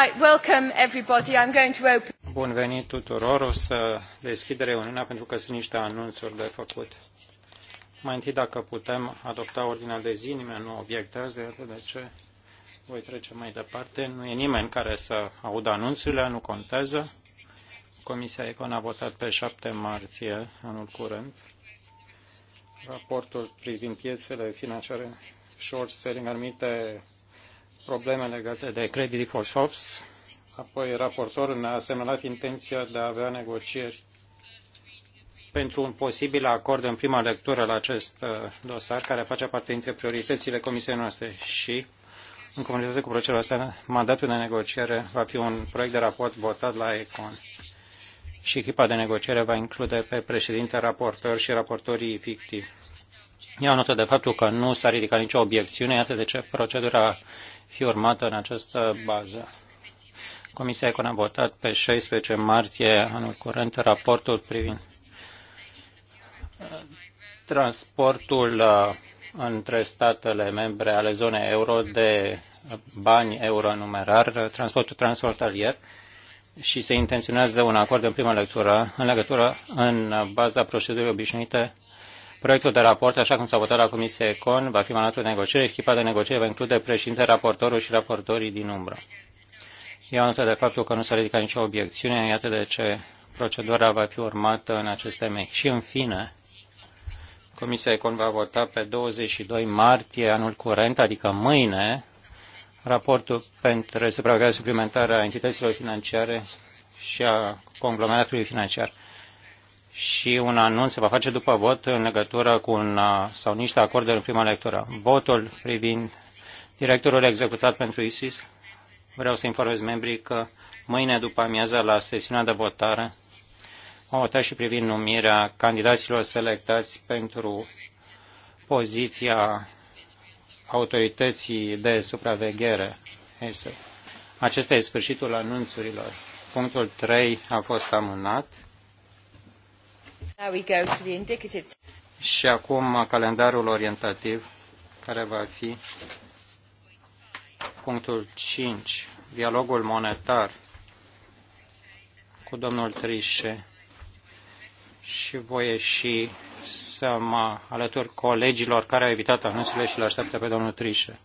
Right, welcome everybody. I'm going to open. Bun venit tuturor. O să deschid reuniunea pentru că sunt niște anunțuri de făcut. Mai întâi, dacă putem adopta ordinea de zi, nimeni nu obiectează, de ce voi trece mai departe. Nu e nimeni care să audă anunțurile, nu contează. Comisia Econ a votat pe 7 martie anul curent raportul privind piețele financiare short selling, anumite probleme legate de credit default swaps, Apoi raportorul ne-a asemănat intenția de a avea negocieri pentru un posibil acord în prima lectură la acest uh, dosar, care face parte dintre prioritățile comisiei noastre și, în comunitate cu plăcerea asta, mandatul de negociere va fi un proiect de raport votat la ECON. Și echipa de negociere va include pe președinte, raportor și raportorii fictivi. Iau notă de faptul că nu s-a ridicat nicio obiecțiune, iată de ce procedura fi urmată în această bază. Comisia Econ a votat pe 16 martie anul curent raportul privind uh, transportul uh, între statele membre ale zonei euro de bani euro numerar, transportul transfrontalier și se intenționează un acord în prima lectură în legătură în baza procedurii obișnuite Proiectul de raport, așa cum s-a votat la Comisie Econ, va fi mandatul de negociere. Echipa de negociere va include președinte, raportorul și raportorii din umbră. Iau notă de faptul că nu s-a ridicat nicio obiecțiune, iată de ce procedura va fi urmată în acest temei. Și în fine, Comisia Econ va vota pe 22 martie anul curent, adică mâine, raportul pentru supravegherea suplimentară a entităților financiare și a conglomeratului financiar și un anunț se va face după vot în legătură cu un uh, sau niște acorduri în prima lectură. Votul privind directorul executat pentru ISIS, vreau să informez membrii că mâine după amiază la sesiunea de votare am vota și privind numirea candidaților selectați pentru poziția autorității de supraveghere. Acesta este sfârșitul anunțurilor. Punctul 3 a fost amânat. Și acum calendarul orientativ, care va fi punctul 5, dialogul monetar cu domnul Trișe și voi ieși să mă alătur colegilor care au evitat anunțurile și le așteaptă pe domnul Trișe.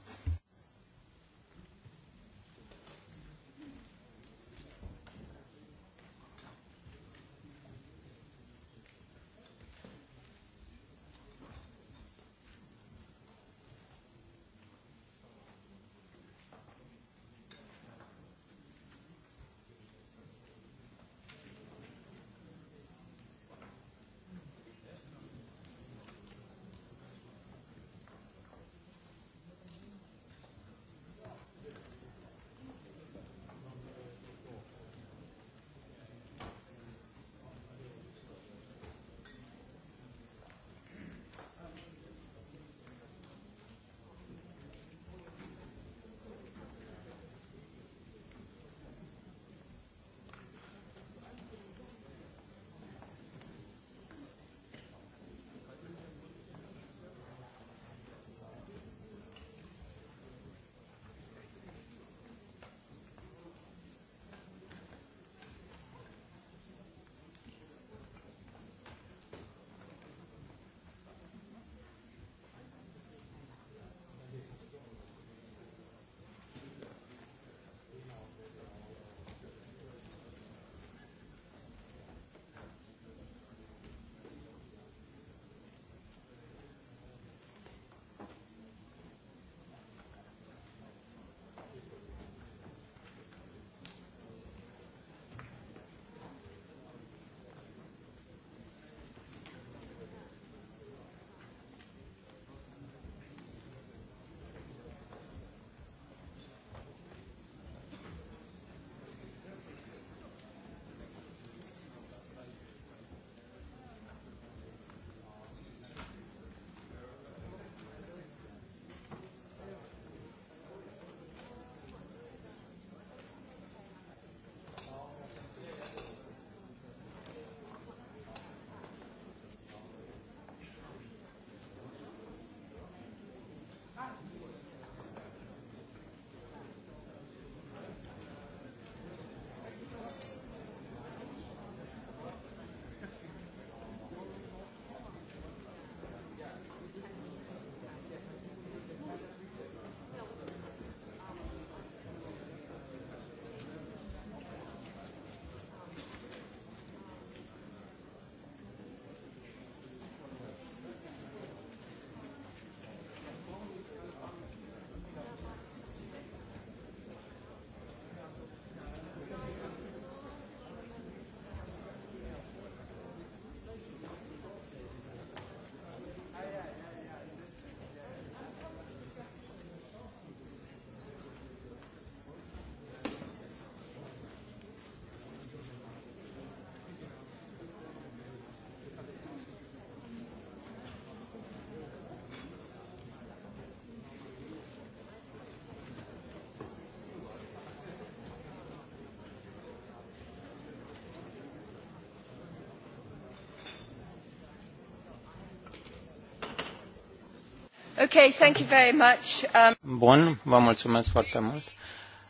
Okay, thank you very much. Um... Bun, vă mulțumesc foarte mult.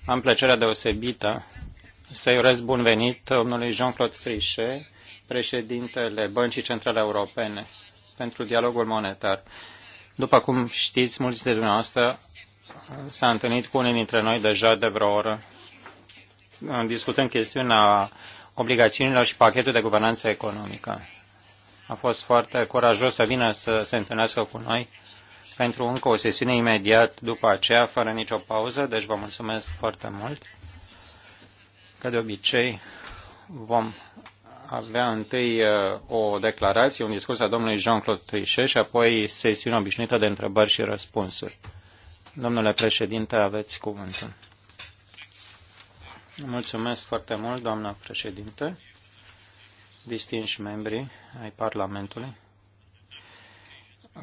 Am plăcerea deosebită să-i urez bun venit domnului Jean-Claude Trichet, președintele Băncii Centrale Europene pentru dialogul monetar. După cum știți, mulți de dumneavoastră s-a întâlnit cu unii dintre noi deja de vreo oră, discutând chestiunea obligațiunilor și pachetul de guvernanță economică. A fost foarte curajos să vină să se întâlnească cu noi pentru încă o sesiune imediat după aceea, fără nicio pauză, deci vă mulțumesc foarte mult. Ca de obicei, vom avea întâi uh, o declarație, un discurs a domnului Jean-Claude Trichet și apoi sesiunea obișnuită de întrebări și răspunsuri. Domnule președinte, aveți cuvântul. Mulțumesc foarte mult, doamna președinte, distinși membri ai Parlamentului.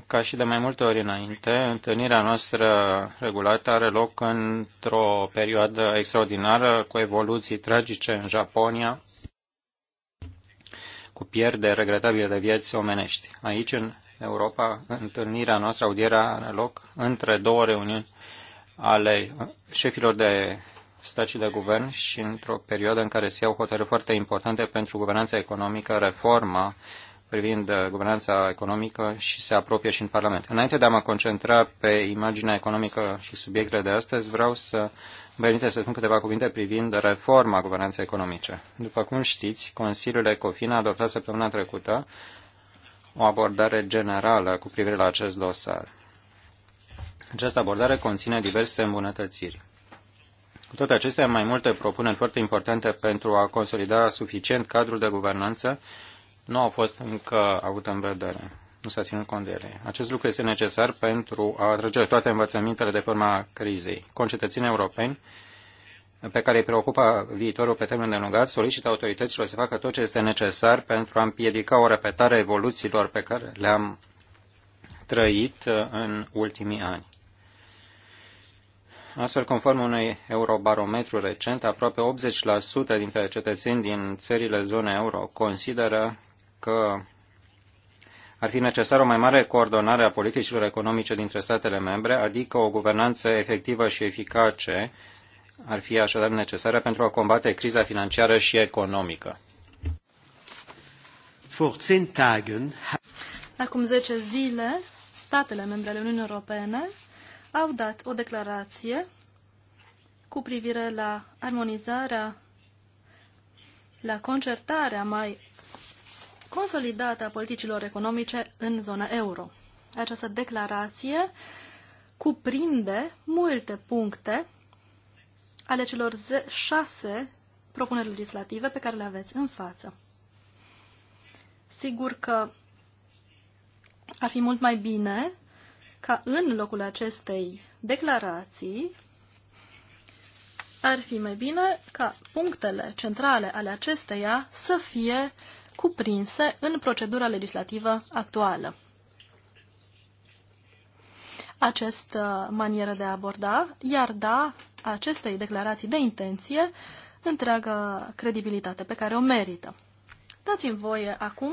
Ca și de mai multe ori înainte, întâlnirea noastră regulată are loc într-o perioadă extraordinară cu evoluții tragice în Japonia, cu pierderi regretabile de vieți omenești. Aici, în Europa, întâlnirea noastră, audierea, are loc între două reuniuni ale șefilor de stat și de guvern și într-o perioadă în care se iau hotărâri foarte importante pentru guvernanța economică, reforma privind uh, guvernanța economică și se apropie și în Parlament. Înainte de a mă concentra pe imaginea economică și subiectele de astăzi, vreau să vă permite să spun câteva cuvinte privind reforma guvernanței economice. După cum știți, Consiliul Ecofin a adoptat săptămâna trecută o abordare generală cu privire la acest dosar. Această abordare conține diverse îmbunătățiri. Cu toate acestea, mai multe propuneri foarte importante pentru a consolida suficient cadrul de guvernanță nu au fost încă avute în vedere. Nu s-a ținut cont de ele. Acest lucru este necesar pentru a atrage toate învățămintele de forma crizei. Concetățenii europeni pe care îi preocupă viitorul pe termen lungat, solicită autorităților să facă tot ce este necesar pentru a împiedica o repetare a evoluțiilor pe care le-am trăit în ultimii ani. Astfel, conform unui eurobarometru recent, aproape 80% dintre cetățeni din țările zone euro consideră că ar fi necesară o mai mare coordonare a politicilor economice dintre statele membre, adică o guvernanță efectivă și eficace ar fi așadar necesară pentru a combate criza financiară și economică. Acum 10 zile, statele membre ale Uniunii Europene au dat o declarație cu privire la armonizarea, la concertarea mai consolidată a politicilor economice în zona euro. Această declarație cuprinde multe puncte ale celor șase propuneri legislative pe care le aveți în față. Sigur că ar fi mult mai bine ca în locul acestei declarații ar fi mai bine ca punctele centrale ale acesteia să fie cuprinse în procedura legislativă actuală. Această manieră de a aborda iar da acestei declarații de intenție întreaga credibilitate pe care o merită. Dați-mi voie acum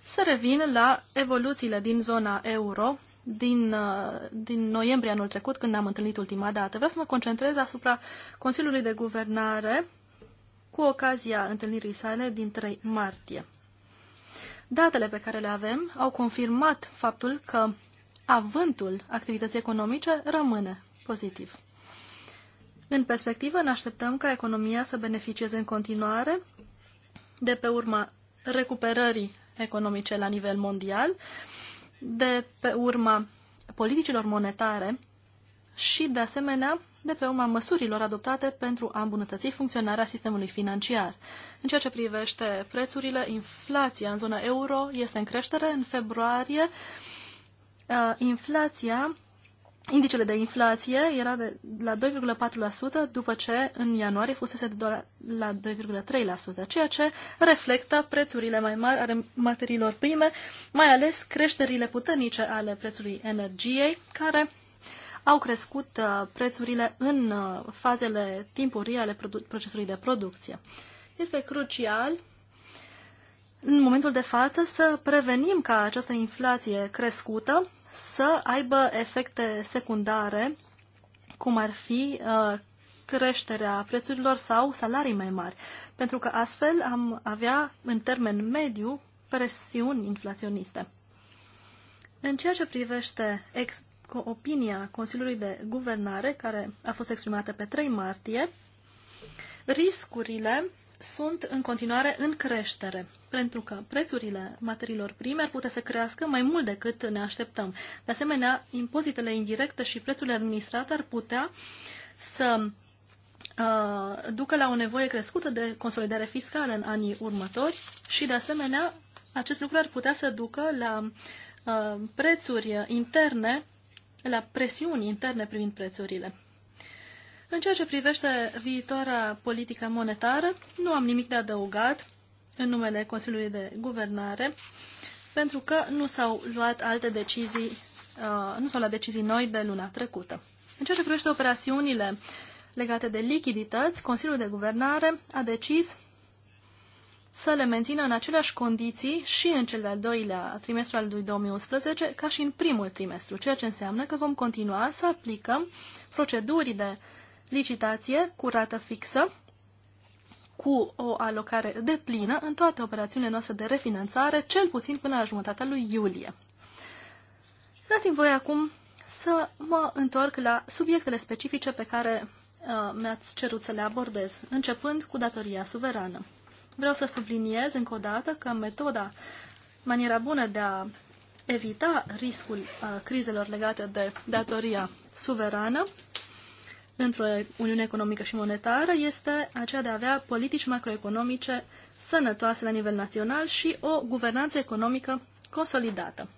să revin la evoluțiile din zona euro din, uh, din noiembrie anul trecut, când am întâlnit ultima dată. Vreau să mă concentrez asupra Consiliului de Guvernare cu ocazia întâlnirii sale din 3 martie. Datele pe care le avem au confirmat faptul că avântul activității economice rămâne pozitiv. În perspectivă, ne așteptăm ca economia să beneficieze în continuare de pe urma recuperării economice la nivel mondial de pe urma politicilor monetare și, de asemenea, de pe urma măsurilor adoptate pentru a îmbunătăți funcționarea sistemului financiar. În ceea ce privește prețurile, inflația în zona euro este în creștere. În februarie, uh, inflația Indicele de inflație era de la 2,4% după ce în ianuarie fusese de la 2,3%, ceea ce reflectă prețurile mai mari ale materiilor prime, mai ales creșterile puternice ale prețului energiei, care au crescut uh, prețurile în uh, fazele timpurii ale procesului de producție. Este crucial în momentul de față să prevenim ca această inflație crescută să aibă efecte secundare, cum ar fi uh, creșterea prețurilor sau salarii mai mari, pentru că astfel am avea, în termen mediu, presiuni inflaționiste. În ceea ce privește ex- opinia Consiliului de Guvernare, care a fost exprimată pe 3 martie, riscurile sunt în continuare în creștere pentru că prețurile materiilor prime ar putea să crească mai mult decât ne așteptăm. De asemenea, impozitele indirecte și prețurile administrate ar putea să uh, ducă la o nevoie crescută de consolidare fiscală în anii următori și, de asemenea, acest lucru ar putea să ducă la uh, prețuri interne, la presiuni interne privind prețurile. În ceea ce privește viitoarea politică monetară, nu am nimic de adăugat în numele Consiliului de Guvernare, pentru că nu s-au luat alte decizii, uh, nu s-au luat decizii noi de luna trecută. În ceea ce privește operațiunile legate de lichidități, Consiliul de Guvernare a decis să le mențină în aceleași condiții și în cel de-al doilea trimestru al 2011, ca și în primul trimestru, ceea ce înseamnă că vom continua să aplicăm procedurile de licitație cu rată fixă cu o alocare deplină în toate operațiunile noastre de refinanțare, cel puțin până la jumătatea lui iulie. Dați-mi voi acum să mă întorc la subiectele specifice pe care uh, mi-ați cerut să le abordez, începând cu datoria suverană. Vreau să subliniez încă o dată că metoda, maniera bună de a evita riscul uh, crizelor legate de datoria suverană pentru o uniune economică și monetară este aceea de a avea politici macroeconomice sănătoase la nivel național și o guvernanță economică consolidată.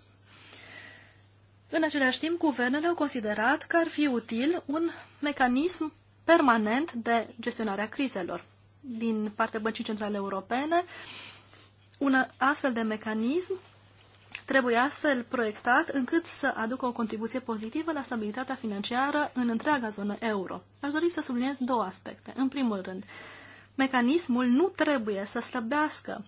În același timp, guvernele au considerat că ar fi util un mecanism permanent de gestionare a crizelor. Din partea Băncii Centrale Europene, un astfel de mecanism Trebuie astfel proiectat încât să aducă o contribuție pozitivă la stabilitatea financiară în întreaga zonă euro. Aș dori să subliniez două aspecte. În primul rând, mecanismul nu trebuie să slăbească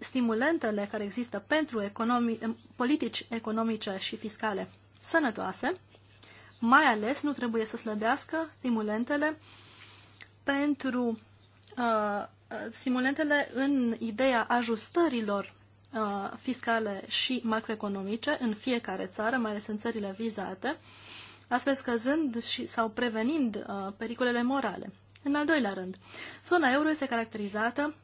stimulentele care există pentru economi, politici economice și fiscale sănătoase, mai ales nu trebuie să slăbească stimulentele pentru uh, uh stimulentele în ideea ajustărilor Uh, fiscale și macroeconomice în fiecare țară, mai ales în țările vizate, astfel scăzând și, sau prevenind uh, pericolele morale. În al doilea rând, zona euro este caracterizată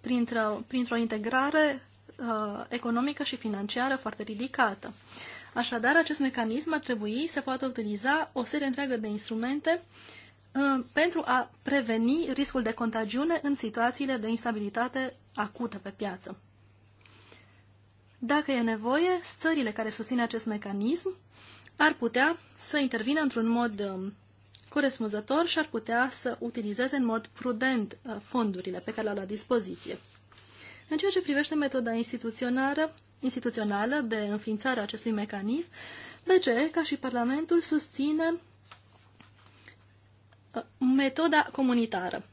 printr-o, printr-o integrare uh, economică și financiară foarte ridicată. Așadar, acest mecanism ar trebui să poată utiliza o serie întreagă de instrumente uh, pentru a preveni riscul de contagiune în situațiile de instabilitate acută pe piață. Dacă e nevoie, stările care susțin acest mecanism ar putea să intervină într-un mod um, corespunzător și ar putea să utilizeze în mod prudent uh, fondurile pe care le-au la dispoziție. În ceea ce privește metoda instituțională, instituțională de înființare a acestui mecanism, BCE, ca și Parlamentul, susține uh, metoda comunitară.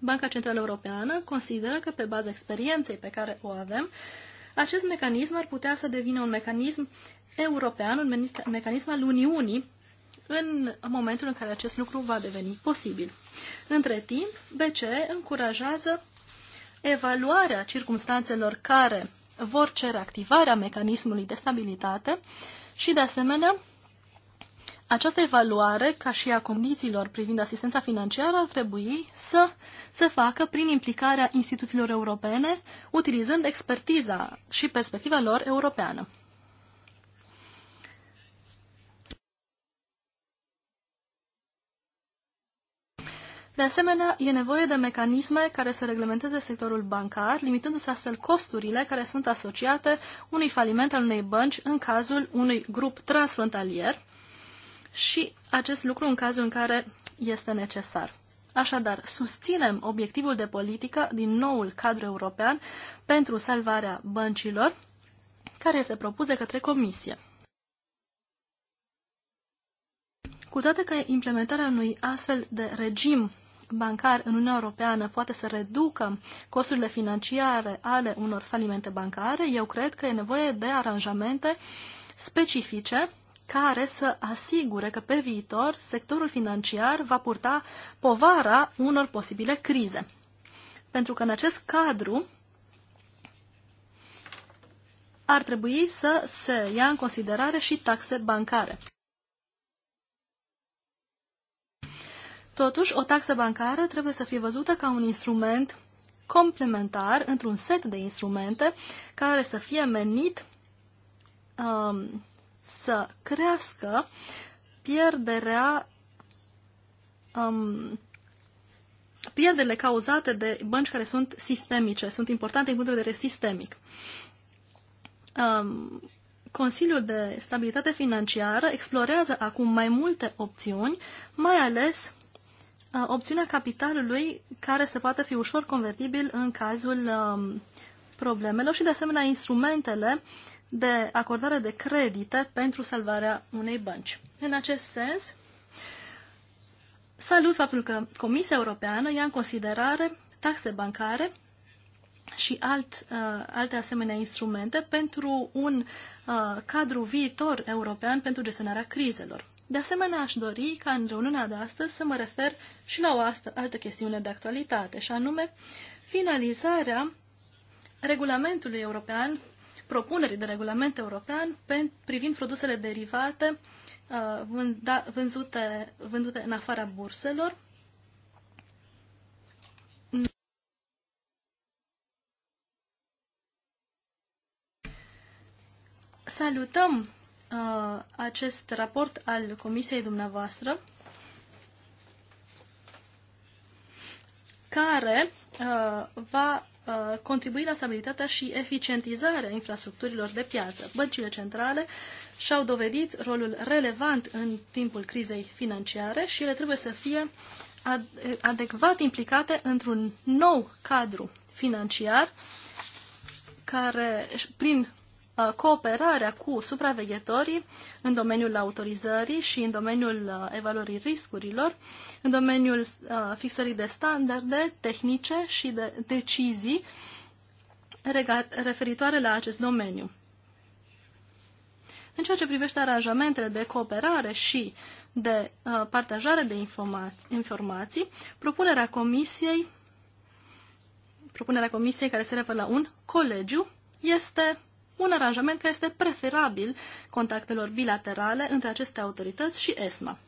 Banca Centrală Europeană consideră că, pe baza experienței pe care o avem, acest mecanism ar putea să devină un mecanism european, un mecanism al Uniunii, în momentul în care acest lucru va deveni posibil. Între timp, BCE încurajează evaluarea circumstanțelor care vor cere activarea mecanismului de stabilitate și, de asemenea, această evaluare, ca și a condițiilor privind asistența financiară, ar trebui să se facă prin implicarea instituțiilor europene, utilizând expertiza și perspectiva lor europeană. De asemenea, e nevoie de mecanisme care să reglementeze sectorul bancar, limitându-se astfel costurile care sunt asociate unui faliment al unei bănci în cazul unui grup transfrontalier, și acest lucru în cazul în care este necesar. Așadar, susținem obiectivul de politică din noul cadru european pentru salvarea băncilor, care este propus de către Comisie. Cu toate că implementarea unui astfel de regim bancar în Uniunea Europeană poate să reducă costurile financiare ale unor falimente bancare, eu cred că e nevoie de aranjamente specifice care să asigure că pe viitor sectorul financiar va purta povara unor posibile crize. Pentru că în acest cadru ar trebui să se ia în considerare și taxe bancare. Totuși, o taxă bancară trebuie să fie văzută ca un instrument complementar într-un set de instrumente care să fie menit um, să crească pierderea um, pierderile cauzate de bănci care sunt sistemice, sunt importante din punct de vedere sistemic. Um, Consiliul de Stabilitate Financiară explorează acum mai multe opțiuni, mai ales uh, opțiunea capitalului care se poate fi ușor convertibil în cazul um, problemelor și, de asemenea, instrumentele uh, de acordare de credite pentru salvarea unei bănci. În acest sens, salut faptul că Comisia Europeană ia în considerare taxe bancare și alt, uh, alte asemenea instrumente pentru un uh, cadru viitor european pentru gestionarea crizelor. De asemenea, aș dori ca în reuniunea de astăzi să mă refer și la o astă, altă chestiune de actualitate, și anume finalizarea regulamentului european propunerii de regulament european privind produsele derivate uh, vândute, vândute în afara burselor. Salutăm uh, acest raport al Comisiei dumneavoastră care uh, va Uh, contribui la stabilitatea și eficientizarea infrastructurilor de piață. Băncile centrale și-au dovedit rolul relevant în timpul crizei financiare și ele trebuie să fie adecvat implicate într-un nou cadru financiar care, prin Uh, cooperarea cu supraveghetorii în domeniul autorizării și în domeniul uh, evaluării riscurilor, în domeniul uh, fixării de standarde tehnice și de decizii referitoare la acest domeniu. În ceea ce privește aranjamentele de cooperare și de partajare de informa informații, propunerea comisiei, propunerea comisiei care se referă la un colegiu este un aranjament care este preferabil contactelor bilaterale între aceste autorități și ESMA.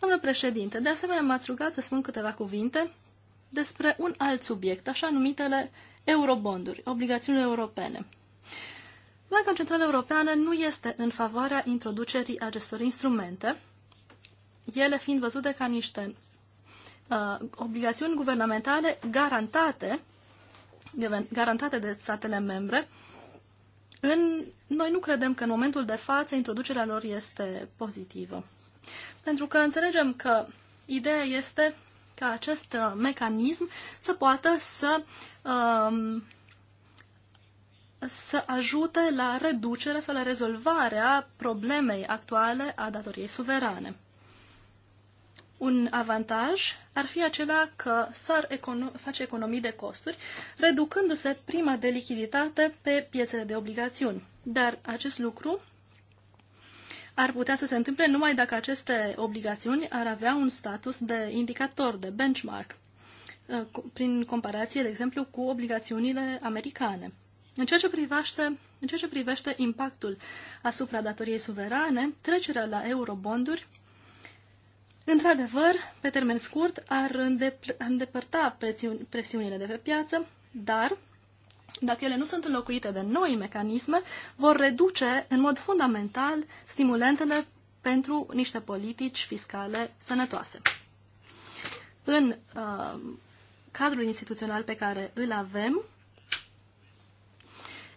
Domnule președinte, de asemenea m-ați rugat să spun câteva cuvinte despre un alt subiect, așa numitele eurobonduri, obligațiunile europene. Banca Centrală Europeană nu este în favoarea introducerii acestor instrumente, ele fiind văzute ca niște uh, obligațiuni guvernamentale garantate, garantate de statele membre, în, noi nu credem că în momentul de față introducerea lor este pozitivă. Pentru că înțelegem că ideea este ca acest uh, mecanism să poată să, um, să ajute la reducerea sau la rezolvarea problemei actuale a datoriei suverane un avantaj ar fi acela că s-ar econo- face economii de costuri, reducându-se prima de lichiditate pe piețele de obligațiuni. Dar acest lucru ar putea să se întâmple numai dacă aceste obligațiuni ar avea un status de indicator, de benchmark, uh, prin comparație, de exemplu, cu obligațiunile americane. În ceea ce privește, în ceea ce privește impactul asupra datoriei suverane, trecerea la eurobonduri Într-adevăr, pe termen scurt, ar îndepărta presiunile de pe piață, dar dacă ele nu sunt înlocuite de noi mecanisme, vor reduce în mod fundamental stimulentele pentru niște politici fiscale sănătoase. În uh, cadrul instituțional pe care îl avem,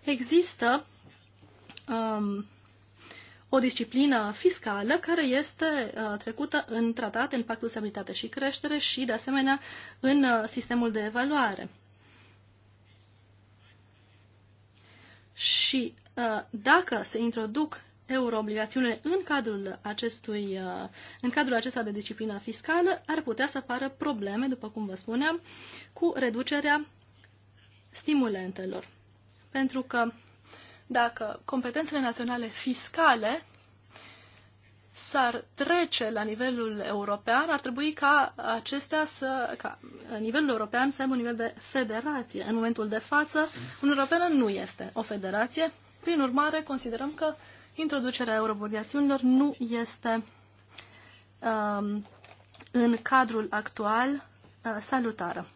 există uh, o disciplină fiscală care este uh, trecută în tratat, în Pactul Stabilitate și Creștere și, de asemenea, în uh, sistemul de evaluare. Și uh, dacă se introduc euroobligațiunile în cadrul, acestui, în cadrul acesta de disciplină fiscală, ar putea să apară probleme, după cum vă spuneam, cu reducerea stimulentelor. Pentru că dacă competențele naționale fiscale s-ar trece la nivelul european, ar trebui ca acestea să, ca nivelul european să aibă un nivel de federație. În momentul de față, Uniunea Europeană nu este o federație. Prin urmare, considerăm că introducerea euroobligațiunilor nu este um, în cadrul actual uh, salutară.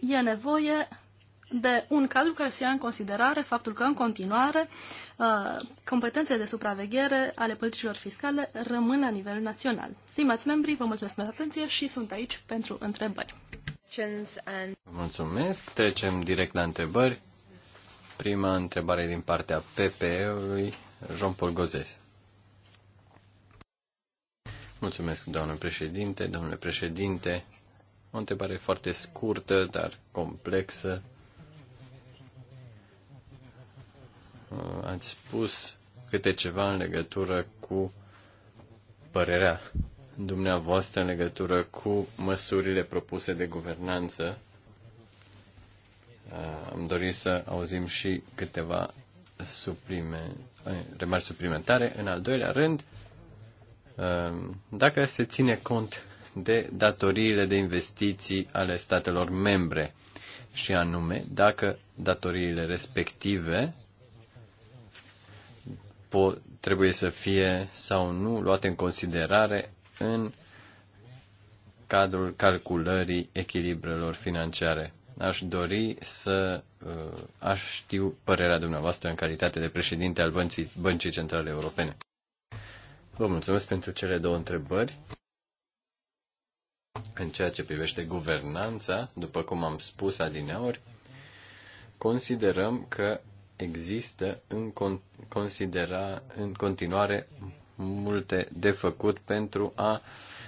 E nevoie de un cadru care să ia în considerare faptul că, în continuare, uh, competențele de supraveghere ale politicilor fiscale rămân la nivel național. Stimați membri, vă mulțumesc pentru atenție și sunt aici pentru întrebări. Mulțumesc. Trecem direct la întrebări. Prima întrebare din partea PPE-ului, Jean-Paul Gozes. Mulțumesc, doamnă președinte, domnule președinte. O întrebare foarte scurtă, dar complexă Uh, ați spus câte ceva în legătură cu părerea dumneavoastră în legătură cu măsurile propuse de guvernanță. Uh, am dorit să auzim și câteva suplime, uh, remarci suplimentare. În al doilea rând, dacă se ține cont de datoriile de investiții ale statelor membre și anume dacă datoriile respective po- trebuie să fie sau nu luate în considerare în cadrul calculării echilibrelor financiare. Aș dori să uh, aș știu părerea dumneavoastră în calitate de președinte al Băncii, Băncii Centrale Europene. Vă mulțumesc pentru cele două întrebări. În ceea ce privește guvernanța, după cum am spus adineori, considerăm că există în, con- considera, în continuare multe de făcut pentru a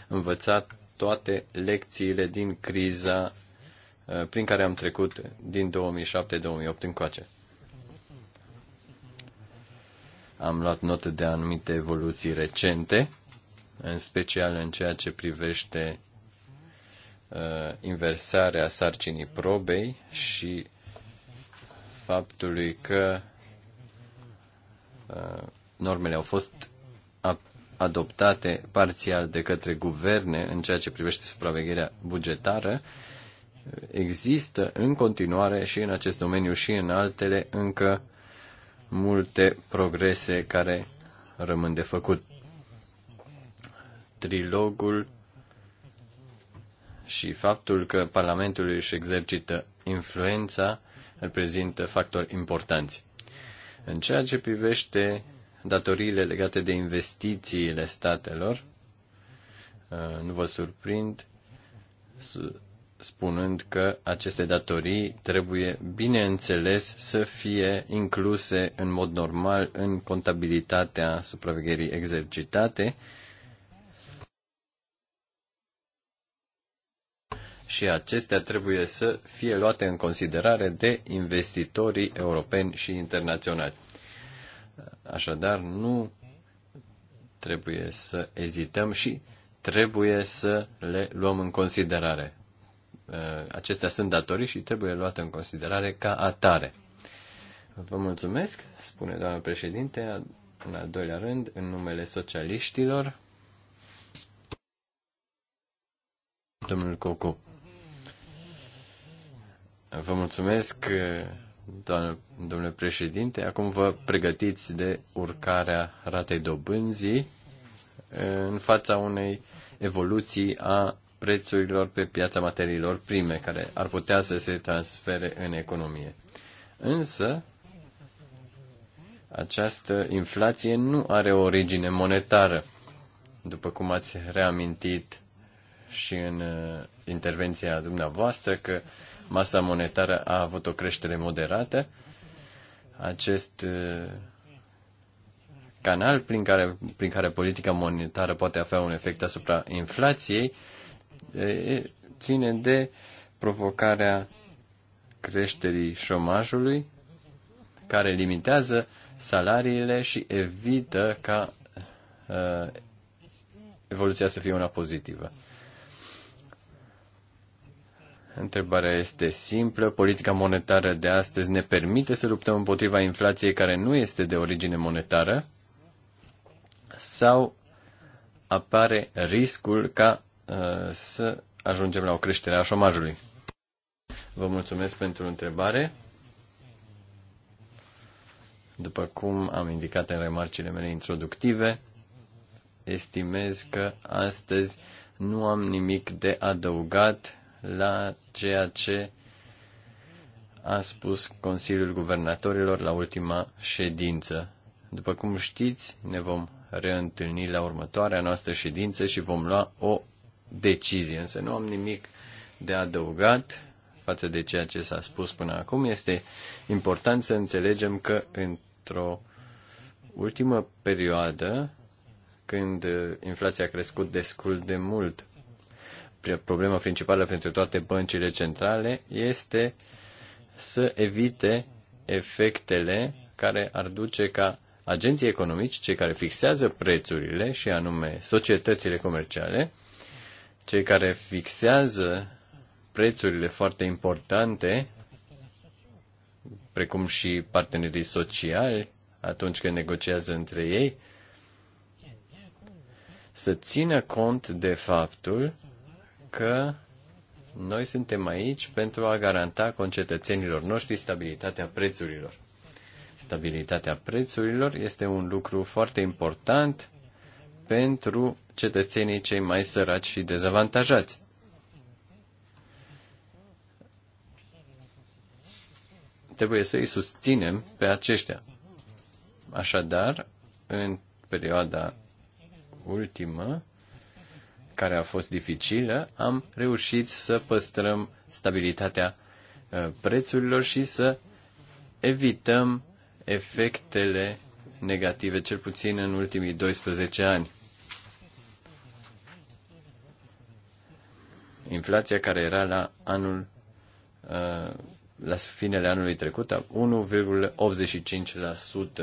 învăța toate lecțiile din criza uh, prin care am trecut din 2007-2008 încoace. Am luat notă de anumite evoluții recente, în special în ceea ce privește uh, inversarea sarcinii probei și faptului că uh, normele au fost adoptate parțial de către guverne în ceea ce privește supravegherea bugetară, există în continuare și în acest domeniu și în altele încă multe progrese care rămân de făcut. Trilogul și faptul că Parlamentul își exercită influența reprezintă factori importanți. În ceea ce privește datoriile legate de investițiile statelor, uh, nu vă surprind spunând că aceste datorii trebuie, bineînțeles, să fie incluse în mod normal în contabilitatea supravegherii exercitate și acestea trebuie să fie luate în considerare de investitorii europeni și internaționali. Așadar, nu trebuie să ezităm și trebuie să le luăm în considerare. Uh, acestea sunt datorii și trebuie luate în considerare ca atare. Vă mulțumesc, spune doamna președinte, în al doilea rând, în numele socialiștilor, domnul Cocu. Vă mulțumesc, doamne, domnule președinte. Acum vă pregătiți de urcarea ratei dobânzii în fața unei evoluții a prețurilor pe piața materiilor prime, care ar putea să se transfere în economie. Însă, această inflație nu are o origine monetară, după cum ați reamintit și în uh, intervenția dumneavoastră, că uh, masa monetară a avut o creștere moderată. Acest canal prin care, prin care politica monetară poate avea un efect asupra inflației ține de provocarea creșterii șomajului, care limitează salariile și evită ca uh, evoluția să fie una pozitivă. Întrebarea este simplă. Politica monetară de astăzi ne permite să luptăm împotriva inflației care nu este de origine monetară sau apare riscul ca uh, să ajungem la o creștere a șomajului? Vă mulțumesc pentru întrebare. După cum am indicat în remarcile mele introductive, estimez că astăzi nu am nimic de adăugat la ceea ce a spus Consiliul Guvernatorilor la ultima ședință. După cum știți, ne vom reîntâlni la următoarea noastră ședință și vom lua o decizie. Însă nu am nimic de adăugat față de ceea ce s-a spus până acum. Este important să înțelegem că într-o ultimă perioadă, când inflația a crescut destul de mult, problema principală pentru toate băncile centrale este să evite efectele care ar duce ca agenții economici, cei care fixează prețurile, și anume societățile comerciale, cei care fixează prețurile foarte importante, precum și partenerii sociali, atunci când negociază între ei, să țină cont de faptul că noi suntem aici pentru a garanta concetățenilor noștri stabilitatea prețurilor. Stabilitatea prețurilor este un lucru foarte important pentru cetățenii cei mai săraci și dezavantajați. Trebuie să îi susținem pe aceștia. Așadar, în perioada ultimă, care a fost dificilă, am reușit să păstrăm stabilitatea uh, prețurilor și să evităm efectele negative, cel puțin în ultimii 12 ani. Inflația care era la anul uh, la finele anului trecut a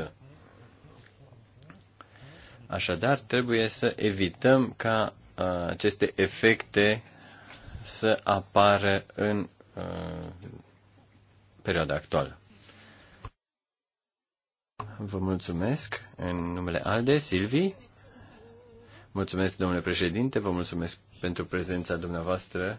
1,85%. Așadar, trebuie să evităm ca aceste efecte să apară în uh, perioada actuală. Vă mulțumesc în numele ALDE, Silvi. Mulțumesc, domnule președinte, vă mulțumesc pentru prezența dumneavoastră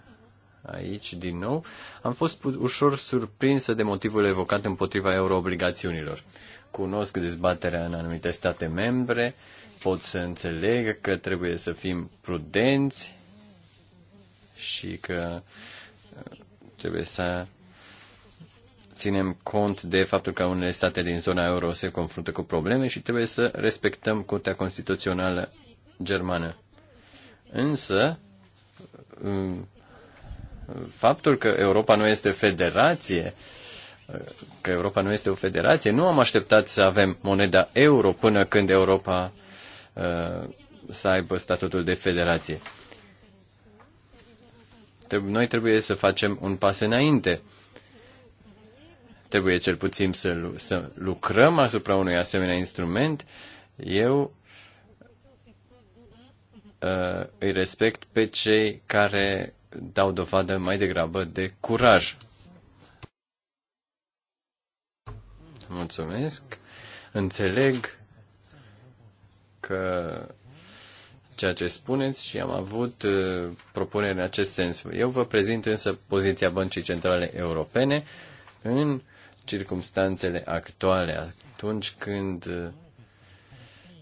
aici din nou. Am fost ușor surprinsă de motivul evocat împotriva euroobligațiunilor. Cunosc dezbaterea în anumite state membre, uh, pot să înțeleg că trebuie să fim prudenți și că uh, trebuie să ținem cont de faptul că unele state din zona euro se confruntă cu probleme și trebuie să respectăm Curtea Constituțională germană. Însă, uh, faptul că Europa nu este federație, uh, că Europa nu este o federație, nu am așteptat să avem moneda euro până când Europa să aibă statutul de federație. Noi trebuie să facem un pas înainte. Trebuie cel puțin să, să lucrăm asupra unui asemenea instrument. Eu uh, îi respect pe cei care dau dovadă mai degrabă de curaj. Mulțumesc. Înțeleg că ceea ce spuneți și am avut uh, propuneri în acest sens. Eu vă prezint însă poziția Băncii Centrale Europene în circumstanțele actuale, atunci când uh,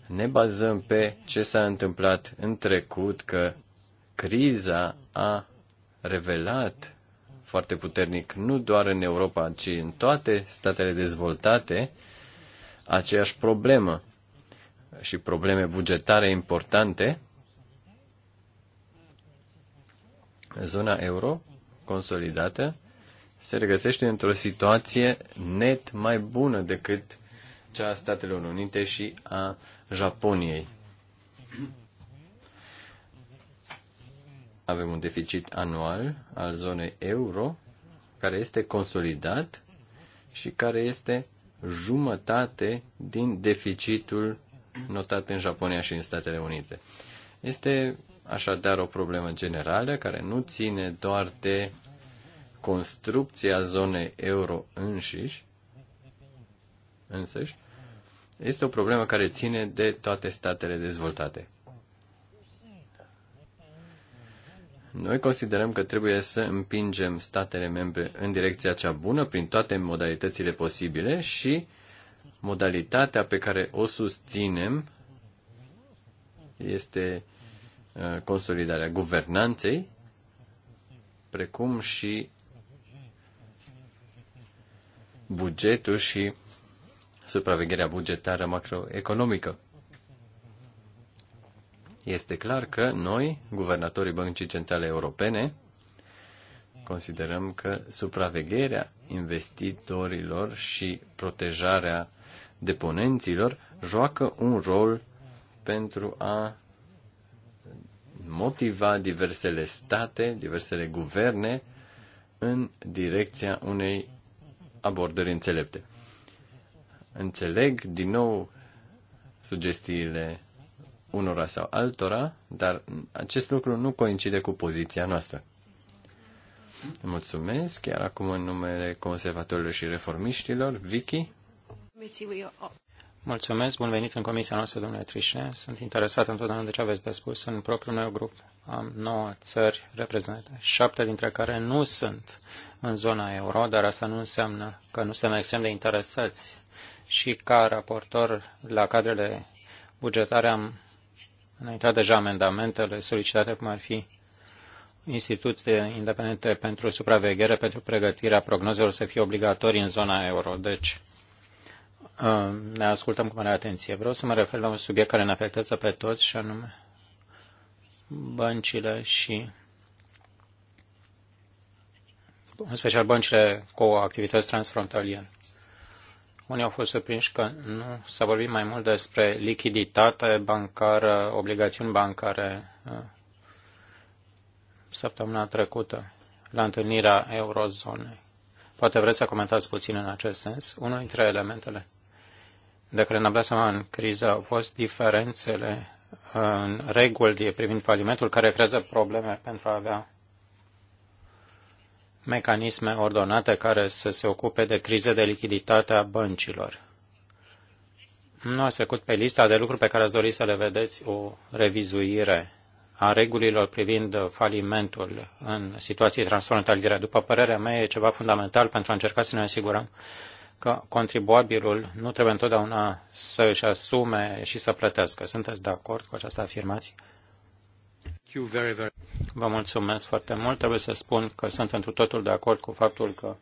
ne bazăm pe ce s-a întâmplat în trecut, că criza a revelat foarte puternic, nu doar în Europa, ci în toate statele dezvoltate, aceeași problemă și probleme bugetare importante, zona euro consolidată se regăsește într-o situație net mai bună decât cea a Statelor Unite și a Japoniei. Avem un deficit anual al zonei euro care este consolidat și care este jumătate din deficitul notat în Japonia și în Statele Unite. Este așadar o problemă generală care nu ține doar de construcția zonei euro înșiși, însăși, este o problemă care ține de toate statele dezvoltate. Noi considerăm că trebuie să împingem statele membre în direcția cea bună prin toate modalitățile posibile și modalitatea pe care o susținem este uh, consolidarea guvernanței, precum și bugetul și supravegherea bugetară macroeconomică. Este clar că noi, guvernatorii Băncii Centrale Europene, considerăm că supravegherea investitorilor și protejarea deponenților joacă un rol pentru a motiva diversele state, diversele guverne în direcția unei abordări înțelepte. Înțeleg din nou sugestiile unora sau altora, dar acest lucru nu coincide cu poziția noastră. Mulțumesc, Chiar acum în numele conservatorilor și reformiștilor, Vicky. Mulțumesc, bun venit în comisia noastră, domnule Trișe. Sunt interesat întotdeauna de ce aveți de spus. În propriul meu grup am nouă țări reprezentate, șapte dintre care nu sunt în zona euro, dar asta nu înseamnă că nu suntem extrem de interesați. Și ca raportor la cadrele bugetare am înaintat deja amendamentele solicitate, cum ar fi instituții independente pentru supraveghere, pentru pregătirea prognozelor să fie obligatorii în zona euro. Deci, Ah, ne ascultăm cu mare atenție. Vreau să mă refer la un subiect care ne afectează pe toți și anume băncile și în special băncile cu activități transfrontaliere. Unii au fost surprinși că nu s-a vorbit mai mult despre lichiditate bancară, obligațiuni bancare ah, săptămâna trecută la întâlnirea eurozonei. Poate vreți să comentați puțin în acest sens. Unul dintre elementele de care ne-am dat seama în criză au fost diferențele în reguli privind falimentul care creează probleme pentru a avea mecanisme ordonate care să se ocupe de crize de lichiditate a băncilor. Nu ați trecut pe lista de lucruri pe care ați dori să le vedeți o revizuire a regulilor privind falimentul în situații transfrontaliere. După părerea mea, e ceva fundamental pentru a încerca să ne asigurăm că contribuabilul nu trebuie întotdeauna să își asume și să plătească. Sunteți de acord cu această afirmație? Vă mulțumesc foarte mult. Trebuie să spun că sunt întru totul de acord cu faptul că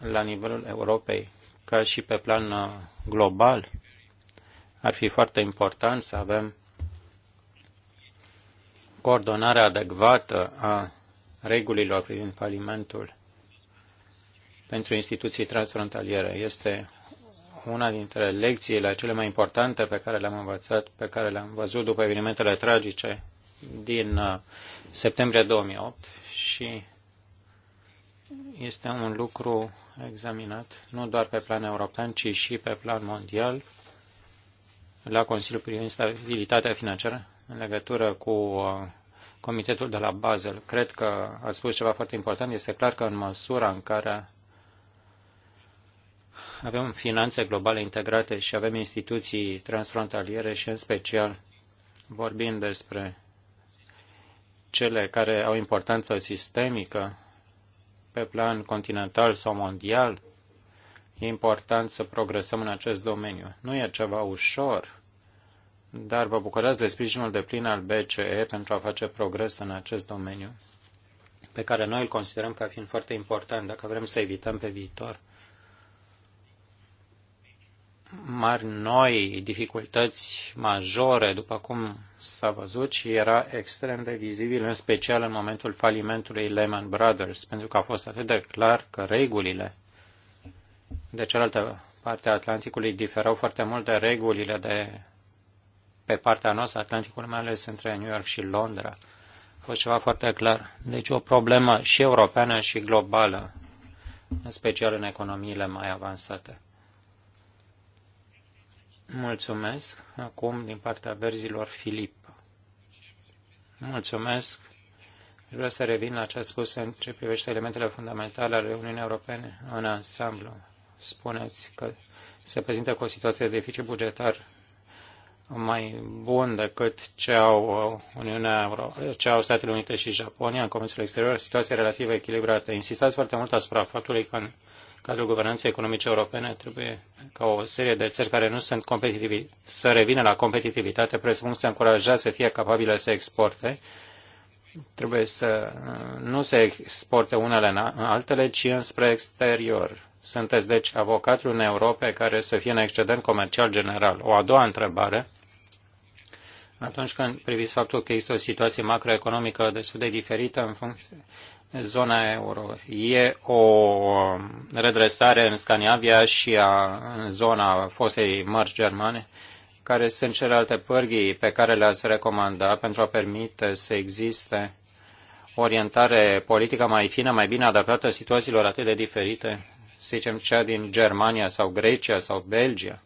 la nivelul Europei, ca și pe plan uh, global, ar fi foarte important să avem coordonarea adecvată a regulilor privind falimentul pentru instituții transfrontaliere. Este una dintre lecțiile cele mai importante pe care le-am învățat, pe care le-am văzut după evenimentele tragice din uh, septembrie 2008 și este un lucru examinat nu doar pe plan european, ci și pe plan mondial la Consiliul privind stabilitatea financiară în legătură cu uh, Comitetul de la Basel. Cred că a spus ceva foarte important. Este clar că în măsura în care avem finanțe globale integrate și avem instituții transfrontaliere și în special vorbim despre cele care au importanță sistemică pe plan continental sau mondial, e important să progresăm în acest domeniu. Nu e ceva ușor, dar vă bucurați de sprijinul de plin al BCE pentru a face progres în acest domeniu, pe care noi îl considerăm ca fiind foarte important dacă vrem să evităm pe viitor mari noi, dificultăți majore, după cum s-a văzut și era extrem de vizibil, în special în momentul falimentului Lehman Brothers, pentru că a fost atât de clar că regulile de cealaltă parte a Atlanticului diferau foarte mult de regulile de pe partea noastră Atlanticul mai ales între New York și Londra. A fost ceva foarte clar. Deci o problemă și europeană și globală, în special în economiile mai avansate. Mulțumesc. Acum, din partea verzilor, Filip. Mulțumesc. Vreau să revin la ce a spus în ce privește elementele fundamentale ale Uniunii Europene în ansamblu. Spuneți că se prezintă cu o situație de deficit bugetar mai bun decât ce au, Uniunea Euro- ce au Statele Unite și Japonia în comerțul exterior, situație relativ echilibrată. Insistați foarte mult asupra faptului că în cadrul guvernanței economice europene trebuie ca o serie de țări care nu sunt competitivi să revină la competitivitate, presupun să încurajeze să fie capabile să exporte, trebuie să uh, nu se exporte unele în altele, ci înspre exterior. Sunteți deci avocatul în Europe care să fie în excedent comercial general. O a doua întrebare, atunci când priviți faptul că există o situație macroeconomică destul de diferită în funcție zona euro. E o um, redresare în Scandinavia și a, în zona fostei mărci germane. Care sunt celelalte pârghii pe care le-ați recomanda pentru a permite să existe orientare politică mai fină, mai bine adaptată situațiilor atât de diferite, să zicem cea din Germania sau Grecia sau Belgia?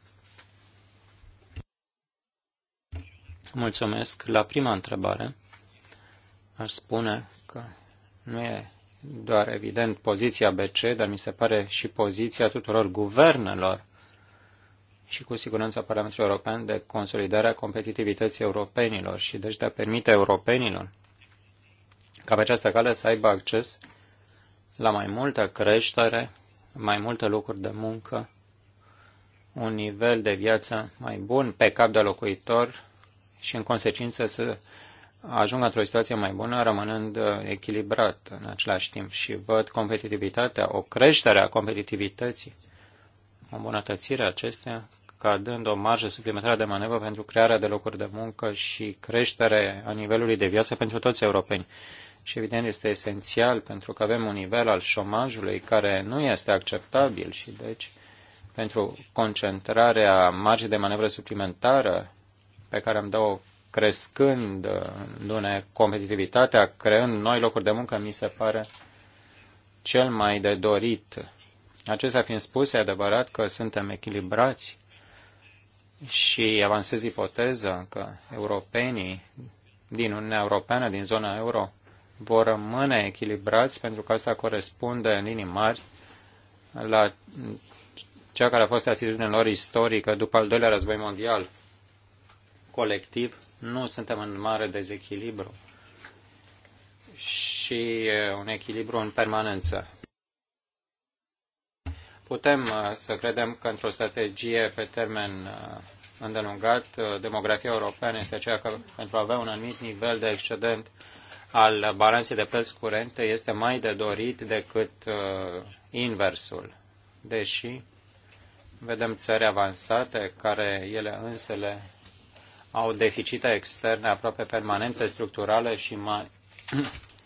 Mulțumesc. La prima întrebare aș spune că nu e doar, evident, poziția BC, dar mi se pare și poziția tuturor guvernelor și cu siguranță a Parlamentului European de consolidarea competitivității europenilor și deci de a permite europenilor ca pe această cale să aibă acces la mai multă creștere, mai multe locuri de muncă, un nivel de viață mai bun pe cap de locuitor și în consecință să ajung într-o situație mai bună, rămânând uh, echilibrat în același timp și văd competitivitatea, o creștere a competitivității, o îmbunătățire a acesteia, ca dând o marjă suplimentară de manevră pentru crearea de locuri de muncă și creștere a nivelului de viață pentru toți europeni. Și evident este esențial pentru că avem un nivel al șomajului care nu este acceptabil și deci pentru concentrarea marjii de manevră suplimentară pe care am dat-o crescând ne competitivitatea, creând noi locuri de muncă, mi se pare cel mai de dorit. Acestea fiind spuse, e adevărat că suntem echilibrați și avansez ipoteza că europenii din Uniunea Europeană, din zona euro, vor rămâne echilibrați pentru că asta corespunde în linii mari la cea care a fost atitudinea lor istorică după al doilea război mondial, colectiv nu suntem în mare dezechilibru și un echilibru în permanență. Putem uh, să credem că într-o strategie pe termen uh, îndelungat, uh, demografia europeană este aceea că pentru a avea un anumit nivel de excedent al balanței de plăți curente este mai de dorit decât inversul. Deși vedem țări avansate care ele însele au deficite externe aproape permanente, structurale și mai,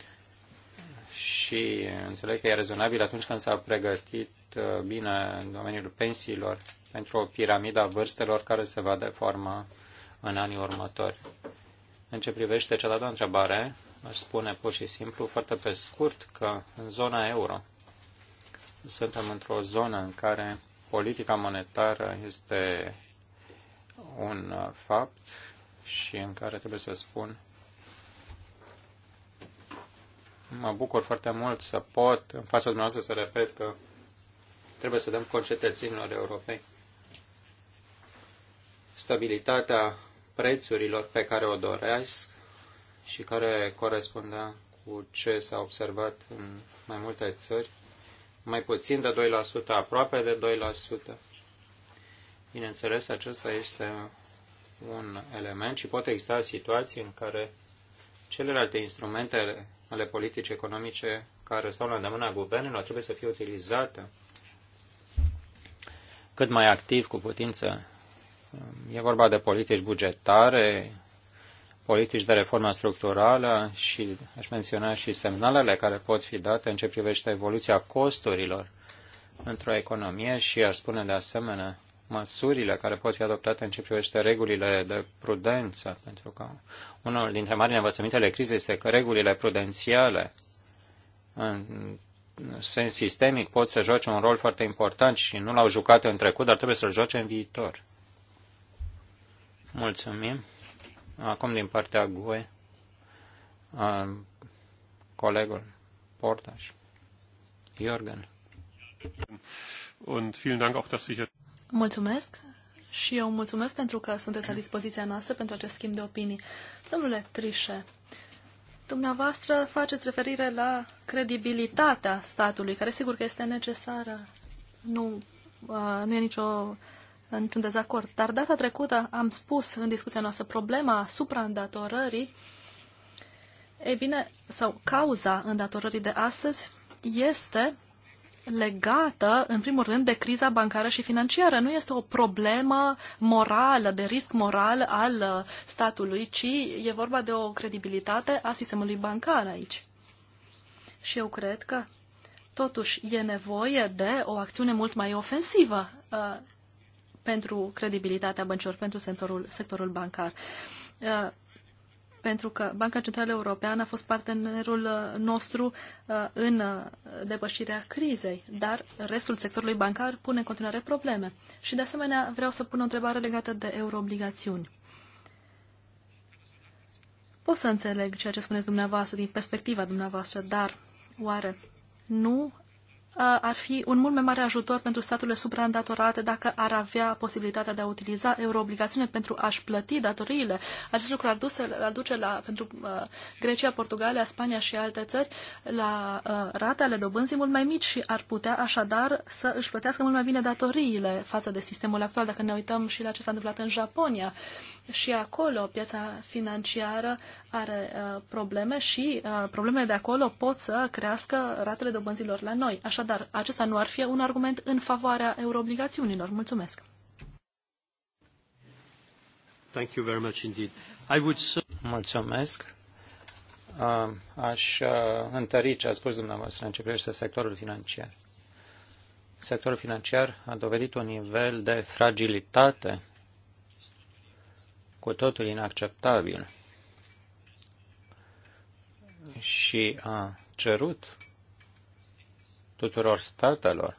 și înțeleg că e rezonabil atunci când s-a pregătit uh, bine în domeniul pensiilor pentru o piramidă a vârstelor care se va deforma în anii următori. În ce privește cea de-a doua întrebare, aș spune pur și simplu, foarte pe scurt, că în zona euro suntem într-o zonă în care politica monetară este un uh, fapt și în care trebuie să spun mă bucur foarte mult să pot în fața dumneavoastră să repet că trebuie să dăm concetățenilor europei stabilitatea prețurilor pe care o doresc și care corespundea cu ce s-a observat în mai multe țări, mai puțin de 2%, aproape de 2%, Bineînțeles, acesta este un element și poate exista situații în care celelalte instrumente ale politici economice care stau la îndemâna guvernelor trebuie să fie utilizate cât mai activ cu putință. E vorba de politici bugetare, politici de reformă structurală și aș menționa și semnalele care pot fi date în ce privește evoluția costurilor într-o economie și aș spune de asemenea măsurile care pot fi adoptate în ce privește regulile de prudență, pentru că unul dintre marile învățămintele crizei este că regulile prudențiale în sens sistemic pot să joace un rol foarte important și nu l-au jucat în trecut, dar trebuie să-l joace în viitor. Mulțumim. Acum din partea GUE, colegul Portaș, Jorgen. Und vielen Dank auch, dass Sie hier Mulțumesc și eu mulțumesc pentru că sunteți la dispoziția noastră pentru acest schimb de opinii. Domnule Trișe, dumneavoastră faceți referire la credibilitatea statului, care sigur că este necesară. Nu, uh, nu e nicio niciun dezacord. Dar data trecută am spus în discuția noastră problema asupra îndatorării. Ei bine, sau cauza îndatorării de astăzi este legată, în primul rând, de criza bancară și financiară. Nu este o problemă morală, de risc moral al uh, statului, ci e vorba de o credibilitate a sistemului bancar aici. Și eu cred că, totuși, e nevoie de o acțiune mult mai ofensivă uh, pentru credibilitatea băncilor, pentru sectorul, sectorul bancar. Uh, pentru că Banca Centrală Europeană a fost partenerul uh, nostru uh, în uh, depășirea crizei, dar restul sectorului bancar pune în continuare probleme. Și de asemenea vreau să pun o întrebare legată de euroobligațiuni. Pot să înțeleg ceea ce spuneți dumneavoastră din perspectiva dumneavoastră, dar oare nu Uh, ar fi un mult mai mare ajutor pentru statele supraîndatorate dacă ar avea posibilitatea de a utiliza euroobligațiune pentru a-și plăti datoriile. Acest lucru ar duce, ar duce la, pentru uh, Grecia, Portugalia, Spania și alte țări la uh, rate ale dobânzii mult mai mici și ar putea așadar să își plătească mult mai bine datoriile față de sistemul actual. Dacă ne uităm și la ce s-a întâmplat în Japonia, uh, și acolo piața financiară are uh, probleme și uh, problemele de acolo pot să crească ratele dobânzilor la noi. Așadar, acesta nu ar fi un argument în favoarea euroobligațiunilor. Mulțumesc! Thank you very much indeed. I would... Mulțumesc! Uh, aș uh, întări ce a spus dumneavoastră în ce privește sectorul financiar sectorul financiar a dovedit un nivel de fragilitate cu totul inacceptabil și a cerut tuturor statelor,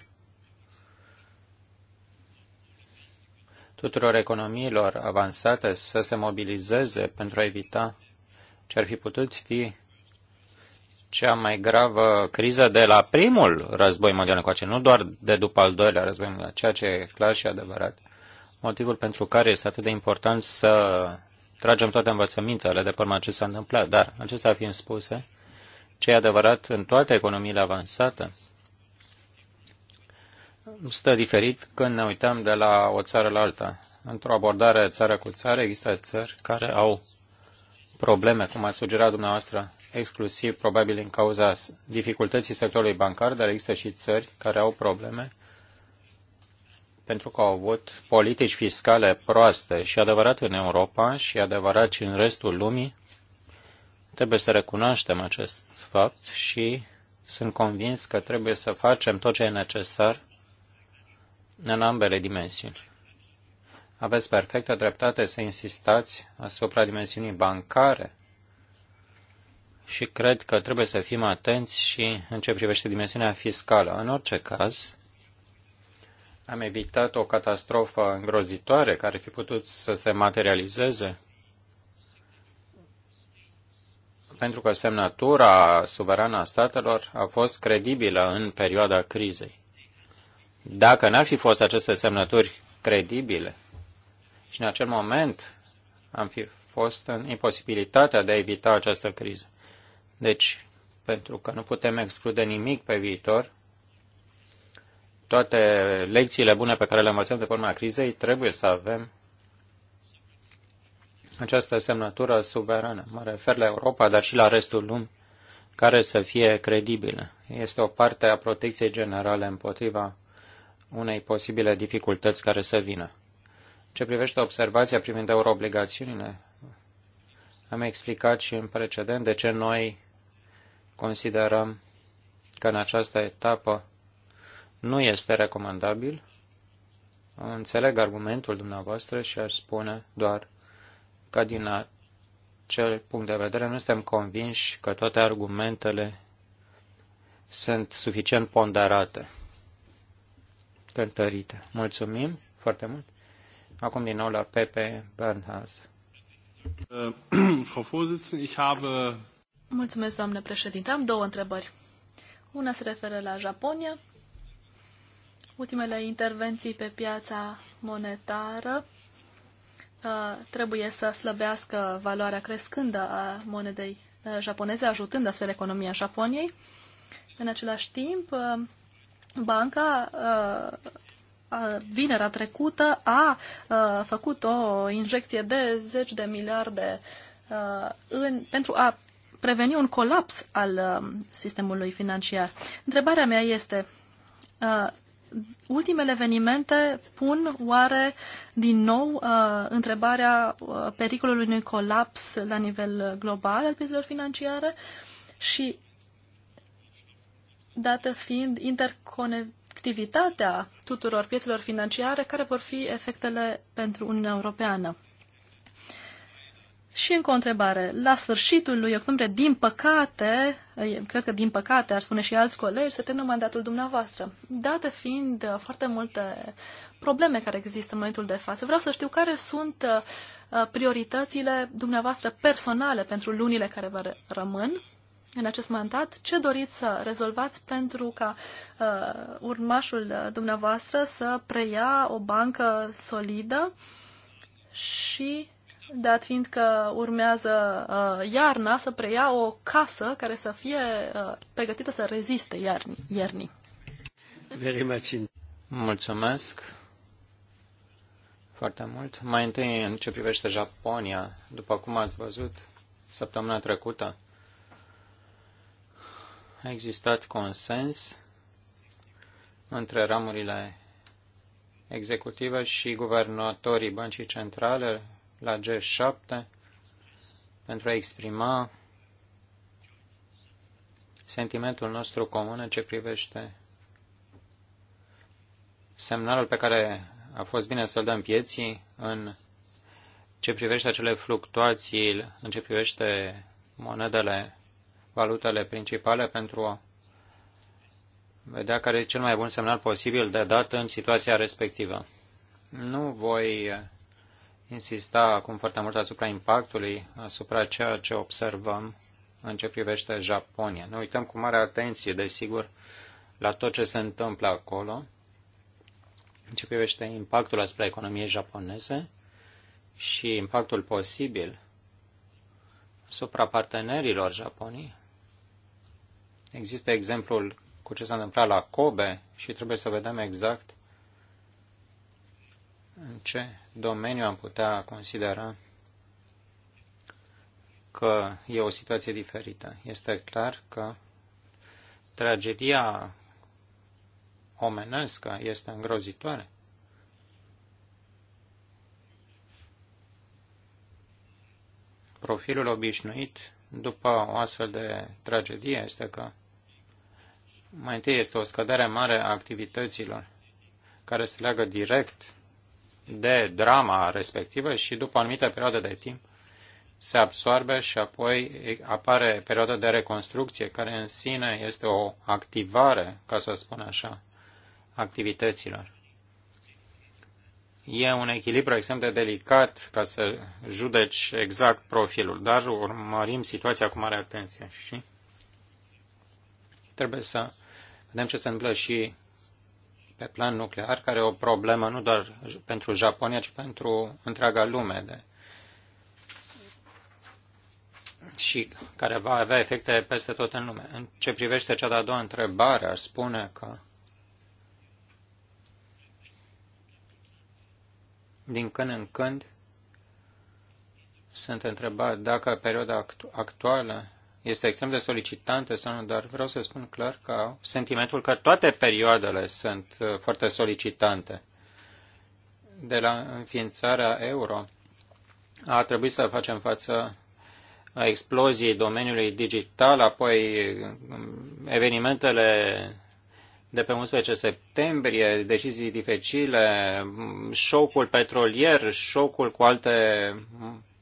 tuturor economiilor avansate să se mobilizeze pentru a evita ce ar fi putut fi cea mai gravă criză de la primul război mondial cu încoace, nu doar de după al doilea război mondial, ceea ce e clar și adevărat motivul pentru care este atât de important să tragem toate învățămintele de pe urma ce s-a întâmplat. Dar, acestea fiind spuse, ce e adevărat în toate economiile avansate, stă diferit când ne uităm de la o țară la alta. Într-o abordare țară cu țară există țări care au probleme, cum a sugerat dumneavoastră, exclusiv probabil în cauza dificultății sectorului bancar, dar există și țări care au probleme pentru că au avut politici fiscale proaste și adevărat în Europa și adevărat și în restul lumii. Trebuie să recunoaștem acest fapt și sunt convins că trebuie să facem tot ce e necesar în ambele dimensiuni. Aveți perfectă dreptate să insistați asupra dimensiunii bancare și cred că trebuie să fim atenți și în ce privește dimensiunea fiscală. În orice caz, am evitat o catastrofă îngrozitoare care fi putut să se materializeze pentru că semnătura suverană a statelor a fost credibilă în perioada crizei. Dacă n-ar fi fost aceste semnături credibile și în acel moment am fi fost în imposibilitatea de a evita această criză. Deci, pentru că nu putem exclude nimic pe viitor, toate lecțiile bune pe care le învățăm de pe urma crizei, trebuie să avem această semnătură suverană. Mă refer la Europa, dar și la restul lumii, care să fie credibilă. Este o parte a protecției generale împotriva unei posibile dificultăți care să vină. Ce privește observația privind euroobligațiunile, am explicat și în precedent de ce noi considerăm că în această etapă nu este recomandabil. Înțeleg argumentul dumneavoastră și aș spune doar că din acel punct de vedere nu suntem convinși că toate argumentele sunt suficient ponderate, cântărite. Mulțumim foarte mult. Acum din nou la Pepe Bernhaus. Uh, Mulțumesc, doamnă președinte. Am două întrebări. Una se referă la Japonia Ultimele intervenții pe piața monetară uh, trebuie să slăbească valoarea crescândă a monedei uh, japoneze, ajutând astfel economia Japoniei. În același timp, uh, banca vinerea trecută a făcut o injecție de 10 de miliarde în, pentru a preveni un colaps al um, sistemului financiar. Întrebarea mea este, ultimele evenimente pun oare din nou uh, întrebarea uh, pericolului unui colaps la nivel global al piețelor financiare și dată fiind interconectivitatea tuturor piețelor financiare, care vor fi efectele pentru Uniunea Europeană. Și încă o întrebare. La sfârșitul lui octombrie, din păcate, cred că din păcate, ar spune și alți colegi, se termină mandatul dumneavoastră. Date fiind uh, foarte multe probleme care există în momentul de față, vreau să știu care sunt uh, prioritățile dumneavoastră personale pentru lunile care vă rămân în acest mandat, ce doriți să rezolvați pentru ca uh, urmașul uh, dumneavoastră să preia o bancă solidă și dat fiind că urmează uh, iarna, să preia o casă care să fie uh, pregătită să reziste iernii. iernii. Very much. Mulțumesc foarte mult. Mai întâi, în ce privește Japonia, după cum ați văzut săptămâna trecută, a existat consens între ramurile executive și guvernatorii băncii centrale la G7 pentru a exprima sentimentul nostru comun în ce privește semnalul pe care a fost bine să-l dăm pieții în ce privește acele fluctuații, în ce privește monedele, valutele principale pentru a vedea care e cel mai bun semnal posibil de dat în situația respectivă. Nu voi insista acum foarte mult asupra impactului, asupra ceea ce observăm în ce privește Japonia. Ne uităm cu mare atenție, desigur, la tot ce se întâmplă acolo, în ce privește impactul asupra economiei japoneze și impactul posibil asupra partenerilor japonii. Există exemplul cu ce s-a întâmplat la Kobe și trebuie să vedem exact în ce domeniu am putea considera că e o situație diferită. Este clar că tragedia omenească este îngrozitoare. Profilul obișnuit după o astfel de tragedie este că mai întâi este o scădere mare a activităților care se leagă direct de drama respectivă și după o anumită perioadă de timp se absorbe și apoi apare perioada de reconstrucție, care în sine este o activare, ca să spun așa, activităților. E un echilibru extrem de delicat ca să judeci exact profilul, dar urmărim situația cu mare atenție și trebuie să vedem ce se întâmplă și pe plan nuclear, care e o problemă nu doar pentru Japonia, ci pentru întreaga lume. De... Și care va avea efecte peste tot în lume. În ce privește cea de-a doua întrebare, aș spune că din când în când sunt întrebat dacă perioada actuală este extrem de solicitantă sau nu, dar vreau să spun clar că sentimentul că toate perioadele sunt uh, foarte solicitante. De la înființarea euro a trebuit să facem față a exploziei domeniului digital, apoi um, evenimentele de pe 11 septembrie, decizii dificile, mm, șocul petrolier, șocul cu alte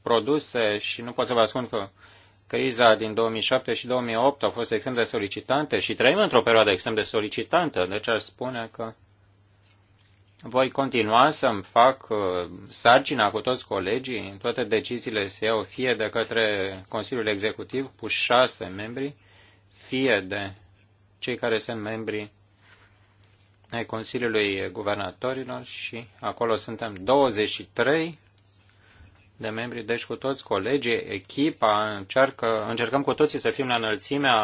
produse și nu pot să vă ascund că criza din 2007 și 2008 au fost extrem de solicitante și trăim într-o perioadă extrem de solicitantă, deci aș spune că voi continua să-mi fac uh, sarcina cu toți colegii, în toate deciziile se iau fie de către Consiliul Executiv cu șase membri, fie de cei care sunt membri ai Consiliului Guvernatorilor și acolo suntem 23 de membri, deci cu toți colegii, echipa, încearcă, încercăm cu toții să fim la înălțimea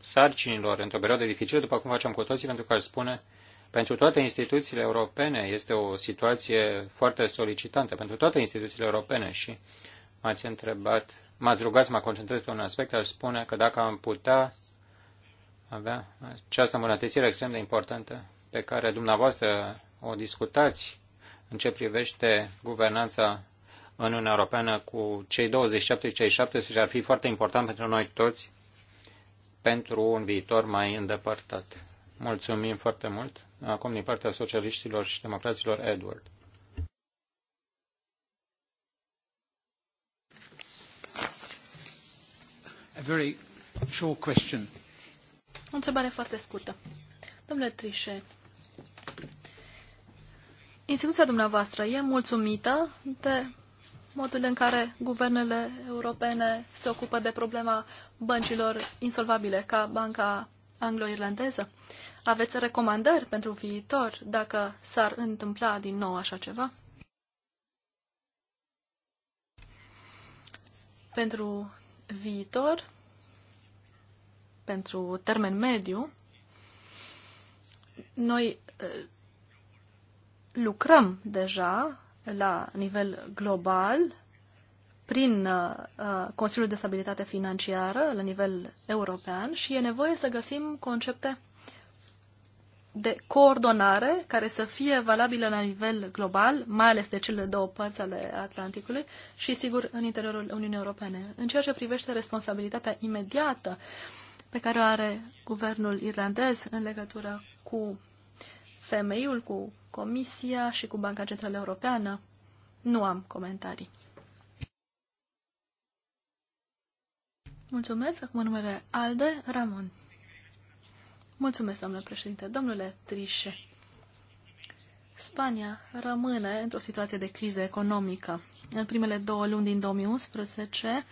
sarcinilor într-o perioadă dificilă, după cum facem cu toții, pentru că aș spune, pentru toate instituțiile europene este o situație foarte solicitantă, pentru toate instituțiile europene și m-ați întrebat, m-ați rugat să mă concentrez pe un aspect, aș spune că dacă am putea avea această îmbunătățire extrem de importantă pe care dumneavoastră o discutați în ce privește guvernanța în Uniunea Europeană cu cei 27 și cei 17 ar fi foarte important pentru noi toți pentru un viitor mai îndepărtat. Mulțumim foarte mult. Acum din partea socialiștilor și democraților Edward. A very short question. O întrebare foarte scurtă. Domnule Trișe, instituția dumneavoastră e mulțumită de modul în care guvernele europene se ocupă de problema băncilor insolvabile, ca banca anglo-irlandeză. Aveți recomandări pentru viitor dacă s-ar întâmpla din nou așa ceva? Pentru viitor, pentru termen mediu, noi eh, lucrăm deja la nivel global prin uh, uh, Consiliul de Stabilitate Financiară la nivel european și e nevoie să găsim concepte de coordonare care să fie valabile la nivel global, mai ales de cele două părți ale Atlanticului și, sigur, în interiorul Uniunii Europene. În ceea ce privește responsabilitatea imediată pe care o are guvernul irlandez în legătură cu femeiul, cu Comisia și cu Banca Centrală Europeană. Nu am comentarii. Mulțumesc. Acum numele Alde Ramon. Mulțumesc, domnule președinte. Domnule Trișe, Spania rămâne într-o situație de criză economică. În primele două luni din 2011,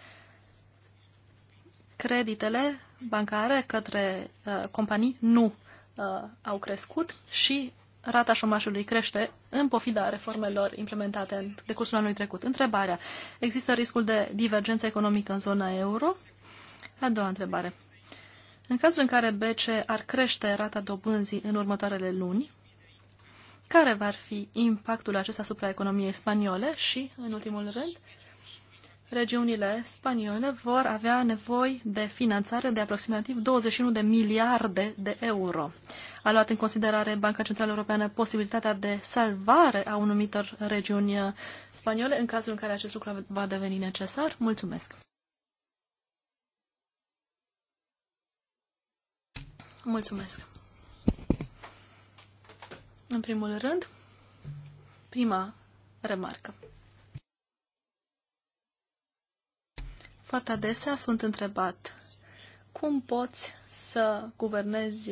creditele bancare către uh, companii nu uh, au crescut și rata șomajului crește în pofida reformelor implementate în decursul anului trecut. Întrebarea. Există riscul de divergență economică în zona euro? A doua întrebare. În cazul în care BCE ar crește rata dobânzii în următoarele luni, care va fi impactul acesta asupra economiei spaniole și, în ultimul rând, regiunile spaniole vor avea nevoi de finanțare de aproximativ 21 de miliarde de euro. A luat în considerare Banca Centrală Europeană posibilitatea de salvare a unumitor regiuni spaniole în cazul în care acest lucru va deveni necesar. Mulțumesc! Mulțumesc! În primul rând, prima remarcă. Foarte adesea sunt întrebat cum poți să guvernezi,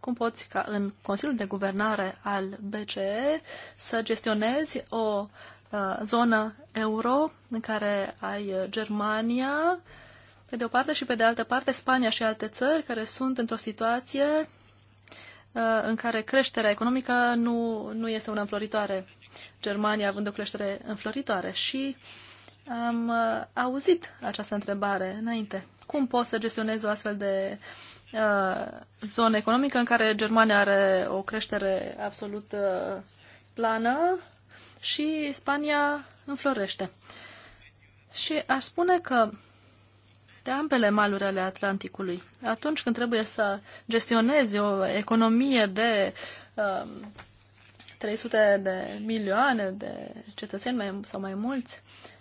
cum poți ca în Consiliul de Guvernare al BCE să gestionezi o uh, zonă euro în care ai Germania, pe de o parte și pe de altă parte Spania și alte țări care sunt într-o situație uh, în care creșterea economică nu, nu este una înfloritoare. Germania având o creștere înfloritoare și uh, am uh, auzit această întrebare înainte. Cum poți să gestionezi o astfel de uh, zonă economică în care Germania are o creștere absolut uh, plană și Spania înflorește? Și aș spune că de ambele maluri ale Atlanticului, atunci când trebuie să gestionezi o economie de uh, um, 300 de milioane de cetățeni mai, sau mai mulți, uh,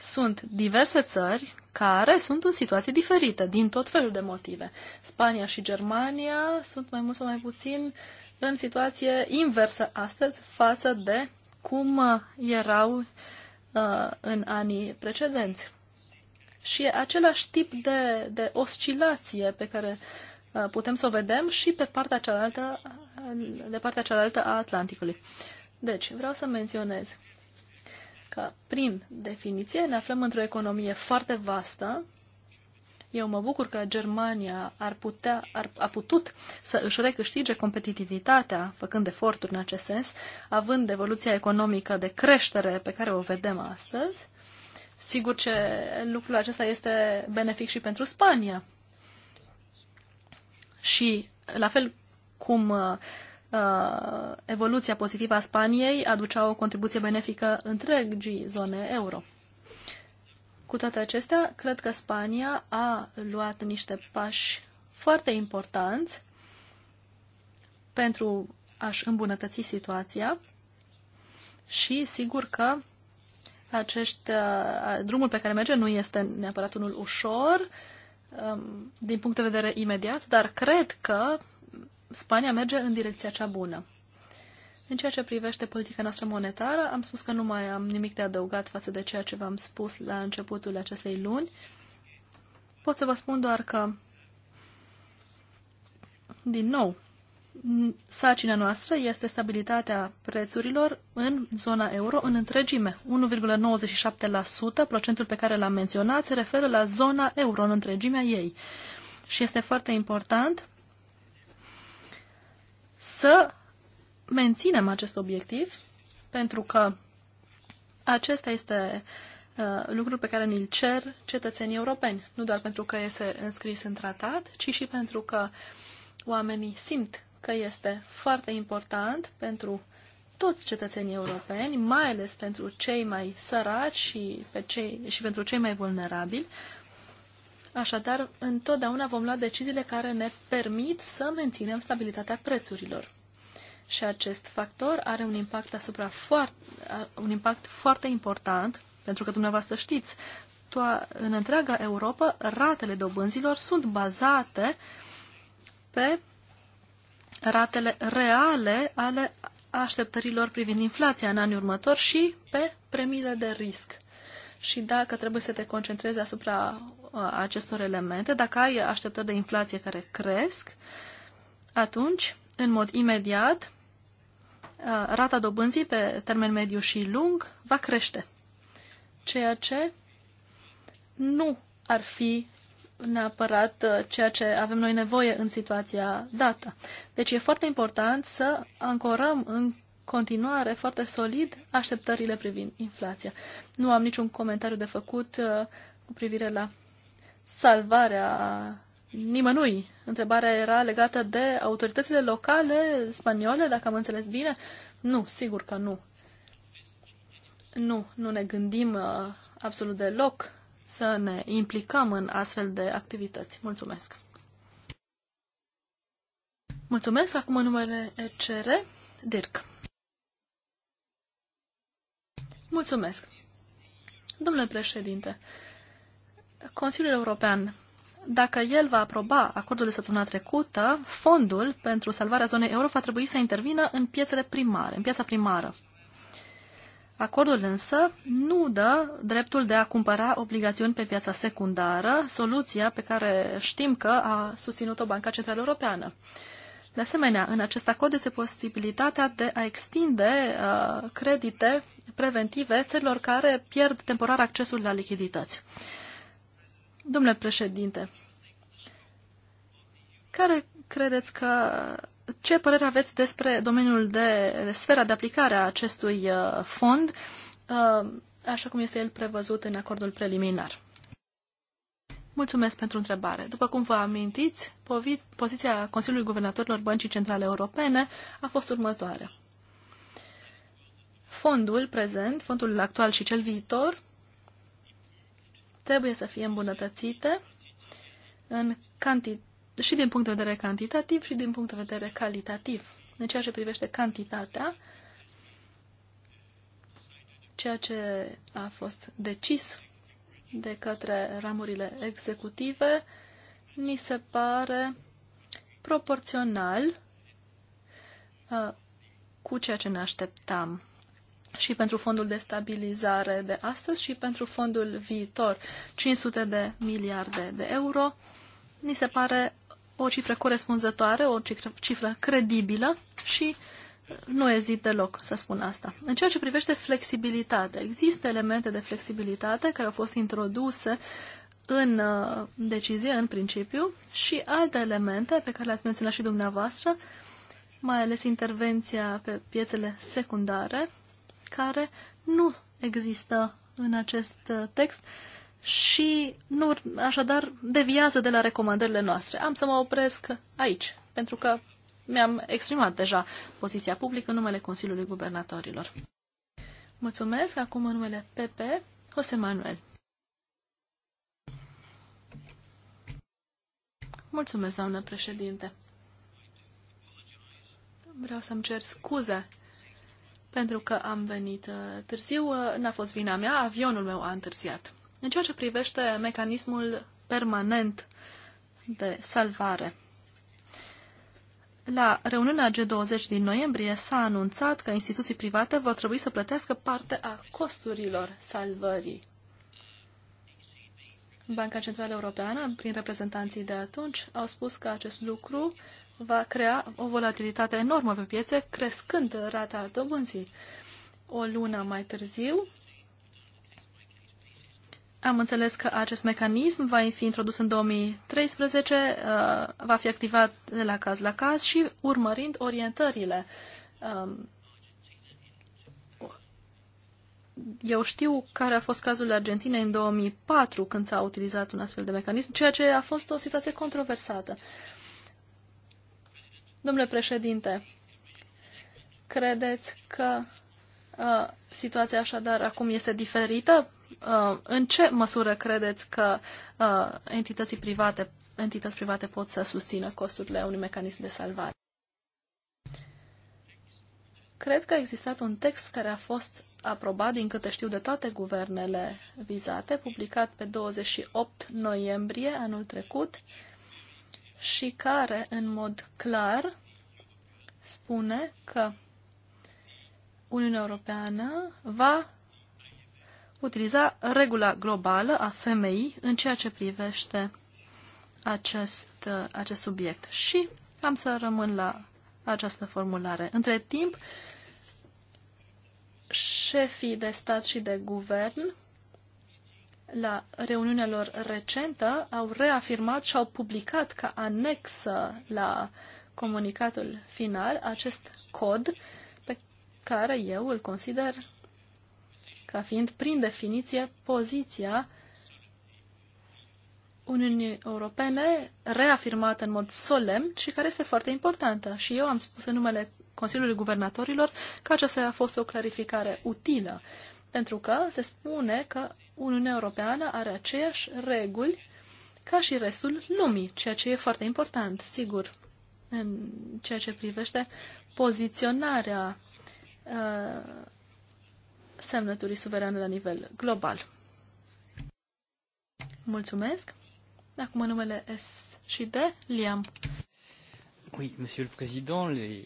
sunt diverse țări care sunt în situații diferite, din tot felul de motive. Spania și Germania sunt mai mult sau mai puțin în situație inversă astăzi față de cum uh, erau uh, în anii precedenți. Și e același tip de, de oscilație pe care uh, putem să o vedem și pe partea cealaltă, uh, de partea cealaltă a Atlanticului. Deci, vreau să menționez că, prin definiție, ne aflăm într-o economie foarte vastă. Eu mă bucur că Germania ar putea, ar, a putut să își recâștige competitivitatea, făcând eforturi în acest sens, având evoluția economică de creștere pe care o vedem astăzi. Sigur ce lucrul acesta este benefic și pentru Spania. Și, la fel cum uh, uh, evoluția pozitivă a Spaniei aducea o contribuție benefică întregii zone euro. Cu toate acestea, cred că Spania a luat niște pași foarte importanți pentru a-și îmbunătăți situația și sigur că acești, uh, drumul pe care merge nu este neapărat unul ușor um, din punct de vedere imediat, dar cred că Spania merge în direcția cea bună. În ceea ce privește politica noastră monetară, am spus că nu mai am nimic de adăugat față de ceea ce v-am spus la începutul acestei luni. Pot să vă spun doar că, din nou, sacina noastră este stabilitatea prețurilor în zona euro în întregime. 1,97% procentul pe care l-am menționat se referă la zona euro în întregimea ei. Și este foarte important să menținem acest obiectiv, pentru că acesta este uh, lucru pe care ni-l cer cetățenii europeni, nu doar pentru că este înscris în tratat, ci și pentru că oamenii simt că este foarte important pentru toți cetățenii europeni, mai ales pentru cei mai săraci și, pe cei, și pentru cei mai vulnerabili, uh, Așadar, întotdeauna vom lua deciziile care ne permit să menținem stabilitatea prețurilor. Și acest factor are un impact asupra foarte, un impact foarte important, pentru că dumneavoastră știți, to- în întreaga Europa, ratele dobânzilor sunt bazate pe ratele reale ale așteptărilor privind inflația în anii următori și pe premiile de risc și dacă trebuie să te concentrezi asupra uh, acestor elemente, dacă ai așteptări de inflație care cresc, atunci, în mod imediat, uh, rata dobânzii pe termen mediu și lung va crește, ceea ce nu ar fi neapărat uh, ceea ce avem noi nevoie în situația dată. Deci e foarte important să ancorăm în continuare foarte solid așteptările privind inflația. Nu am niciun comentariu de făcut uh, cu privire la salvarea nimănui. Întrebarea era legată de autoritățile locale spaniole, dacă am înțeles bine. Nu, sigur că nu. Nu, nu ne gândim uh, absolut deloc să ne implicăm în astfel de activități. Mulțumesc! Mulțumesc! Acum în numele ECR, Dirk. Mulțumesc. Domnule președinte, Consiliul European, dacă el va aproba acordul de săptămâna trecută, fondul pentru salvarea zonei euro va trebui să intervină în piețele primare, în piața primară. Acordul însă nu dă dreptul de a cumpăra obligațiuni pe piața secundară, soluția pe care știm că a susținut-o Banca Centrală Europeană. De asemenea, în acest acord este posibilitatea de a extinde uh, credite preventive țărilor care pierd temporar accesul la lichidități. Domnule președinte, care credeți că ce părere aveți despre domeniul de, de sfera de aplicare a acestui uh, fond, uh, așa cum este el prevăzut în acordul preliminar? Mulțumesc pentru întrebare. După cum vă amintiți, poziția Consiliului Guvernatorilor Băncii Centrale Europene a fost următoarea. Fondul prezent, fondul actual și cel viitor, trebuie să fie îmbunătățite în canti- și din punct de vedere cantitativ și din punct de vedere calitativ. În ceea ce privește cantitatea, ceea ce a fost decis de către ramurile executive ni se pare proporțional uh, cu ceea ce ne așteptam și pentru fondul de stabilizare de astăzi și pentru fondul viitor, 500 de miliarde de euro, ni se pare o cifră corespunzătoare, o cifră, credibilă și uh, nu ezit deloc să spun asta. În ceea ce privește flexibilitatea, există elemente de flexibilitate care au fost introduse în uh, decizie, în principiu, și alte elemente pe care le-ați menționat și dumneavoastră, mai ales intervenția pe piețele secundare, care nu există în acest uh, text și nu, așadar deviază de la recomandările noastre. Am să mă opresc aici, pentru că mi-am exprimat deja poziția publică în numele Consiliului Guvernatorilor. Mulțumesc. Acum în numele PP, Jose Manuel. Mulțumesc, doamnă președinte. Vreau să-mi cer scuze pentru că am venit uh, târziu. Uh, n-a fost vina mea, avionul meu a întârziat. În ceea ce privește mecanismul permanent de salvare, la reuniunea G20 din noiembrie s-a anunțat că instituții private vor trebui să plătească parte a costurilor salvării. Banca Centrală Europeană, prin reprezentanții de atunci, au spus că acest lucru va crea o volatilitate enormă pe piețe, crescând rata dobânzii. O lună mai târziu, am înțeles că acest mecanism va fi introdus în 2013, uh, va fi activat de la caz la caz și urmărind orientările. Um, eu știu care a fost cazul Argentinei în 2004 când s-a utilizat un astfel de mecanism, ceea ce a fost o situație controversată. Domnule președinte, credeți că uh, situația așadar acum este diferită Uh, în ce măsură credeți că uh, entității private, entități private pot să susțină costurile unui mecanism de salvare? Cred că a existat un text care a fost aprobat, din câte știu, de toate guvernele vizate, publicat pe 28 noiembrie anul trecut și care, în mod clar, spune că Uniunea Europeană va utiliza regula globală a femeii în ceea ce privește acest, acest subiect. Și am să rămân la această formulare. Între timp, șefii de stat și de guvern la reuniunea lor recentă au reafirmat și au publicat ca anexă la comunicatul final acest cod pe care eu îl consider ca fiind, prin definiție, poziția Uniunii Europene reafirmată în mod solemn și care este foarte importantă. Și eu am spus în numele Consiliului Guvernatorilor că aceasta a fost o clarificare utilă, pentru că se spune că Uniunea Europeană are aceeași reguli ca și restul lumii, ceea ce e foarte important, sigur, în ceea ce privește poziționarea uh, semnăturii suverane la nivel global. Mulțumesc. Acum numele S și D, Liam. Oui, monsieur le président, les...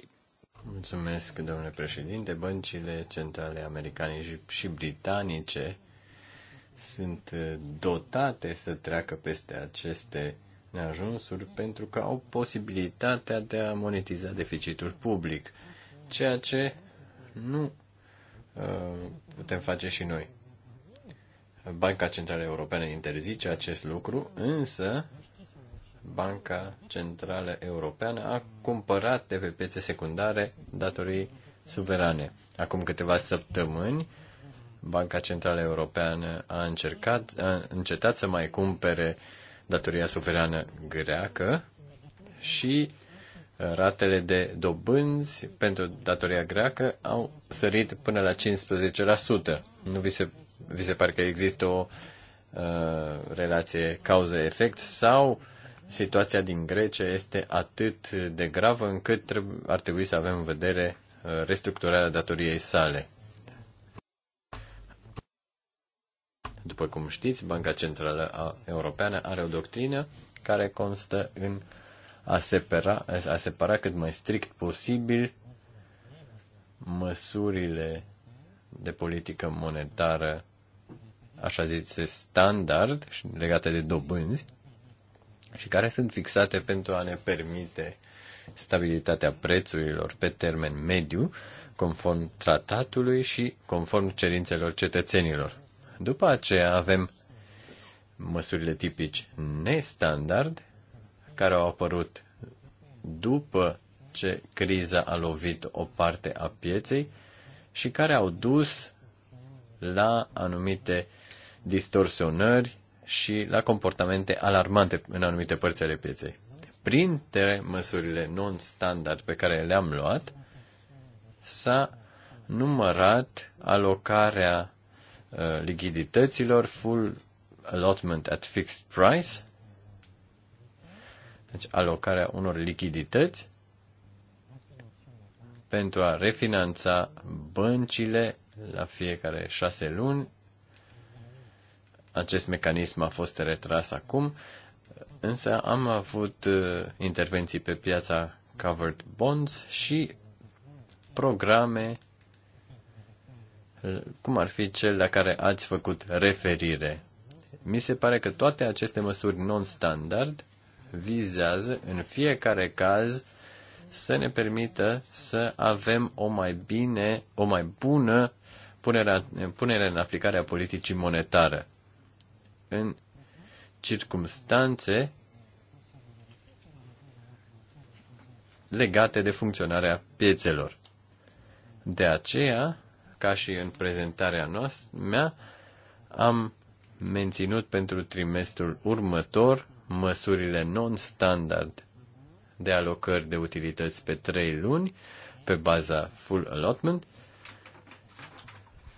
Mulțumesc, domnule președinte. Băncile centrale americane și britanice sunt uh, dotate să treacă peste aceste neajunsuri pentru că au posibilitatea de a monetiza deficitul public, ceea ce nu Uh, putem face și noi. Banca Centrală Europeană interzice acest lucru, însă Banca Centrală Europeană a cumpărat de pe piețe secundare datorii suverane. Acum câteva săptămâni, Banca Centrală Europeană a, încercat, a încetat să mai cumpere datoria suverană greacă și ratele de dobânzi pentru datoria greacă au sărit până la 15%. Nu vi se, vi se pare că există o uh, relație cauză-efect sau situația din Grecia este atât de gravă încât ar trebui să avem în vedere uh, restructurarea datoriei sale. După cum știți, Banca Centrală Europeană are o doctrină care constă în a separa, a separa cât mai strict posibil măsurile de politică monetară, așa zis, standard și legate de dobânzi și care sunt fixate pentru a ne permite stabilitatea prețurilor pe termen mediu, conform tratatului și conform cerințelor cetățenilor. După aceea avem măsurile tipici nestandard, care au apărut după ce criza a lovit o parte a pieței și care au dus la anumite distorsionări și la comportamente alarmante în anumite părți ale pieței. Printre măsurile non-standard pe care le-am luat, s-a numărat alocarea uh, lichidităților full allotment at fixed price deci alocarea unor lichidități pentru a refinanța băncile la fiecare șase luni. Acest mecanism a fost retras acum, însă am avut uh, intervenții pe piața covered bonds și programe uh, cum ar fi cel la care ați făcut referire. Mi se pare că toate aceste măsuri non-standard vizează în fiecare caz să ne permită să avem o mai bine, o mai bună punere, punere în aplicare a politicii monetare. În circumstanțe legate de funcționarea piețelor. De aceea, ca și în prezentarea noastră, mea, am menținut pentru trimestrul următor măsurile non-standard de alocări de utilități pe trei luni pe baza full allotment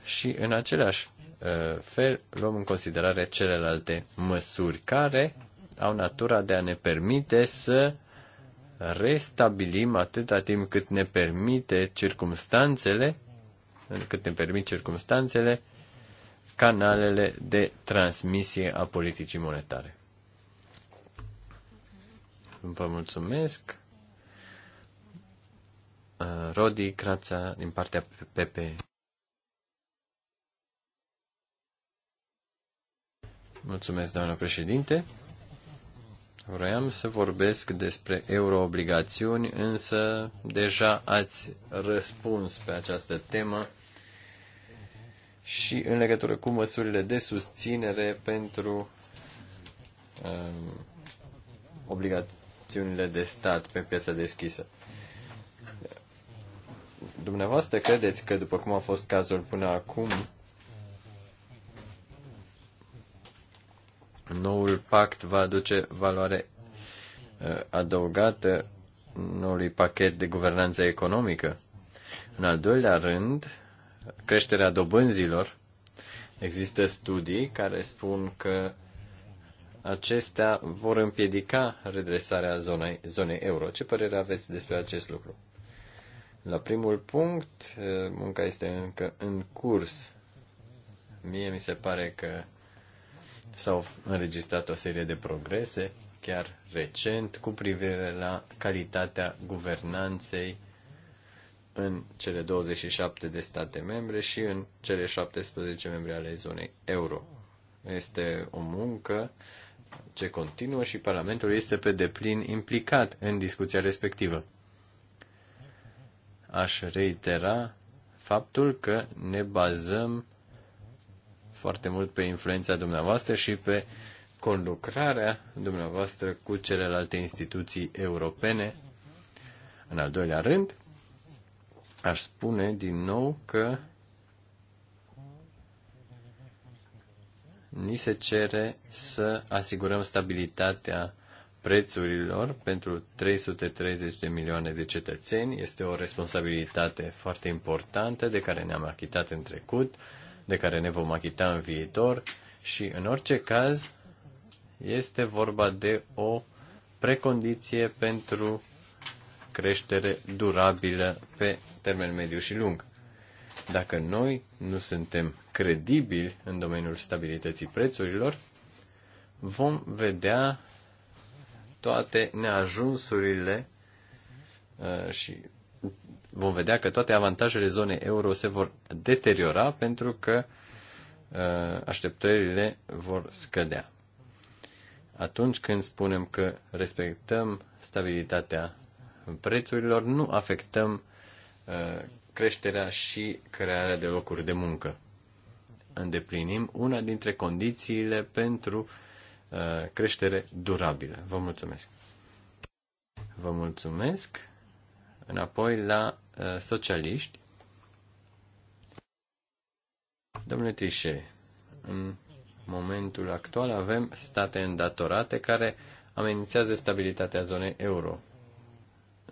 și în același uh, fel luăm în considerare celelalte măsuri care au natura de a ne permite să restabilim atâta timp cât ne permite circumstanțele, cât ne permit circumstanțele, canalele de transmisie a politicii monetare. Vă mulțumesc. Uh, Rodi Crața din partea PP. Mulțumesc, doamnă președinte. Vroiam să vorbesc despre euroobligațiuni, însă deja ați răspuns pe această temă și în legătură cu măsurile de susținere pentru um, obligat, acțiunile de stat pe piața deschisă. Dumneavoastră credeți că, după cum a fost cazul până acum, noul pact va aduce valoare uh, adăugată noului pachet de guvernanță economică? În al doilea rând, creșterea dobânzilor. Există studii care spun că acestea vor împiedica redresarea zonei, zonei euro. Ce părere aveți despre acest lucru? La primul punct, eh, munca este încă în curs. Mie mi se pare că s-au înregistrat o serie de progrese, chiar recent, cu privire la calitatea guvernanței în cele 27 de state membre și în cele 17 membre ale zonei euro. Este o muncă uh, ce continuă și Parlamentul este pe deplin implicat în discuția respectivă. Aș reitera faptul că ne bazăm foarte mult pe influența dumneavoastră și pe conlucrarea dumneavoastră cu celelalte instituții europene. În al doilea rând, aș spune din nou că ni se cere să asigurăm stabilitatea prețurilor pentru 330 de milioane de cetățeni. Este o responsabilitate foarte importantă de care ne-am achitat în trecut, de care ne vom achita în viitor și, în orice caz, este vorba de o precondiție pentru creștere durabilă pe termen mediu și lung. Dacă noi nu suntem credibili în domeniul stabilității prețurilor, vom vedea toate neajunsurile uh, și vom vedea că toate avantajele zonei euro se vor deteriora pentru că uh, așteptările vor scădea. Atunci când spunem că respectăm stabilitatea prețurilor, nu afectăm uh, creșterea și crearea de locuri de muncă îndeplinim una dintre condițiile pentru uh, creștere durabilă. Vă mulțumesc. Vă mulțumesc. Înapoi la uh, socialiști. Domnule Tișe, în momentul actual avem state îndatorate care amenințează stabilitatea zonei euro.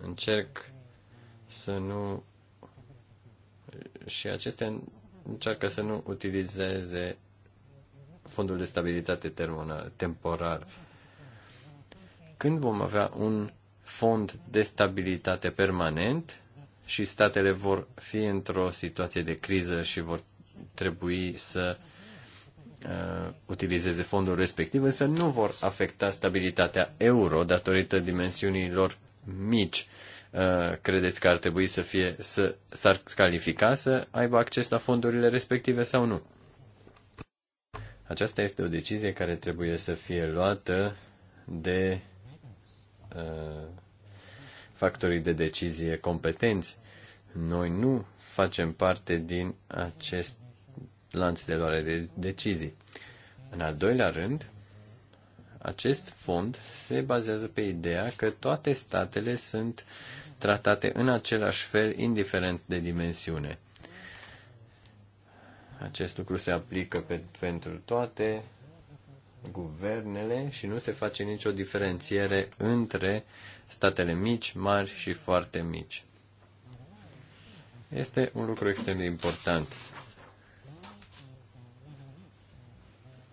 Încerc să nu și aceste încearcă să nu utilizeze fondul de stabilitate temporar. Când vom avea un fond de stabilitate permanent și statele vor fi într-o situație de criză și vor trebui să uh, utilizeze fondul respectiv, însă nu vor afecta stabilitatea euro datorită dimensiunilor mici. Uh, Uh, credeți că ar trebui să fie, să, s-ar califica să aibă acces la fondurile respective sau nu. Aceasta este o decizie care trebuie să fie luată de uh, factorii de decizie competenți. Noi nu facem parte din acest lanț de luare de decizii. În al doilea rând, acest fond se bazează pe ideea că toate statele sunt uh, tratate în același fel, indiferent de dimensiune. Acest lucru se aplică pe, pentru toate guvernele și nu se face nicio diferențiere între statele mici, mari și foarte mici. Este un lucru extrem de important.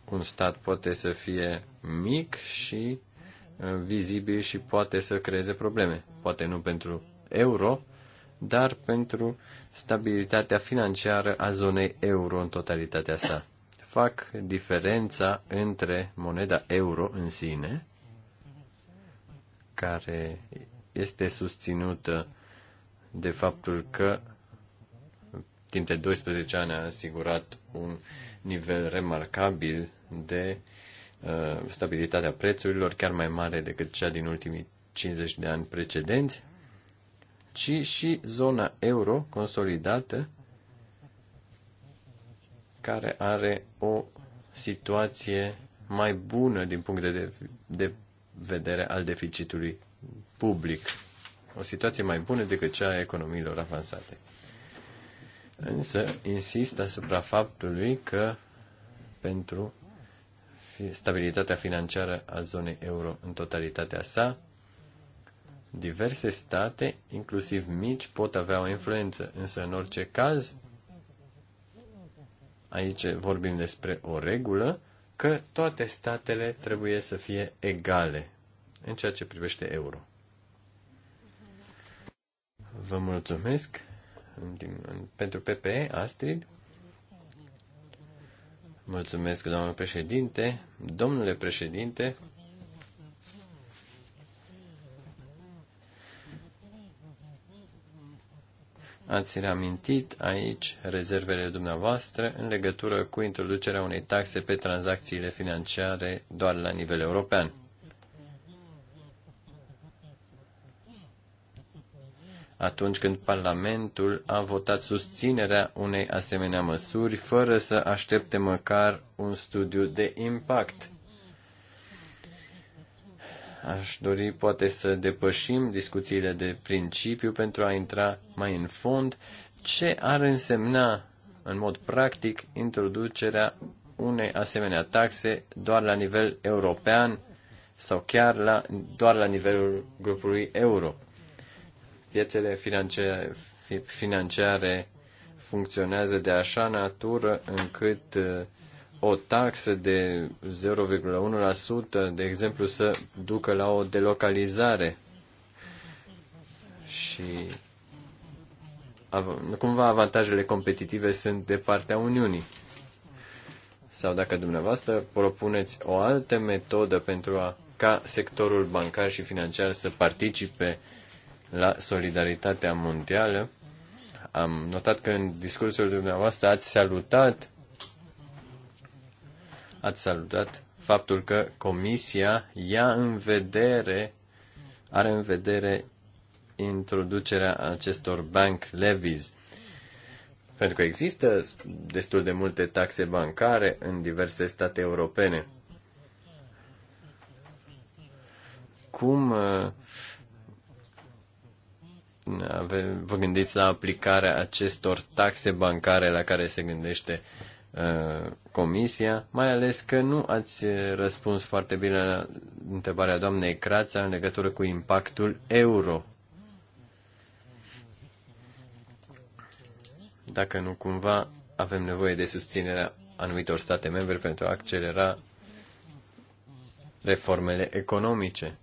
Un stat poate să fie mic și vizibil și poate să creeze probleme. Poate nu pentru euro, dar pentru stabilitatea financiară a zonei euro în totalitatea sa. Fac diferența între moneda euro în sine, care este susținută de faptul că timp de 12 ani a asigurat un nivel remarcabil de uh, Uh, stabilitatea prețurilor chiar mai mare decât cea din ultimii 50 de ani precedenți, ci și zona euro consolidată care are o situație mai bună din punct de, de vedere al deficitului public. O situație mai bună decât cea a economiilor avansate. Însă, insist asupra faptului că pentru stabilitatea financiară a zonei euro în totalitatea sa, diverse state, inclusiv mici, pot avea o influență, însă în orice caz, aici vorbim despre o regulă, că toate statele trebuie să fie egale în ceea ce privește euro. Vă mulțumesc pentru PPE, Astrid. Mulțumesc, domnule președinte. Domnule președinte, ați reamintit aici rezervele dumneavoastră în legătură cu introducerea unei taxe pe tranzacțiile financiare doar la nivel european. atunci când Parlamentul a votat susținerea unei asemenea măsuri, fără să aștepte măcar un studiu de impact. Aș dori poate să depășim discuțiile de principiu pentru a intra mai în fond ce ar însemna în mod practic introducerea unei asemenea taxe doar la nivel european sau chiar la, doar la nivelul grupului euro. Piețele financiare, financiare funcționează de așa natură încât uh, o taxă de 0,1%, de exemplu, să ducă la o delocalizare. Și cumva avantajele competitive sunt de partea Uniunii. Sau dacă dumneavoastră propuneți o altă metodă pentru a ca sectorul bancar și financiar să participe la solidaritatea mondială. Am notat că în discursul dumneavoastră ați salutat ați salutat faptul că Comisia ia în vedere, are în vedere introducerea acestor bank levies. Pentru că există destul de multe taxe bancare în diverse state europene. Cum uh, ave, vă gândiți la aplicarea acestor taxe bancare la care se gândește uh, comisia, mai ales că nu ați răspuns foarte bine la întrebarea doamnei Crața în legătură cu impactul euro. Dacă nu cumva avem nevoie de susținerea anumitor state membre pentru a accelera reformele economice.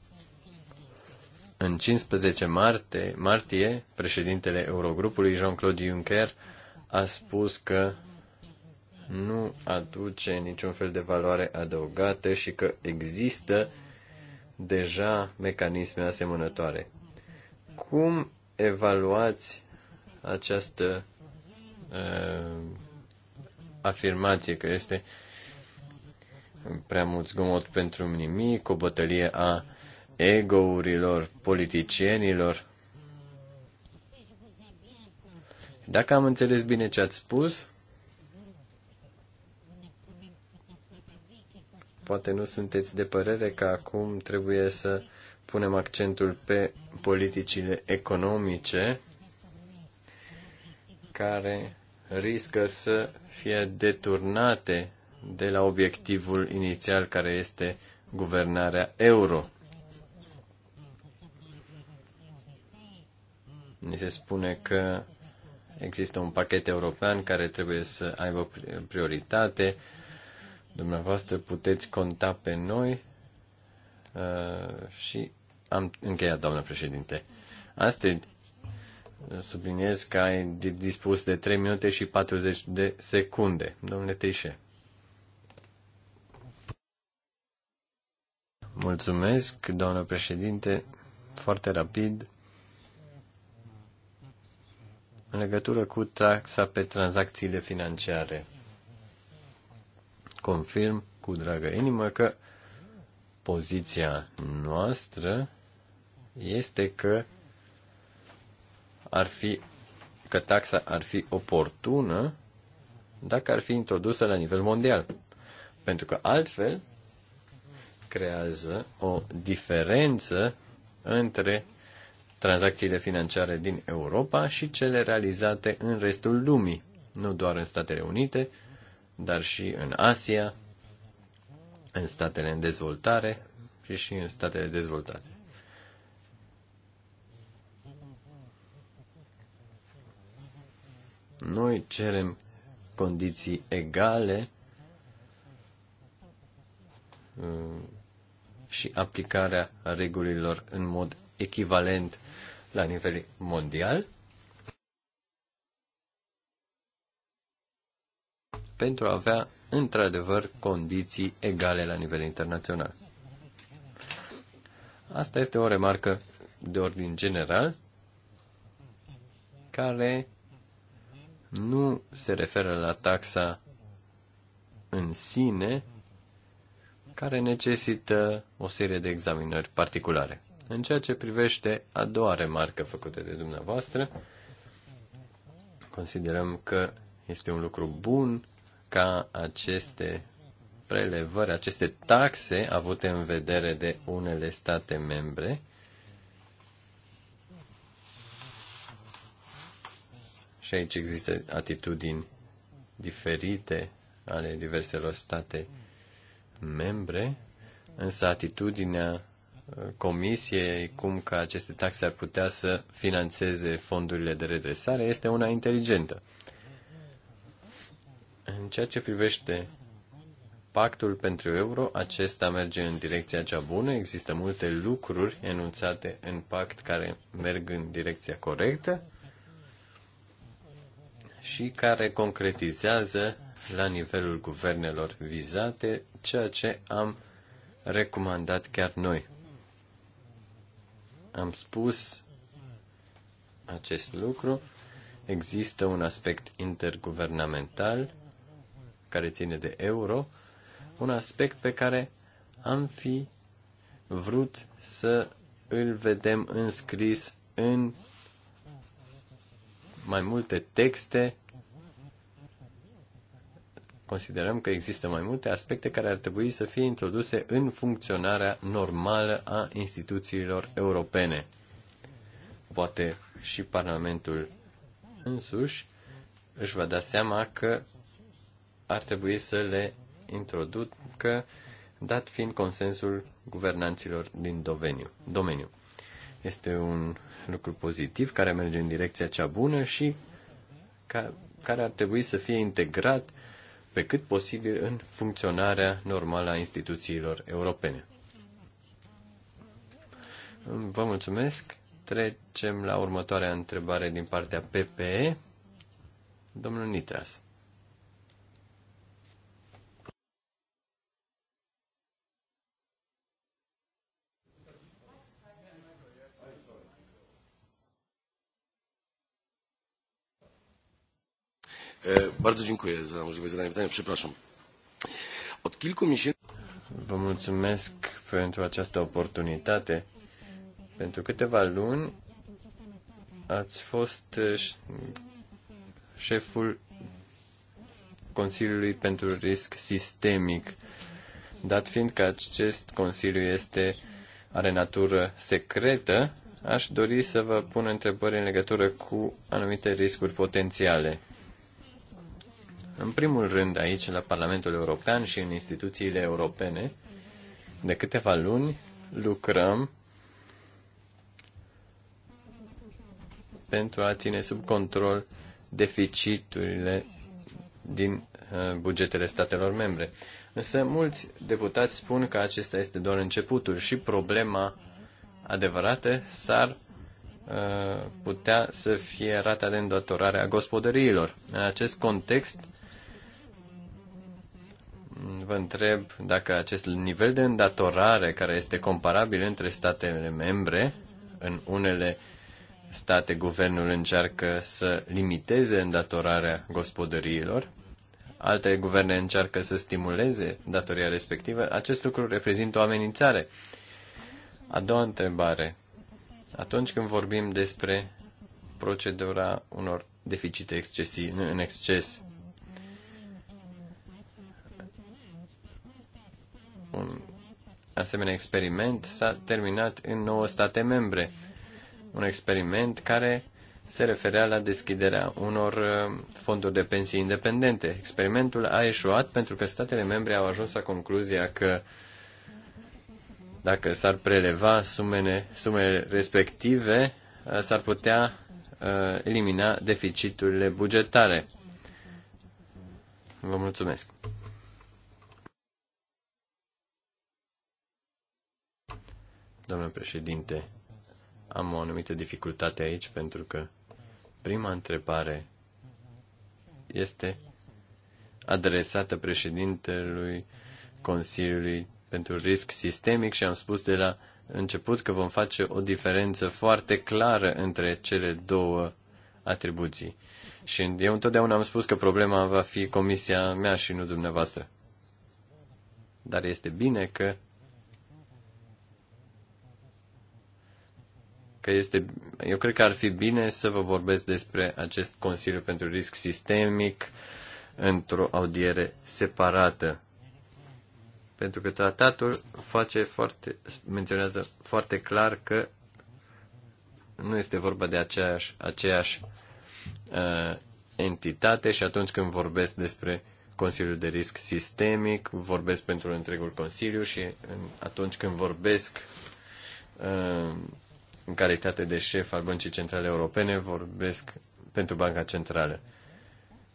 În 15 martie, martie președintele Eurogrupului Jean-Claude Juncker a spus că nu aduce niciun fel de valoare adăugată și că există deja mecanisme asemănătoare. Cum evaluați această uh, afirmație că este prea mult zgomot pentru nimic, o bătălie a egourilor politicienilor. Dacă am înțeles bine ce ați spus, poate nu sunteți de părere că acum trebuie să punem accentul pe politicile economice care riscă să fie deturnate de la obiectivul inițial care este guvernarea euro. Ni se spune că există un pachet european care trebuie să aibă prioritate. Dumneavoastră puteți conta pe noi uh, și am încheiat, doamnă președinte. Astăzi uh, subliniez că ai dispus de 3 minute și 40 de secunde. Domnule Trișe. Mulțumesc, doamnă președinte. Foarte rapid în legătură cu taxa pe tranzacțiile financiare. Confirm cu dragă inimă că poziția noastră este că ar fi că taxa ar fi oportună dacă ar fi introdusă la nivel mondial. Pentru că altfel creează o diferență între tranzacțiile financiare din Europa și cele realizate în restul lumii, nu doar în Statele Unite, dar și în Asia, în statele în dezvoltare și și în statele dezvoltate. Noi cerem condiții egale uh, și aplicarea regulilor în mod echivalent la nivel mondial pentru a avea într-adevăr condiții egale la nivel internațional. Asta este o remarcă de ordin general care nu se referă la taxa în sine, care necesită o serie de examinări particulare. În ceea ce privește a doua remarcă făcută de dumneavoastră, considerăm că este un lucru bun ca aceste prelevări, aceste taxe avute în vedere de unele state membre, și aici există atitudini diferite ale diverselor state membre, însă atitudinea Comisiei cum că aceste taxe ar putea să financeze fondurile de redresare este una inteligentă. În ceea ce privește pactul pentru euro, acesta merge în direcția cea bună. Există multe lucruri enunțate în pact care merg în direcția corectă și care concretizează la nivelul guvernelor vizate ceea ce am recomandat chiar noi. Am spus acest lucru. Există un aspect interguvernamental care ține de euro, un aspect pe care am fi vrut să îl vedem înscris în mai multe texte considerăm că există mai multe aspecte care ar trebui să fie introduse în funcționarea normală a instituțiilor europene. Poate și Parlamentul însuși își va da seama că ar trebui să le introducă, dat fiind consensul guvernanților din domeniu. domeniu. Este un lucru pozitiv care merge în direcția cea bună și ca, care ar trebui să fie integrat pe cât posibil în funcționarea normală a instituțiilor europene. Vă mulțumesc. Trecem la următoarea întrebare din partea PPE. Domnul Nitras. Bardzo dziękuję za możliwość zadania pytania. Przepraszam. Od kilku miesięcy... Vă mulțumesc pentru această oportunitate. Pentru câteva luni ați fost șeful Consiliului pentru Risc Sistemic, dat fiind că acest Consiliu este, are natură secretă, aș dori să vă pun întrebări în legătură cu anumite riscuri potențiale. În primul rând, aici, la Parlamentul European și în instituțiile europene, de câteva luni lucrăm pentru a ține sub control deficiturile din uh, bugetele statelor membre. Însă mulți deputați spun că acesta este doar începutul și problema adevărată s-ar uh, putea să fie rata de îndatorare a gospodăriilor. În acest context, vă întreb dacă acest nivel de îndatorare care este comparabil între statele membre, în unele state guvernul încearcă să limiteze îndatorarea gospodăriilor, alte guverne încearcă să stimuleze datoria respectivă, acest lucru reprezintă o amenințare. A doua întrebare. Atunci când vorbim despre procedura unor deficite excesiv, în exces, un asemenea experiment s-a terminat în nouă state membre. Un experiment care se referea la deschiderea unor uh, fonduri de pensii independente. Experimentul a eșuat pentru că statele membre au ajuns la concluzia că dacă s-ar preleva sumele, sumele respective, uh, s-ar putea uh, elimina deficiturile bugetare. Vă mulțumesc. Domnule președinte, am o anumită dificultate aici pentru că prima întrebare este adresată președintelui Consiliului pentru risc sistemic și am spus de la început că vom face o diferență foarte clară între cele două atribuții. Și eu întotdeauna am spus că problema va fi comisia mea și nu dumneavoastră. Dar este bine că că este, eu cred că ar fi bine să vă vorbesc despre acest Consiliu pentru Risc Sistemic într-o audiere separată. Pentru că tratatul face foarte, menționează foarte clar că nu este vorba de aceeași, aceeași uh, entitate și atunci când vorbesc despre Consiliul de Risc Sistemic, vorbesc pentru întregul Consiliu și atunci când vorbesc uh, în calitate de șef al Băncii Centrale Europene, vorbesc pentru Banca Centrală.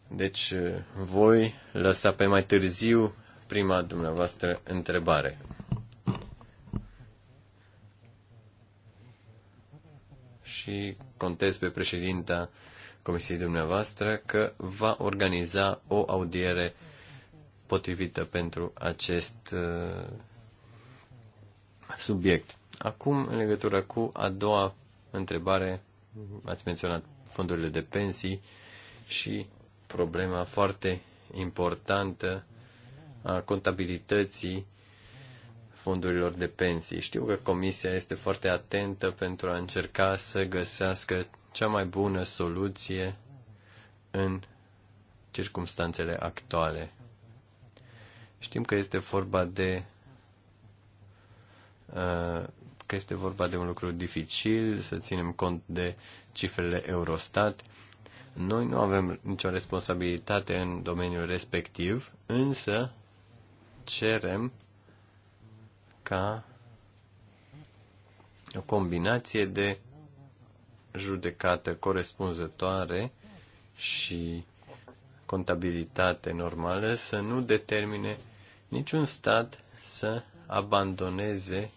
Deci voi lăsa pe mai târziu prima dumneavoastră întrebare. Și contez pe președinta comisiei dumneavoastră că va organiza o audiere potrivită pentru acest uh, subiect. Acum, în legătură cu a doua întrebare, ați menționat fondurile de pensii și problema foarte importantă a contabilității fondurilor de pensii. Știu că comisia este foarte atentă pentru a încerca să găsească cea mai bună soluție în circumstanțele actuale. Știm că este vorba de uh, că este vorba de un lucru dificil, să ținem cont de cifrele Eurostat. Noi nu avem nicio responsabilitate în domeniul respectiv, însă cerem ca o combinație de judecată corespunzătoare și contabilitate normală să nu determine niciun stat să abandoneze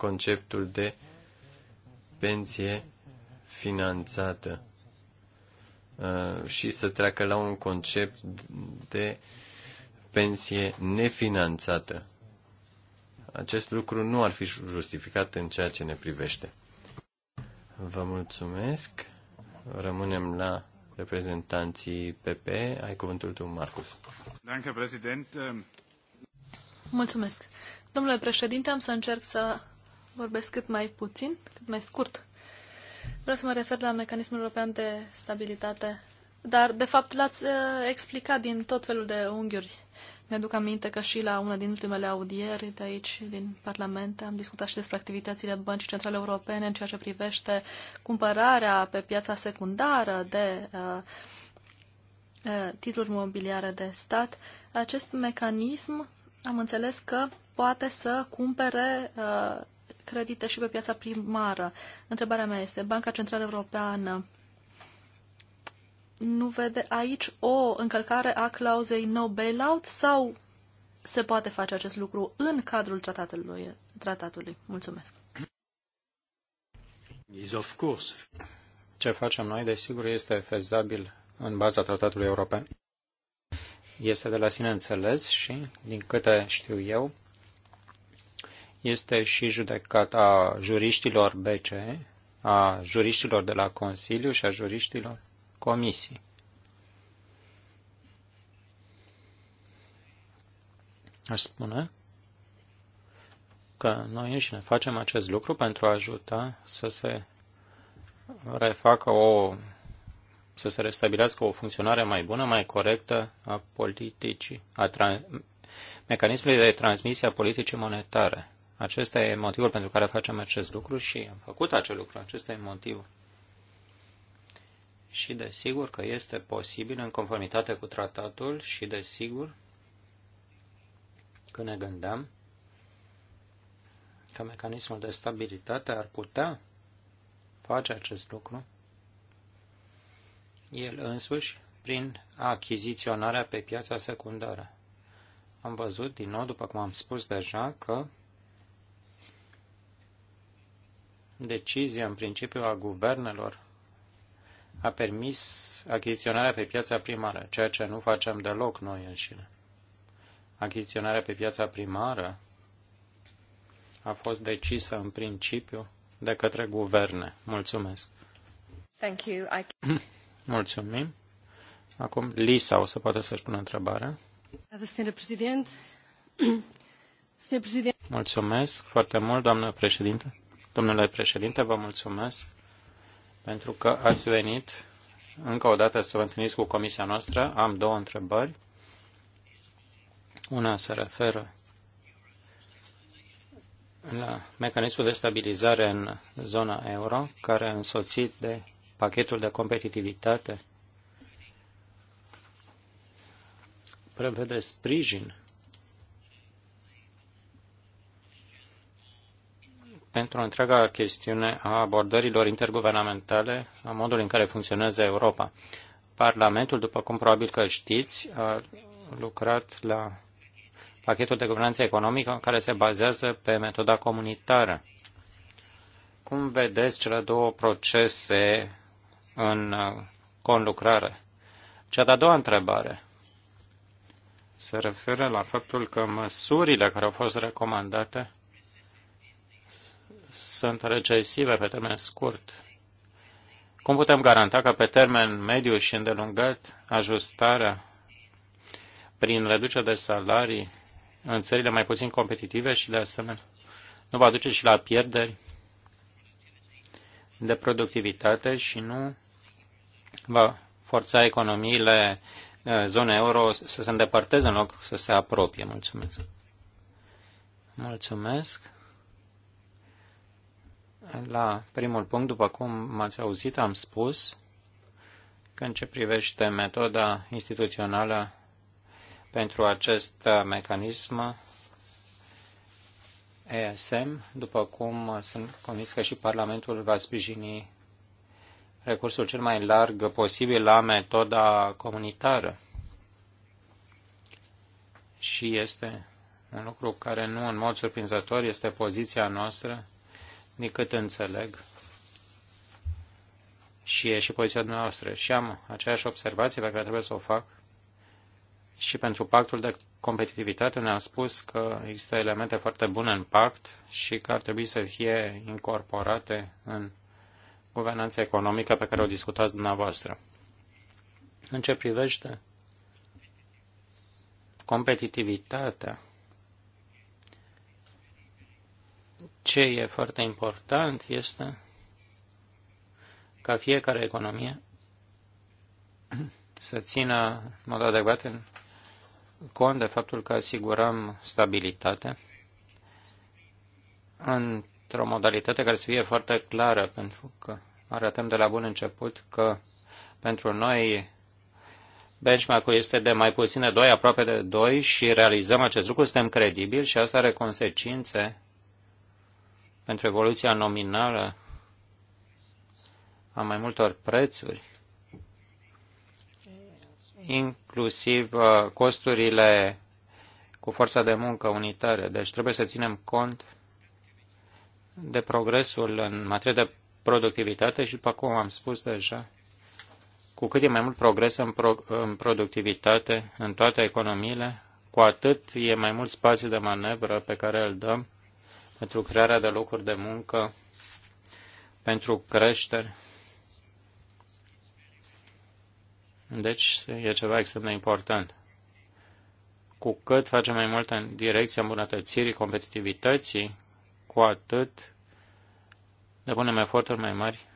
conceptul de pensie finanțată uh, și să treacă la un concept de pensie nefinanțată. Acest lucru nu ar fi justificat în ceea ce ne privește. Vă mulțumesc. Rămânem la reprezentanții PP. Ai cuvântul tu, Marcus. Mulțumesc. Domnule președinte, am să încerc să vorbesc cât mai puțin, cât mai scurt. Vreau să mă refer la mecanismul european de stabilitate, dar de fapt l-ați uh, explicat din tot felul de unghiuri. Mi-aduc aminte că și la una din ultimele audieri de aici, din Parlament, am discutat și despre activitățile Băncii Centrale Europene în ceea ce privește cumpărarea pe piața secundară de uh, uh, titluri mobiliare de stat. Acest mecanism am înțeles că poate să cumpere uh, credite și pe piața primară. Întrebarea mea este, Banca Centrală Europeană nu vede aici o încălcare a clauzei no bailout sau se poate face acest lucru în cadrul tratatului? tratatului? Mulțumesc. Is of course. Ce facem noi, desigur, este fezabil în baza tratatului european. Este de la sine înțeles și, din câte știu eu, este și judecata juriștilor BCE, a juriștilor de la Consiliu și a juriștilor Comisii. Aș spune că noi înșine facem acest lucru pentru a ajuta să se refacă o să se restabilească o funcționare mai bună, mai corectă a politicii, a mecanismului de transmisie a politicii monetare. Acesta e motivul pentru care facem acest lucru și am făcut acel lucru. Acesta e motivul. Și desigur că este posibil în conformitate cu tratatul și desigur că ne gândeam că mecanismul de stabilitate ar putea face acest lucru el însuși prin achiziționarea pe piața secundară. Am văzut din nou, după cum am spus deja, că decizia în principiu a guvernelor a permis achiziționarea pe piața primară, ceea ce nu facem deloc noi înșine. Achiziționarea pe piața primară a fost decisă în principiu de către guverne. Mulțumesc. Thank you. I... Mulțumim. Acum Lisa o să poată să-și pună întrebarea. Mulțumesc foarte mult, doamnă președinte. Domnule președinte, vă mulțumesc pentru că ați venit încă o dată să vă întâlniți cu comisia noastră. Am două întrebări. Una se referă la mecanismul de stabilizare în zona euro, care a însoțit de pachetul de competitivitate prevede sprijin pentru întreaga chestiune a abordărilor interguvernamentale, a modului în care funcționează Europa. Parlamentul, după cum probabil că știți, a lucrat la pachetul de guvernanță economică care se bazează pe metoda comunitară. Cum vedeți cele două procese în conlucrare? Cea de-a doua întrebare se referă la faptul că măsurile care au fost recomandate sunt recesive pe termen scurt. Cum putem garanta că pe termen mediu și îndelungat ajustarea prin reducere de salarii în țările mai puțin competitive și de asemenea nu va duce și la pierderi de productivitate și nu va forța economiile uh, zonei euro să se îndepărteze în loc să se apropie. Mulțumesc. Mulțumesc. La primul punct, după cum m-ați auzit, am spus că în ce privește metoda instituțională pentru acest uh, mecanism ESM, după cum sunt convins că și Parlamentul va sprijini recursul cel mai larg posibil la metoda comunitară. Și este un lucru care nu în mod surprinzător este poziția noastră din cât înțeleg, și e și poziția dumneavoastră. Și am aceeași observație pe care trebuie să o fac și pentru pactul de competitivitate ne a spus că există elemente foarte bune în pact și că ar trebui să fie incorporate în guvernanța economică pe care o discutați dumneavoastră. În ce privește competitivitatea, ce e foarte important este ca fiecare economie să țină în mod adecvat în cont de faptul că asigurăm stabilitate într-o modalitate care să fie foarte clară, pentru că arătăm de la bun început că pentru noi benchmark-ul este de mai puțin de 2, aproape de 2 și realizăm acest lucru, suntem credibili și asta are consecințe pentru evoluția nominală a mai multor prețuri, inclusiv uh, costurile cu forța de muncă unitare. Deci trebuie să ținem cont de progresul în materie de productivitate și, după cum am spus deja, cu cât e mai mult progres în, pro- în productivitate în toate economiile, cu atât e mai mult spațiu de manevră pe care îl dăm pentru crearea de locuri de muncă, pentru creștere. Deci e ceva extrem de important. Cu cât facem mai mult în direcția îmbunătățirii competitivității, cu atât depunem eforturi mai mari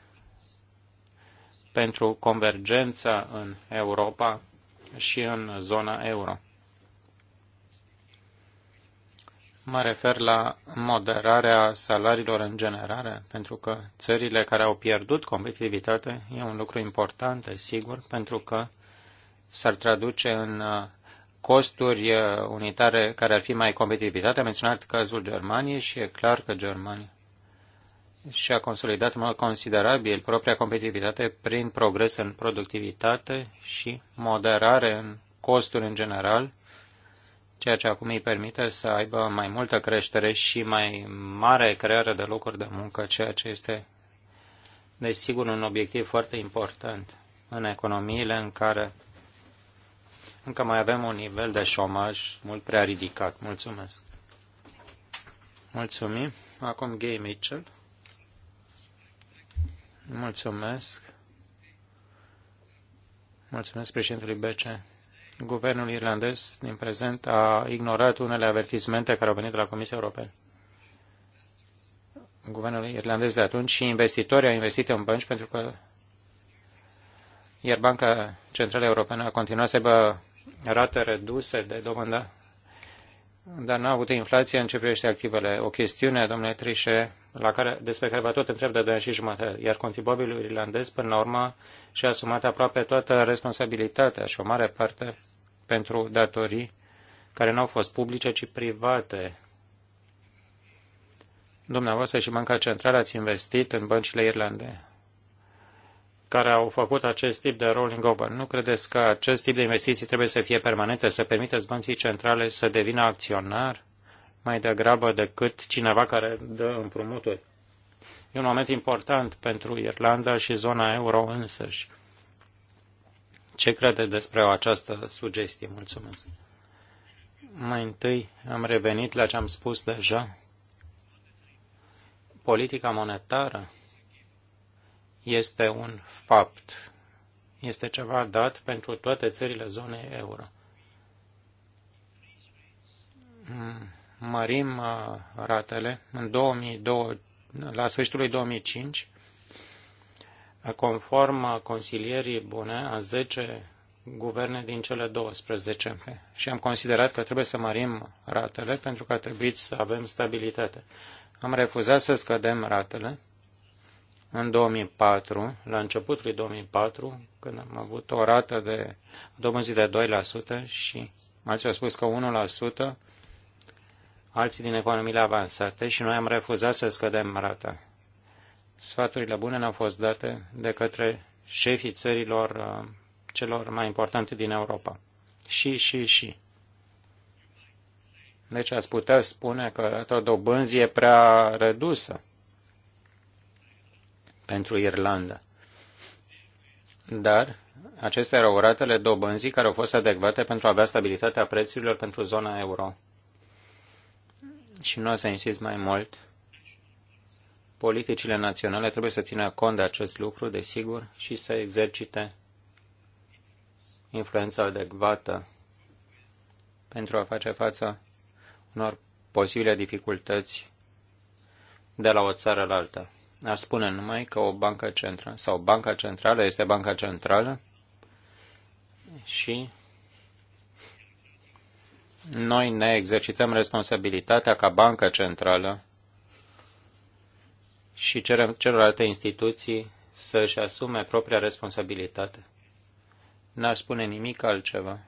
pentru convergența în Europa și în zona euro. Mă refer la moderarea salariilor în generare, pentru că țările care au pierdut competitivitate e un lucru important, sigur, pentru că s-ar traduce în uh, costuri uh, unitare care ar fi mai competitivitate. Am menționat cazul Germaniei și e clar că Germania și-a consolidat în mod considerabil propria competitivitate prin progres în productivitate și moderare în costuri în general, ceea ce acum îi permite să aibă mai multă creștere și mai mare creare de locuri de muncă, ceea ce este, desigur, un obiectiv foarte important în economiile în care încă mai avem un nivel de șomaj mult prea ridicat. Mulțumesc! Mulțumim! Acum Gay Mitchell. Mulțumesc! Mulțumesc președintelui BC guvernul irlandez din prezent a ignorat unele avertismente care au venit de la Comisia Europeană. Guvernul irlandez de atunci și investitorii au investit în bănci pentru că iar Banca Centrală Europeană a continuat să aibă rate reduse de dobândă, dar n-a avut inflație în ce privește activele. O chestiune, domnule Trișe, la care, despre care vă tot întreb de 2 ani și jumătate, iar contribuabilul irlandez, până la urmă, și-a asumat aproape toată responsabilitatea și o mare parte pentru datorii care nu au fost publice, ci private. Dumneavoastră și Banca Centrală ați investit în băncile irlande care au făcut acest tip de rolling over. Nu credeți că acest tip de investiții trebuie să fie permanente, să permiteți băncii centrale să devină acționar mai degrabă decât cineva care dă împrumuturi? E un moment important pentru Irlanda și zona euro însăși. Ce crede despre această sugestie? Mulțumesc. Mai întâi am revenit la ce am spus deja. Politica monetară este un fapt. Este ceva dat pentru toate țările zonei euro. Mărim uh, ratele în 2002, la sfârșitul lui 2005 conform consilierii bune a 10 guverne din cele 12. Și am considerat că trebuie să mărim ratele pentru că a trebuit să avem stabilitate. Am refuzat să scădem ratele în 2004, la începutul 2004, când am avut o rată de dobânzi de 2% și alții au spus că 1%, alții din economiile avansate și noi am refuzat să scădem rata. Sfaturile bune ne-au fost date de către șefii țărilor uh, celor mai importante din Europa. Și, și, și. Deci ați putea spune că tot dobânzi e prea redusă pentru Irlanda. Dar acestea erau ratele dobânzii care au fost adecvate pentru a avea stabilitatea prețurilor pentru zona euro. Și nu o să insist mai mult Politicile naționale trebuie să țină cont de acest lucru, desigur, și să exercite influența adecvată pentru a face față unor posibile dificultăți de la o țară la alta. Ar spune numai că o bancă centrală sau banca centrală este banca centrală și noi ne exercităm responsabilitatea ca bancă centrală și cerem celorlalte instituții să își asume propria responsabilitate. N-ar spune nimic altceva.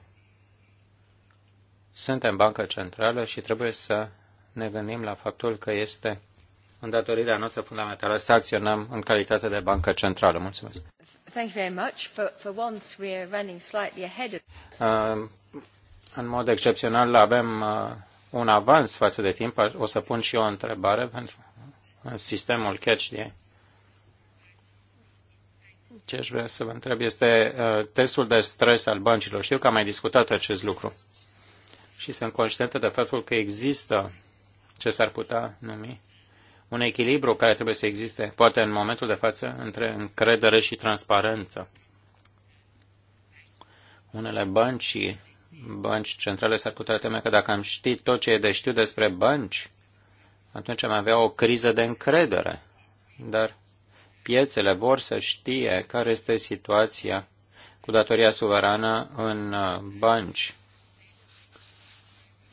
Suntem bancă centrală și trebuie să ne gândim la faptul că este îndatorirea noastră fundamentală să acționăm în calitate de bancă centrală. Mulțumesc. Thank you very much. For, for once we are running slightly ahead of... Uh, în mod excepțional avem uh, un avans față de timp. O să pun și eu o întrebare pentru în sistemul catch de. Ce aș vrea să vă întreb este uh, testul de stres al băncilor. Știu că am mai discutat acest lucru și sunt conștientă de faptul că există ce s-ar putea numi un echilibru care trebuie să existe, poate în momentul de față, între încredere și transparență. Unele bănci bănci centrale s-ar putea teme că dacă am ști tot ce e de știu despre bănci, atunci am avea o criză de încredere. Dar piețele vor să știe care este situația cu datoria suverană în uh, bănci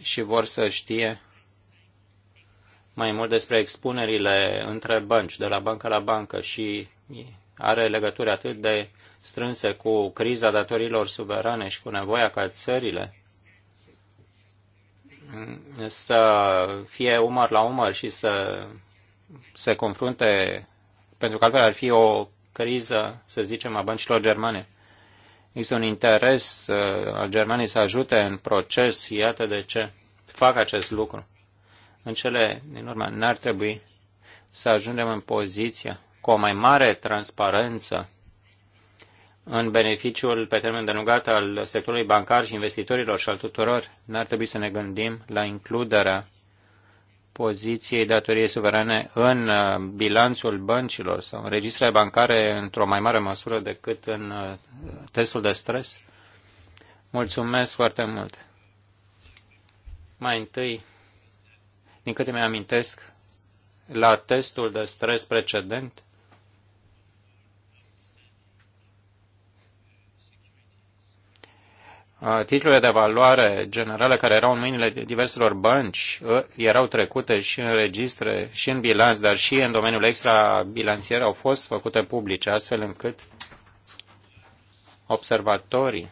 și vor să știe mai mult despre expunerile între bănci, de la bancă la bancă și are legături atât de strânse cu criza datorilor suverane și cu nevoia ca țările să fie umăr la umăr și să se confrunte, pentru că altfel ar fi o criză, să zicem, a băncilor germane. Există un interes uh, al Germaniei să ajute în proces, iată de ce fac acest lucru. În cele din urmă, n-ar trebui să ajungem în poziția cu o mai mare transparență în beneficiul pe termen delungat al sectorului bancar și investitorilor și al tuturor, n-ar trebui să ne gândim la includerea poziției datoriei suverane în uh, bilanțul băncilor sau în registrele bancare într-o mai mare măsură decât în uh, testul de stres? Mulțumesc foarte mult! Mai întâi, din câte mi-amintesc, la testul de stres precedent, titlurile de valoare generale care erau în mâinile diverselor bănci ă, erau trecute și în registre, și în bilanț, dar și în domeniul extrabilanțier au fost făcute publice, astfel încât observatorii,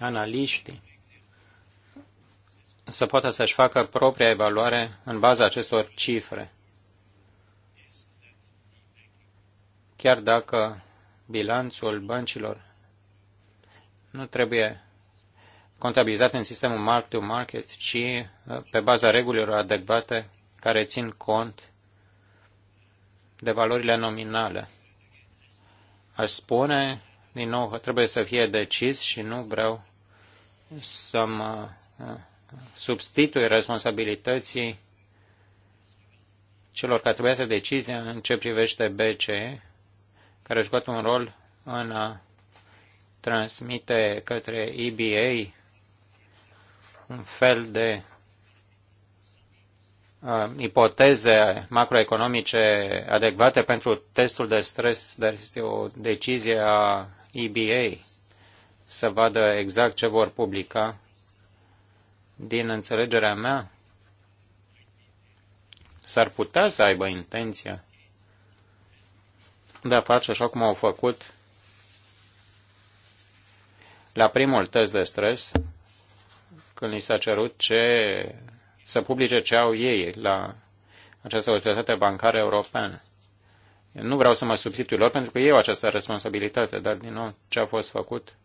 analiștii, să poată să-și facă propria evaluare în baza acestor cifre. Chiar dacă bilanțul băncilor nu trebuie contabilizat în sistemul mark-to-market, ci uh, pe baza regulilor adecvate care țin cont de valorile nominale. Aș spune, din nou, trebuie să fie decis și nu vreau să mă uh, substitui responsabilității celor care trebuia să decizie în ce privește BCE, care a jucat un rol în a transmite către EBA un fel de uh, ipoteze macroeconomice adecvate pentru testul de stres, dar este o decizie a EBA să vadă exact ce vor publica. Din înțelegerea mea, s-ar putea să aibă intenția de a face așa cum au făcut la primul test de stres, când li s-a cerut ce, să publice ce au ei la această autoritate bancară europeană. Eu nu vreau să mă substitui lor pentru că eu această responsabilitate, dar din nou ce a fost făcut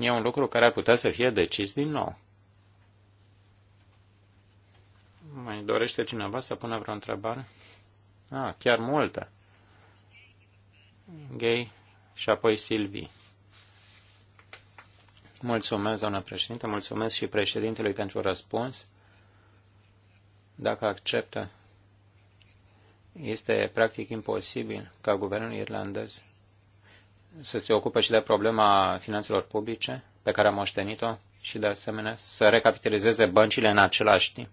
e un lucru care ar putea să fie decis din nou. Mai dorește cineva să pună vreo întrebare? Ah, chiar multă. Gay și apoi Silvii. Mulțumesc, doamnă președinte, mulțumesc și președintelui pentru răspuns. Dacă acceptă, este practic imposibil ca guvernul irlandez să se ocupe și de problema finanțelor publice pe care a moștenit-o și de asemenea să recapitalizeze băncile în același timp.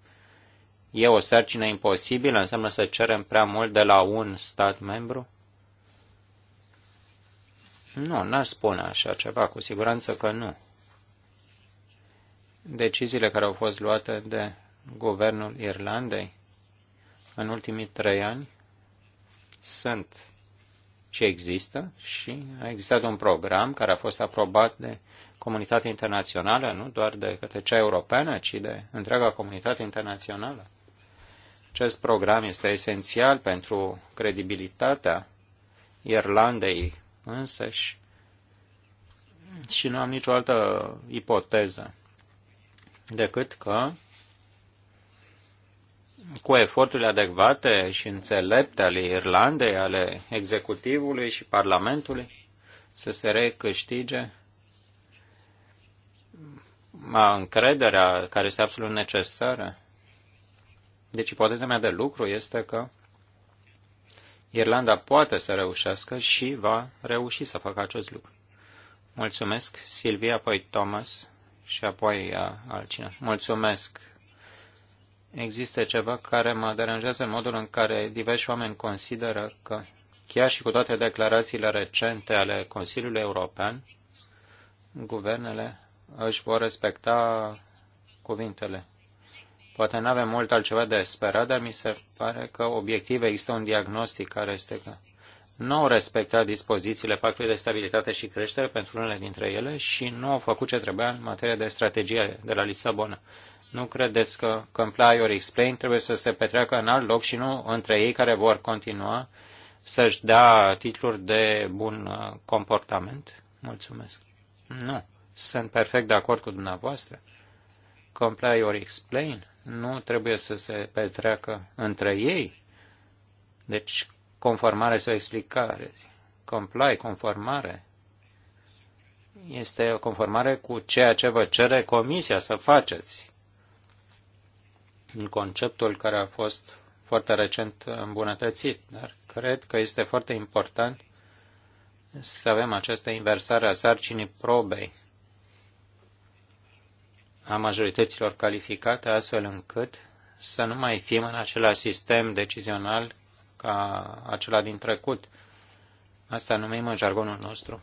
E o sarcină imposibilă, înseamnă să cerem prea mult de la un stat membru? Nu, n-aș spune așa ceva, cu siguranță că nu deciziile care au fost luate de guvernul Irlandei în ultimii trei ani sunt și există și a existat un program care a fost aprobat de comunitatea internațională, nu doar de către cea europeană, ci de întreaga comunitate internațională. Acest program este esențial pentru credibilitatea Irlandei însăși și nu am nicio altă ipoteză decât că cu eforturile adecvate și înțelepte ale Irlandei, ale executivului și Parlamentului, să se recâștige încrederea care este absolut necesară. Deci ipoteza mea de lucru este că Irlanda poate să reușească și va reuși să facă acest lucru. Mulțumesc, Silvia, apoi Thomas, și apoi uh, altcineva. Mulțumesc. Există ceva care mă deranjează în modul în care diversi oameni consideră că, chiar și cu toate declarațiile recente ale Consiliului European, guvernele își vor respecta cuvintele. Poate nu avem mult altceva de sperat, dar mi se pare că obiectiv există un diagnostic care este că nu au respectat dispozițiile Pactului de Stabilitate și Creștere pentru unele dintre ele și nu au făcut ce trebuia în materie de strategie de la Lisabona. Nu credeți că comply or explain trebuie să se petreacă în alt loc și nu între ei care vor continua să-și dea titluri de bun uh, comportament? Mulțumesc. Nu. Sunt perfect de acord cu dumneavoastră. Comply or explain nu trebuie să se petreacă între ei. Deci conformare sau explicare. Comply, conformare, este o conformare cu ceea ce vă cere comisia să faceți. În conceptul care a fost foarte recent îmbunătățit, dar cred că este foarte important să avem această inversare a sarcinii probei a majorităților calificate, astfel încât să nu mai fim în același sistem decizional ca acela din trecut. Asta numim în jargonul nostru.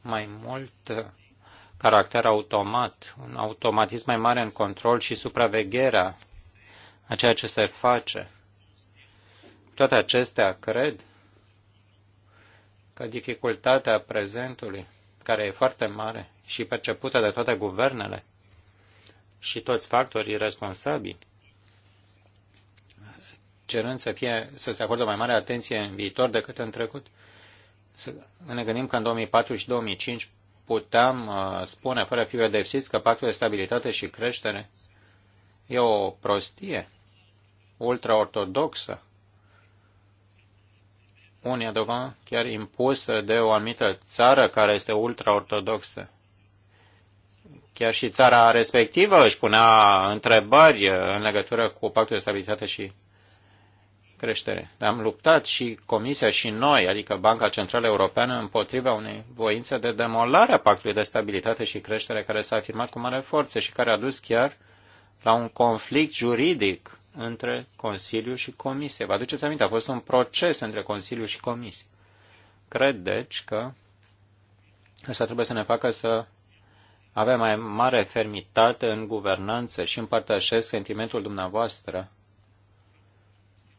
Mai mult caracter automat, un automatism mai mare în control și supravegherea a ceea ce se face. Toate acestea cred că dificultatea prezentului, care e foarte mare și percepută de toate guvernele și toți factorii responsabili, cerând să, fie, să se acordă mai mare atenție în viitor decât în trecut. Să ne gândim că în 2004 și 2005 puteam uh, spune, fără a fi pedepsiți, că pactul de stabilitate și creștere e o prostie ultraortodoxă. Unii adăugă uh, chiar impusă de o anumită țară care este ultraortodoxă. Chiar și țara respectivă își punea întrebări uh, în legătură cu pactul de stabilitate și creștere. Am luptat și Comisia și noi, adică Banca Centrală Europeană, împotriva unei voințe de demolare a pactului de stabilitate și creștere care s-a afirmat cu mare forță și care a dus chiar la un conflict juridic între Consiliu și Comisie. Vă aduceți aminte, a fost un proces între Consiliu și Comisie. Cred, deci, că asta trebuie să ne facă să avem mai mare fermitate în guvernanță și împărtășesc sentimentul dumneavoastră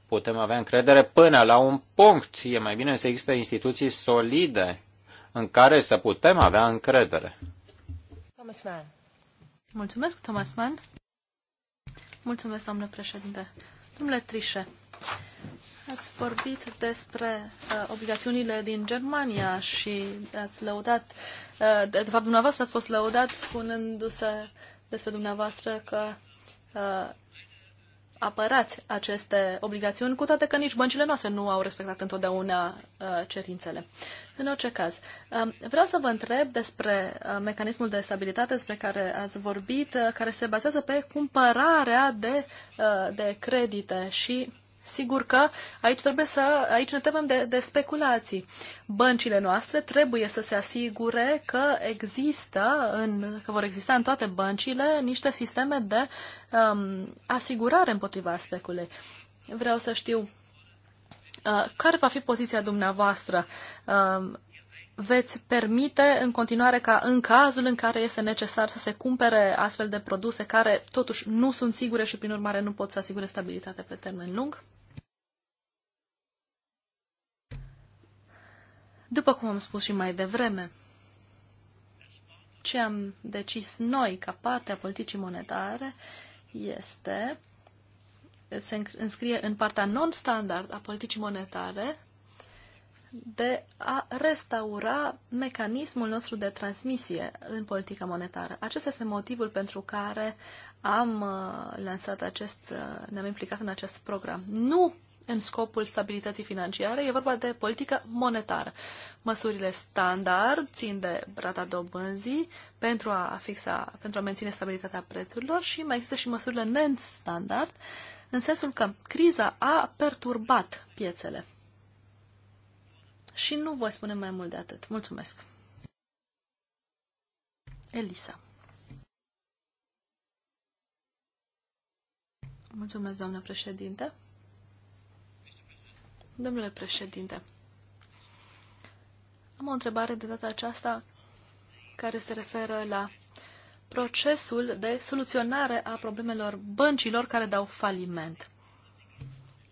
putem avea încredere până la un punct. E mai bine să existe instituții solide în care să putem avea încredere. Thomas Mann. Mulțumesc, Thomas Mann. Mulțumesc, doamnă președinte. Domnule Trișe, ați vorbit despre uh, obligațiunile din Germania și ați lăudat, uh, de, fapt dumneavoastră ați fost lăudat spunându-se despre dumneavoastră că uh, apărați aceste obligațiuni, cu toate că nici băncile noastre nu au respectat întotdeauna uh, cerințele. În orice caz, um, vreau să vă întreb despre uh, mecanismul de stabilitate despre care ați vorbit, uh, care se bazează pe cumpărarea de, de credite și Sigur că aici, trebuie să, aici ne temem de, de speculații. Băncile noastre trebuie să se asigure că există, în, că vor exista în toate băncile niște sisteme de um, asigurare împotriva speculei. Vreau să știu uh, care va fi poziția dumneavoastră. Uh, veți permite în continuare ca în cazul în care este necesar să se cumpere astfel de produse care totuși nu sunt sigure și prin urmare nu pot să asigure stabilitate pe termen lung? După cum am spus și mai devreme, ce am decis noi ca parte a politicii monetare este se înscrie în partea non-standard a politicii monetare de a restaura mecanismul nostru de transmisie în politica monetară. Acesta este motivul pentru care am uh, lansat acest, uh, ne-am implicat în acest program. Nu în scopul stabilității financiare, e vorba de politică monetară. Măsurile standard țin de rata dobânzii pentru a fixa, pentru a menține stabilitatea prețurilor și mai există și măsurile non-standard, în sensul că criza a perturbat piețele și nu vă spunem mai mult de atât. Mulțumesc! Elisa Mulțumesc, doamnă președinte. Domnule președinte, am o întrebare de data aceasta care se referă la procesul de soluționare a problemelor băncilor care dau faliment.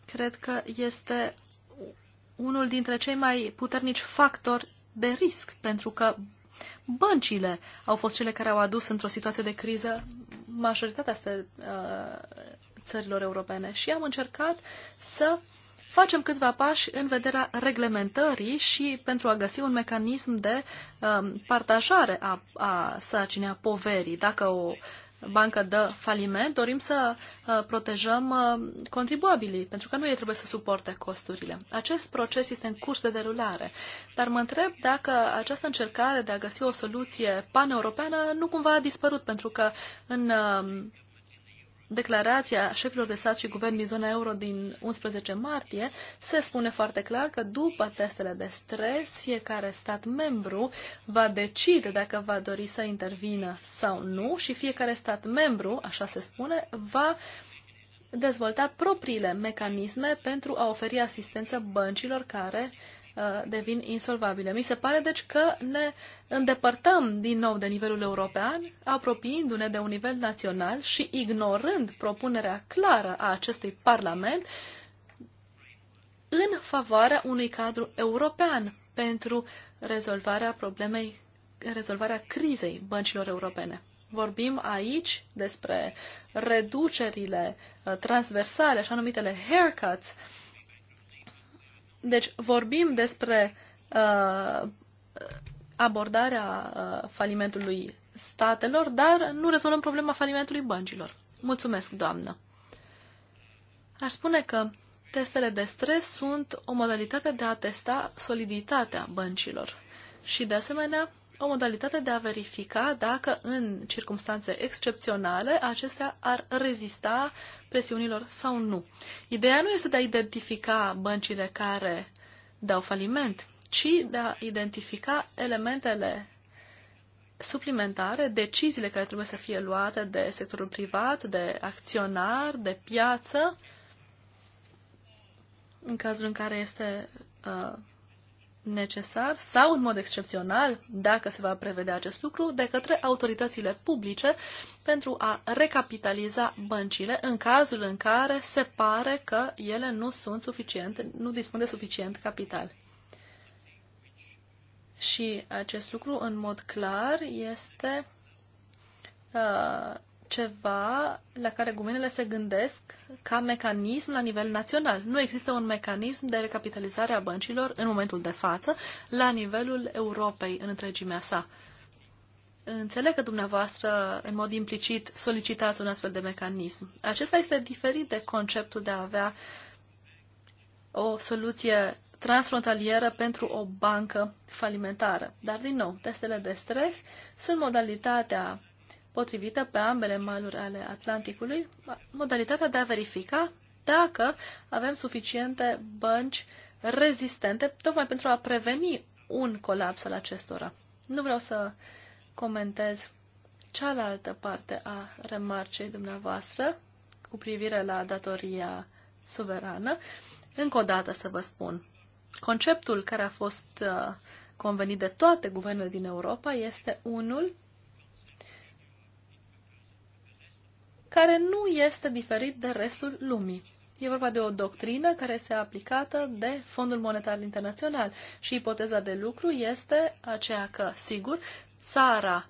Cred că este unul dintre cei mai puternici factori de risc, pentru că băncile au fost cele care au adus într-o situație de criză majoritatea stă, uh, țărilor europene și am încercat să facem câțiva pași în vederea reglementării și pentru a găsi un mecanism de um, partajare a, a sarcinii, a poverii. Dacă o bancă dă faliment, dorim să uh, protejăm uh, contribuabilii, pentru că nu ei trebuie să suporte costurile. Acest proces este în curs de derulare, dar mă întreb dacă această încercare de a găsi o soluție paneuropeană nu cumva a dispărut, pentru că în uh, declarația șefilor de stat și guvern din zona euro din 11 martie, se spune foarte clar că după testele de stres, fiecare stat membru va decide dacă va dori să intervină sau nu și fiecare stat membru, așa se spune, va dezvolta propriile mecanisme pentru a oferi asistență băncilor care uh, Uh, devin insolvabile. Mi se pare, deci, că ne îndepărtăm din nou de nivelul european, apropiindu-ne de un nivel național și ignorând propunerea clară a acestui Parlament în favoarea unui cadru european pentru rezolvarea problemei, rezolvarea crizei băncilor europene. Vorbim aici despre reducerile uh, transversale, așa numitele haircuts, uh, deci vorbim despre uh, abordarea uh, falimentului statelor, dar nu rezolvăm problema falimentului băncilor. Mulțumesc, doamnă! Aș spune că testele de stres sunt o modalitate de a testa soliditatea băncilor și, de asemenea, o modalitate de a verifica dacă în circunstanțe excepționale acestea ar rezista presiunilor sau nu. Ideea nu este de a identifica băncile care dau faliment, ci de a identifica elementele suplimentare, deciziile care trebuie să fie luate de sectorul privat, de acționar, de piață, în cazul în care este uh, necesar sau în mod excepțional, dacă se va prevedea acest lucru, de către autoritățile publice pentru a recapitaliza băncile în cazul în care se pare că ele nu sunt suficiente, nu dispun de suficient capital. Și acest lucru, în mod clar, este uh, ceva la care guvernele se gândesc ca mecanism la nivel național. Nu există un mecanism de recapitalizare a băncilor în momentul de față la nivelul Europei în întregimea sa. Înțeleg că dumneavoastră, în mod implicit, solicitați un astfel de mecanism. Acesta este diferit de conceptul de a avea o soluție transfrontalieră pentru o bancă falimentară. Dar, din nou, testele de stres sunt modalitatea potrivită pe ambele maluri ale Atlanticului, modalitatea de a verifica dacă avem suficiente bănci rezistente, tocmai pentru a preveni un colaps al acestora. Nu vreau să comentez cealaltă parte a remarcei dumneavoastră cu privire la datoria suverană. Încă o dată să vă spun, conceptul care a fost uh, convenit de toate guvernele din Europa este unul care nu este diferit de restul lumii. E vorba de o doctrină care este aplicată de Fondul Monetar Internațional și ipoteza de lucru este aceea că, sigur, țara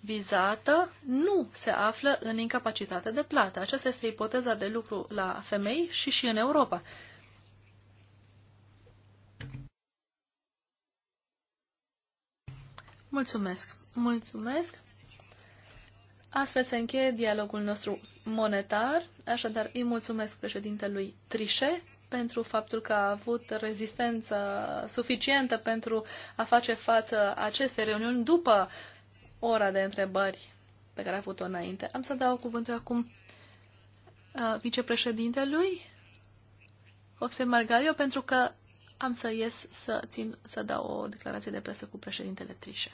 vizată nu se află în incapacitate de plată. Aceasta este ipoteza de lucru la femei și și în Europa. Mulțumesc! Mulțumesc! Astfel se încheie dialogul nostru monetar, așadar îi mulțumesc președintelui Trișe pentru faptul că a avut rezistență suficientă pentru a face față acestei reuniuni după ora de întrebări pe care a avut-o înainte. Am să dau cuvântul acum vicepreședintelui Jose Margario pentru că am să ies să, țin, să dau o declarație de presă cu președintele Trișe.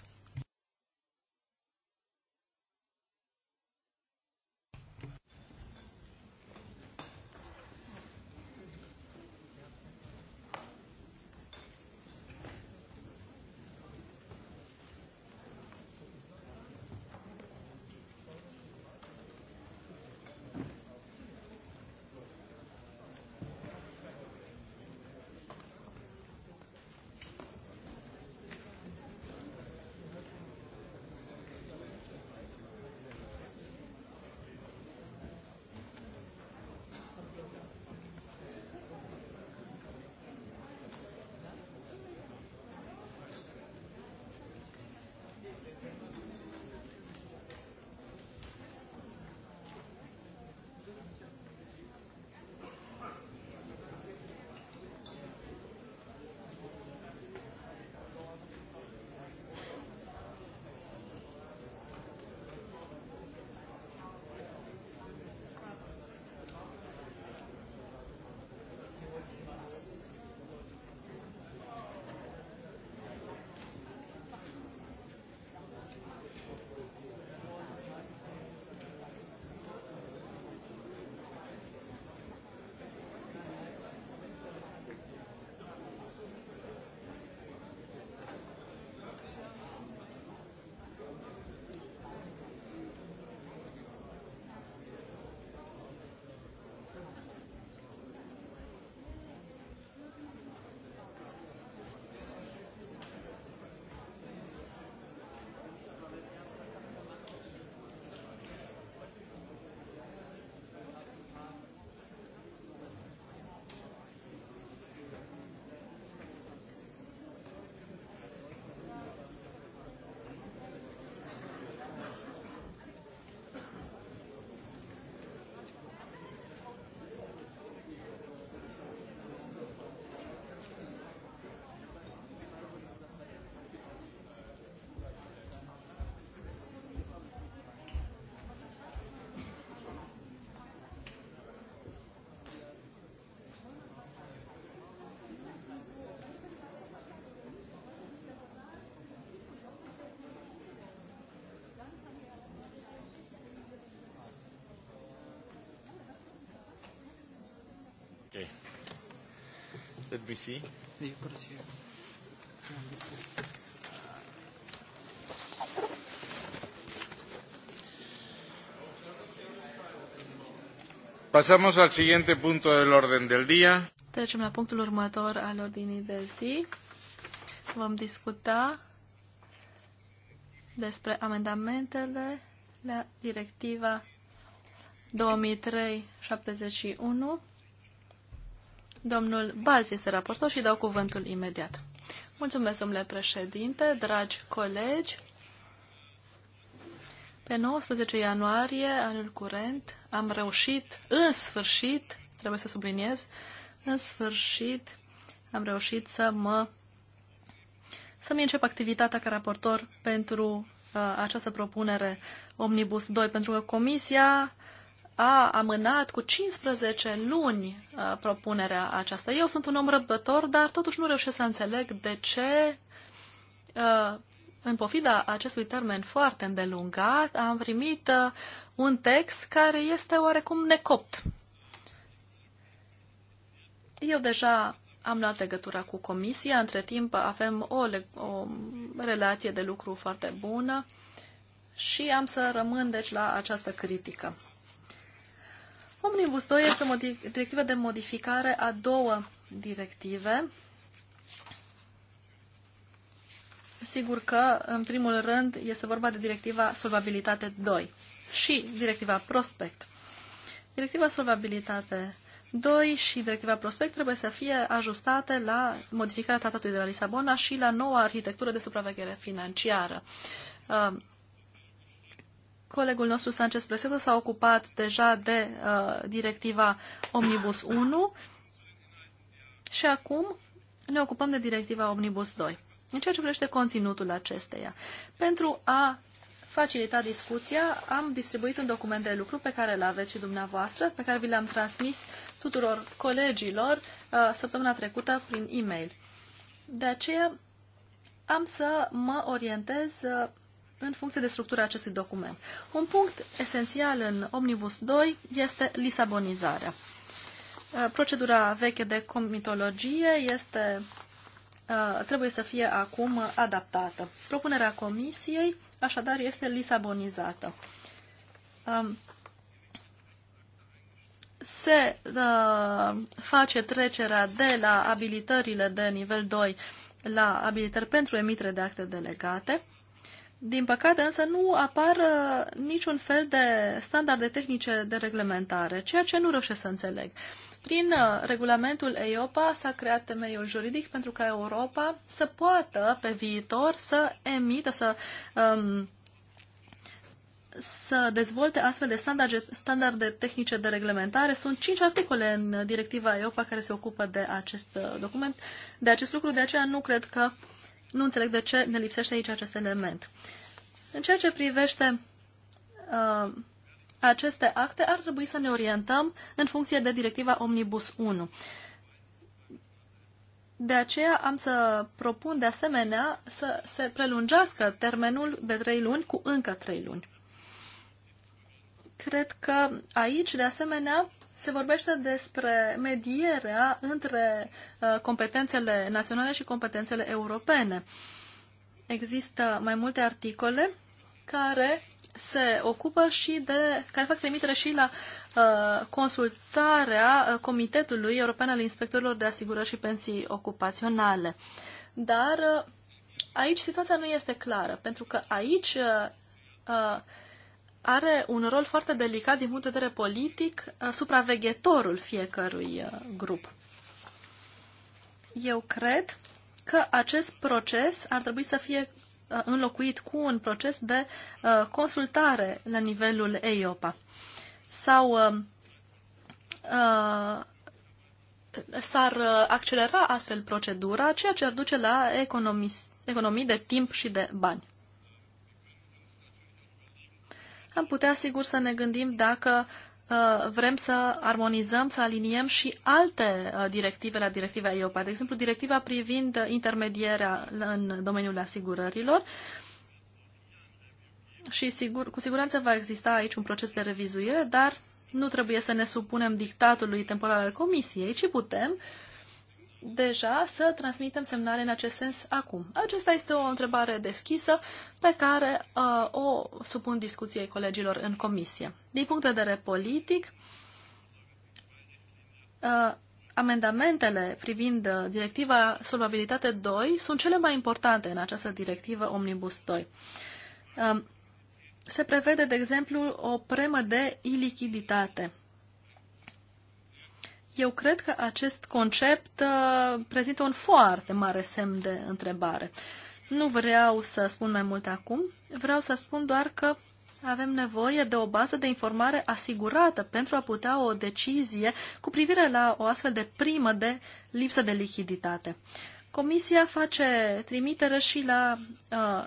Did we see? Pasamos al siguiente punto del orden del día. Trecem la punctul următor al ordinii de zi. Vom discuta despre amendamentele la directiva 2003-71 Domnul Balț este raportor și dau cuvântul imediat. Mulțumesc, domnule președinte, dragi colegi. Pe 19 ianuarie anul curent am reușit, în sfârșit, trebuie să subliniez, în sfârșit am reușit să mă să-mi încep activitatea ca raportor pentru uh, această propunere Omnibus 2, pentru că Comisia a amânat cu 15 luni uh, propunerea aceasta. Eu sunt un om răbdător, dar totuși nu reușesc să înțeleg de ce, uh, în pofida acestui termen foarte îndelungat, am primit uh, un text care este oarecum necopt. Eu deja am luat legătura cu comisia, între timp avem o, o relație de lucru foarte bună și am să rămân deci la această critică. Omnibus 2 este o directivă de modificare a două directive. Sigur că, în primul rând, este vorba de directiva Solvabilitate 2 și directiva Prospect. Directiva Solvabilitate 2 și directiva Prospect trebuie să fie ajustate la modificarea tratatului de la Lisabona și la noua arhitectură de supraveghere financiară. Uh, Colegul nostru, Sanchez Presedo, s-a ocupat deja de uh, directiva Omnibus 1 și acum ne ocupăm de directiva Omnibus 2. În ceea ce privește conținutul acesteia, pentru a facilita discuția, am distribuit un document de lucru pe care îl aveți și dumneavoastră, pe care vi l-am transmis tuturor colegilor uh, săptămâna trecută prin e-mail. De aceea am să mă orientez uh, în funcție de structura acestui document. Un punct esențial în Omnibus 2 este lisabonizarea. Uh, procedura veche de comitologie este, uh, trebuie să fie acum adaptată. Propunerea comisiei, așadar, este lisabonizată. Um, se uh, face trecerea de la abilitările de nivel 2 la abilitări pentru emitere de acte delegate din păcate, însă, nu apar uh, niciun fel de standarde tehnice de reglementare, ceea ce nu reușesc să înțeleg. Prin uh, regulamentul EIOPA s-a creat temeiul juridic pentru ca Europa să poată pe viitor să emită, să, um, să dezvolte astfel de standarde, standarde tehnice de reglementare. Sunt cinci articole în directiva EIOPA care se ocupă de acest uh, document, de acest lucru, de aceea nu cred că uh, nu înțeleg de ce ne lipsește aici acest element. În ceea ce privește uh, aceste acte, ar trebui să ne orientăm în funcție de directiva Omnibus 1. De aceea am să propun de asemenea să se prelungească termenul de trei luni cu încă trei luni. Cred că aici, de asemenea, se vorbește despre medierea între uh, competențele naționale și competențele europene. Există mai multe articole care se ocupă și de, care fac trimitere și la uh, consultarea uh, Comitetului European al Inspectorilor de Asigurări și Pensii Ocupaționale. Dar uh, aici situația nu este clară, pentru că aici uh, uh are un rol foarte delicat din punct de vedere politic, uh, supraveghetorul fiecărui uh, grup. Eu cred că acest proces ar trebui să fie uh, înlocuit cu un proces de consultare la nivelul EIOPA. Sau s-ar accelera astfel procedura, ceea ce ar duce la economii, economii de timp și de bani am putea sigur să ne gândim dacă uh, vrem să armonizăm, să aliniem și alte uh, directive la directiva EIOPA. De exemplu, directiva privind intermedierea în domeniul asigurărilor și sigur, cu siguranță va exista aici un proces de revizuire, dar nu trebuie să ne supunem dictatului temporal al Comisiei, ci putem uh, deja să transmitem semnale în acest sens acum? Acesta este o întrebare deschisă pe care uh, o supun discuției colegilor în comisie. Din punct de vedere politic, uh, amendamentele privind uh, directiva Solvabilitate 2 sunt cele mai importante în această directivă Omnibus 2. Uh, um, se prevede, de exemplu, o premă de ilichiditate eu cred că acest concept uh, prezintă un foarte mare semn de întrebare. Nu vreau să spun mai mult acum, vreau să spun doar că avem nevoie de o bază de informare asigurată pentru a putea o decizie cu privire la o astfel de primă de lipsă de lichiditate. Comisia face trimitere și la uh,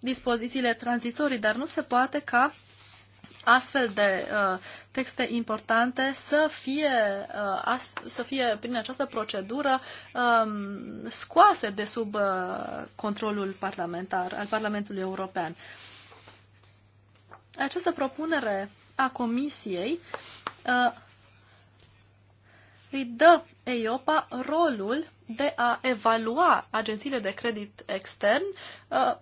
dispozițiile tranzitorii, dar nu se poate ca astfel de uh, texte importante să fie, uh, as, să fie prin această procedură um, scoase de sub uh, controlul parlamentar al Parlamentului European. Această propunere a Comisiei uh, îi dă EIOPA rolul de a evalua agențiile de credit extern, uh,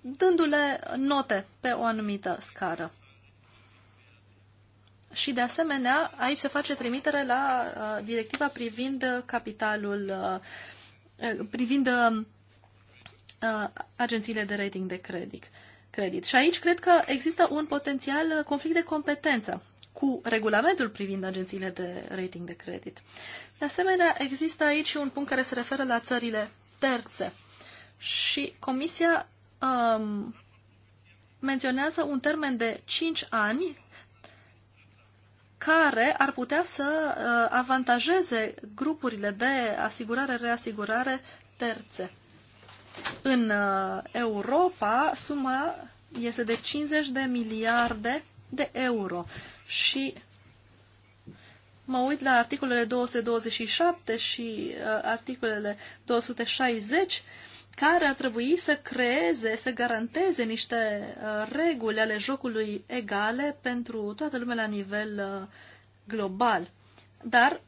dându-le note pe o anumită scară. Și, de asemenea, aici se face trimitere la uh, directiva privind capitalul, uh, uh privind uh, uh, agențiile de rating de credit. credit. Și aici cred că există un potențial uh, conflict de competență cu regulamentul privind agențiile de rating de credit. De asemenea, există aici un punct care se referă la țările terțe. Și Comisia um, menționează un termen de 5 ani care ar putea să uh, avantajeze grupurile de asigurare-reasigurare terțe. În uh, Europa, suma este de 50 de miliarde de euro și mă uit la articolele 227 și uh, articolele 260 care ar trebui să creeze, să garanteze niște uh, reguli ale jocului egale pentru toată lumea la nivel uh, global. Dar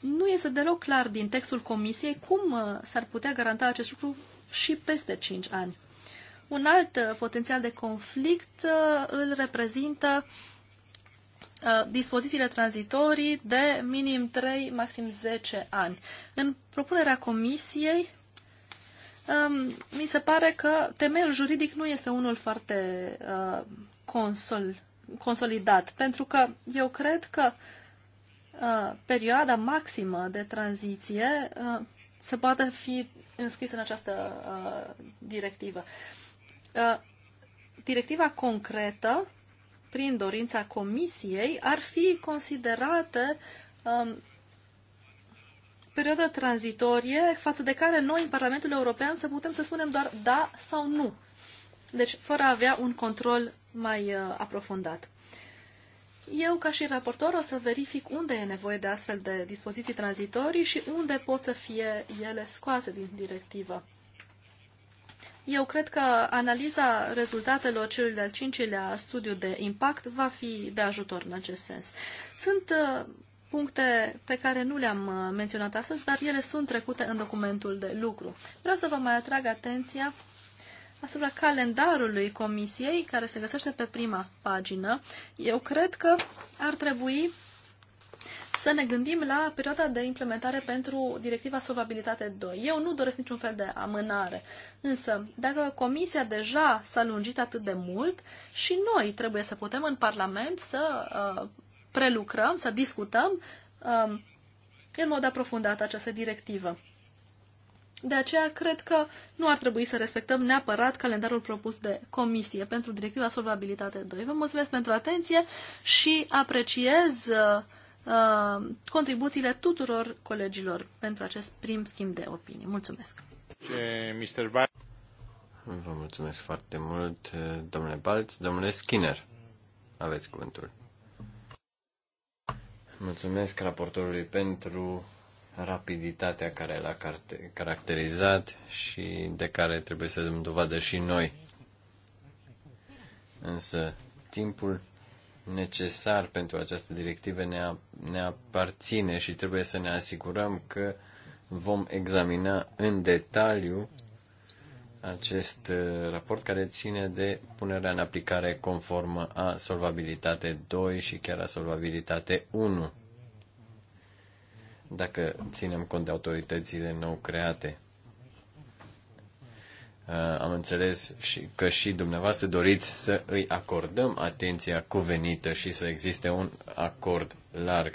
nu este deloc clar din textul Comisiei cum uh, s-ar putea garanta acest lucru și peste 5 ani. Un alt potențial de conflict îl reprezintă dispozițiile tranzitorii de minim 3, maxim 10 ani. În propunerea Comisiei um, mi se pare că temeiul juridic nu este unul foarte uh, consol, consolidat, pentru că eu cred că uh, perioada maximă de tranziție uh, se poate fi înscrisă în această uh, directivă. Uh, directiva concretă, prin dorința comisiei, ar fi considerate um, perioadă tranzitorie față de care noi în Parlamentul European să putem să spunem doar da sau nu. Deci, fără a avea un control mai uh, aprofundat. Eu, ca și raportor, o să verific unde e nevoie de astfel de dispoziții tranzitorii și unde pot să fie ele scoase din directivă. Eu cred că analiza rezultatelor celui de-al cincilea studiu de impact va fi de ajutor în acest sens. Sunt uh, puncte pe care nu le-am uh, menționat astăzi, dar ele sunt trecute în documentul de lucru. Vreau să vă mai atrag atenția asupra calendarului comisiei, care se găsește pe prima pagină. Eu cred că ar trebui să ne gândim la perioada de implementare pentru directiva solvabilitate 2. Eu nu doresc niciun fel de amânare, însă dacă comisia deja s-a lungit atât de mult și noi trebuie să putem în Parlament să uh, prelucrăm, să discutăm um, în mod aprofundat această directivă. De aceea, cred că nu ar trebui să respectăm neapărat calendarul propus de Comisie pentru Directiva Solvabilitate 2. Vă mulțumesc pentru atenție și apreciez uh, contribuțiile tuturor colegilor pentru acest prim schimb de opinii. Mulțumesc! Mr. Vă mulțumesc foarte mult, domnule Balț. Domnule Skinner, aveți cuvântul. Mulțumesc raportorului pentru rapiditatea care l-a caracterizat și de care trebuie să dăm dovadă și noi. Însă timpul necesar pentru această directivă ne, ne aparține și trebuie să ne asigurăm că vom examina în detaliu acest uh, raport care ține de punerea în aplicare conformă a solvabilitate 2 și chiar a solvabilitate 1, dacă ținem cont de autoritățile nou create. Uh, am înțeles și că și dumneavoastră doriți să îi acordăm atenția cuvenită și să existe un acord larg.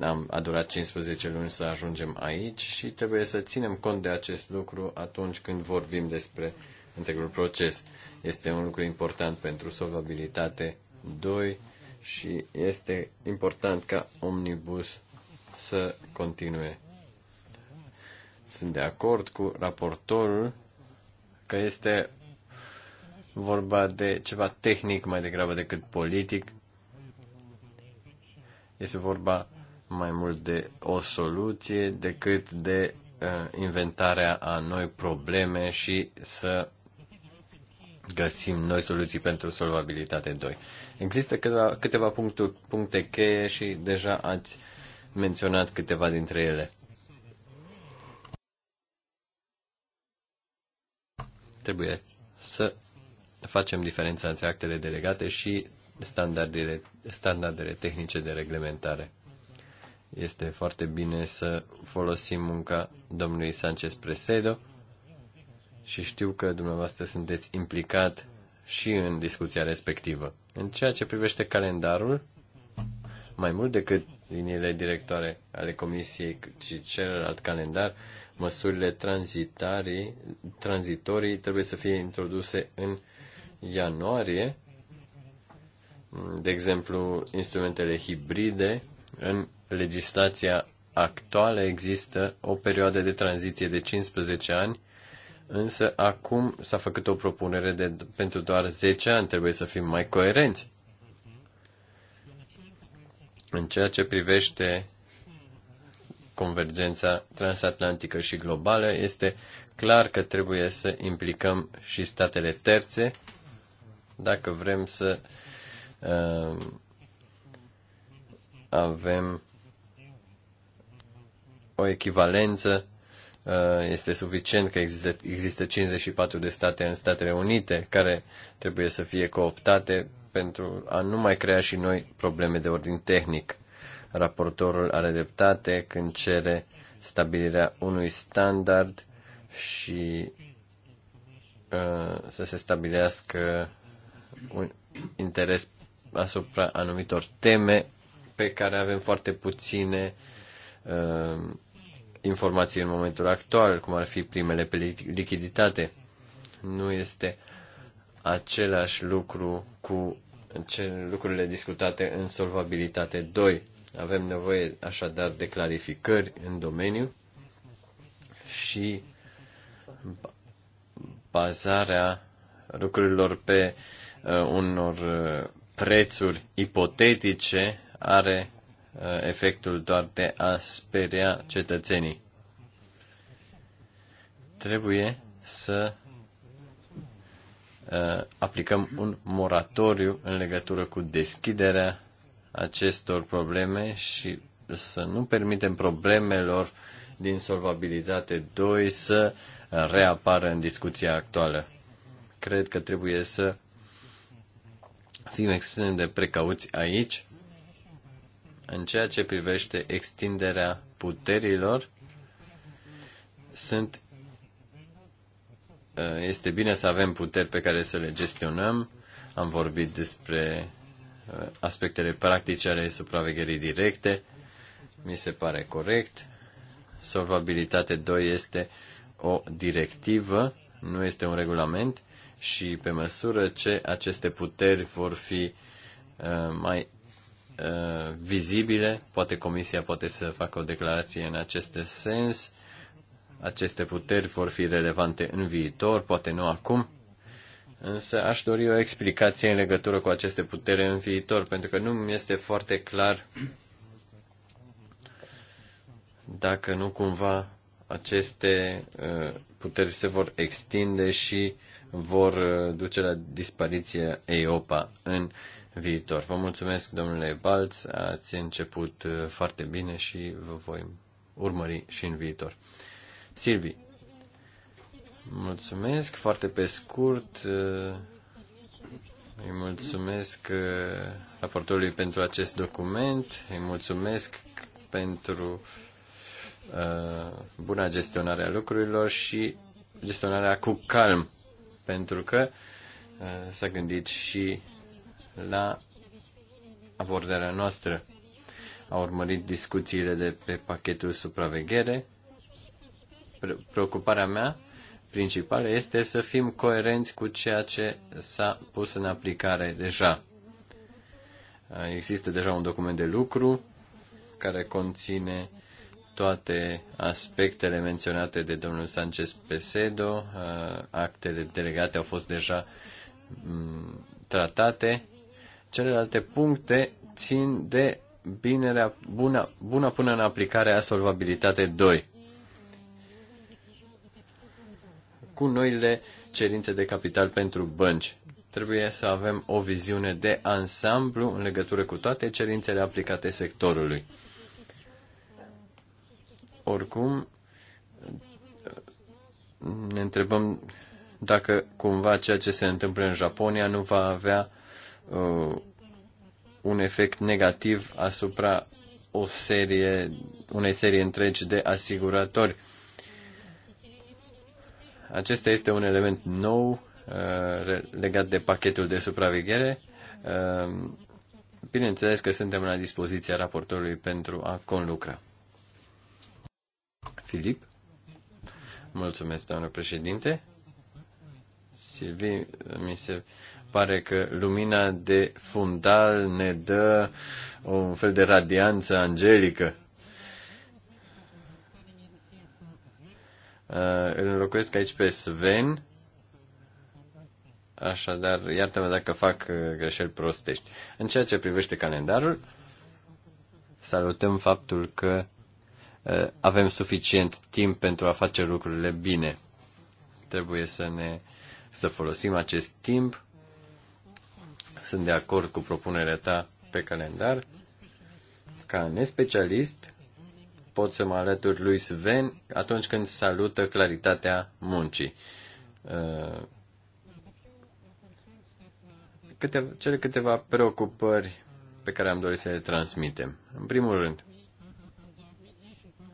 Am, a durat 15 luni să ajungem aici și trebuie să ținem cont de acest lucru atunci când vorbim despre întregul proces. Este un lucru important pentru solvabilitate 2 și este important ca omnibus să continue. Sunt de acord cu raportorul că este vorba de ceva tehnic mai degrabă decât politic. Este vorba mai mult de o soluție decât de uh, inventarea a noi probleme și să găsim noi soluții pentru solvabilitate 2. Există câteva, câteva puncte, puncte cheie și deja ați menționat câteva dintre ele. Trebuie să facem diferența între actele delegate și standardele, standardele tehnice de reglementare. Este foarte bine să folosim munca domnului Sanchez Presedo și știu că dumneavoastră sunteți implicat și în discuția respectivă. În ceea ce privește calendarul, mai mult decât liniile directoare ale Comisiei, ci celălalt calendar, măsurile tranzitorii trebuie să fie introduse în ianuarie, de exemplu, instrumentele hibride în legislația actuală există o perioadă de tranziție de 15 ani, însă acum s-a făcut o propunere de, pentru doar 10 ani. Trebuie să fim mai coerenți. În ceea ce privește convergența transatlantică și globală, este clar că trebuie să implicăm și statele terțe dacă vrem să uh, avem o echivalență. Uh, este suficient că există, există 54 de state în Statele Unite care trebuie să fie cooptate pentru a nu mai crea și noi probleme de ordin tehnic. Raportorul are dreptate când cere stabilirea unui standard și uh, să se stabilească un interes asupra anumitor teme pe care avem foarte puține uh, informații în momentul actual, cum ar fi primele pe lichiditate. Nu este același lucru cu lucrurile discutate în solvabilitate 2. Avem nevoie așadar de clarificări în domeniu și bazarea lucrurilor pe uh, unor uh, prețuri ipotetice are uh, efectul doar de a speria cetățenii. Trebuie să uh, aplicăm un moratoriu în legătură cu deschiderea acestor probleme și să nu permitem problemelor din solvabilitate 2 să reapară în discuția actuală. Cred că trebuie să fim extrem de precauți aici în ceea ce privește extinderea puterilor, sunt, uh, este bine să avem puteri pe care să le gestionăm. Am vorbit despre uh, aspectele practice ale supravegherii directe. Mi se pare corect. Solvabilitate 2 este o directivă, nu este un regulament și pe măsură ce aceste puteri vor fi uh, mai Uh, vizibile. Poate Comisia poate să facă o declarație în acest sens. Aceste puteri vor fi relevante în viitor, poate nu acum. Însă aș dori o explicație în legătură cu aceste putere în viitor, pentru că nu mi este foarte clar dacă nu cumva aceste uh, puteri se vor extinde și vor uh, duce la dispariția EOPA în viitor. Vă mulțumesc, domnule Balț, ați început uh, foarte bine și vă voi urmări și în viitor. Silvi, mulțumesc foarte pe scurt. Uh, îi mulțumesc uh, raportului pentru acest document, îi mulțumesc pentru buna gestionare a lucrurilor și gestionarea cu calm, pentru că s-a gândit și la abordarea noastră. A urmărit discuțiile de pe pachetul supraveghere. Preocuparea mea principală este să fim coerenți cu ceea ce s-a pus în aplicare deja. Există deja un document de lucru care conține toate aspectele menționate de domnul Sanchez Pesedo. Actele delegate au fost deja mm, tratate Celelalte puncte țin de binerea, bună bună până în aplicare a solvabilitate 2. Cu noile cerințe de capital pentru bănci, trebuie să avem o viziune de ansamblu în legătură cu toate cerințele aplicate sectorului. Oricum, ne întrebăm dacă cumva ceea ce se întâmplă în Japonia nu va avea uh, un efect negativ asupra o serie, unei serii întregi de asiguratori. Acesta este un element nou uh, legat de pachetul de supraveghere. Uh, bineînțeles că suntem la dispoziția raportorului pentru a conlucra. Filip? Mulțumesc, doamnă președinte. Silvi, mi se pare că lumina de fundal ne dă un fel de radianță angelică. Uh, îl înlocuiesc aici pe Sven. Așadar, iartă-mă dacă fac uh, greșeli prostești. În ceea ce privește calendarul, salutăm faptul că uh, avem suficient timp pentru a face lucrurile bine. Trebuie să ne să folosim acest timp sunt de acord cu propunerea ta pe calendar. Ca nespecialist, pot să mă alătur lui Sven atunci când salută claritatea muncii. Uh, câteva, cele câteva preocupări pe care am dorit să le transmitem. În primul rând,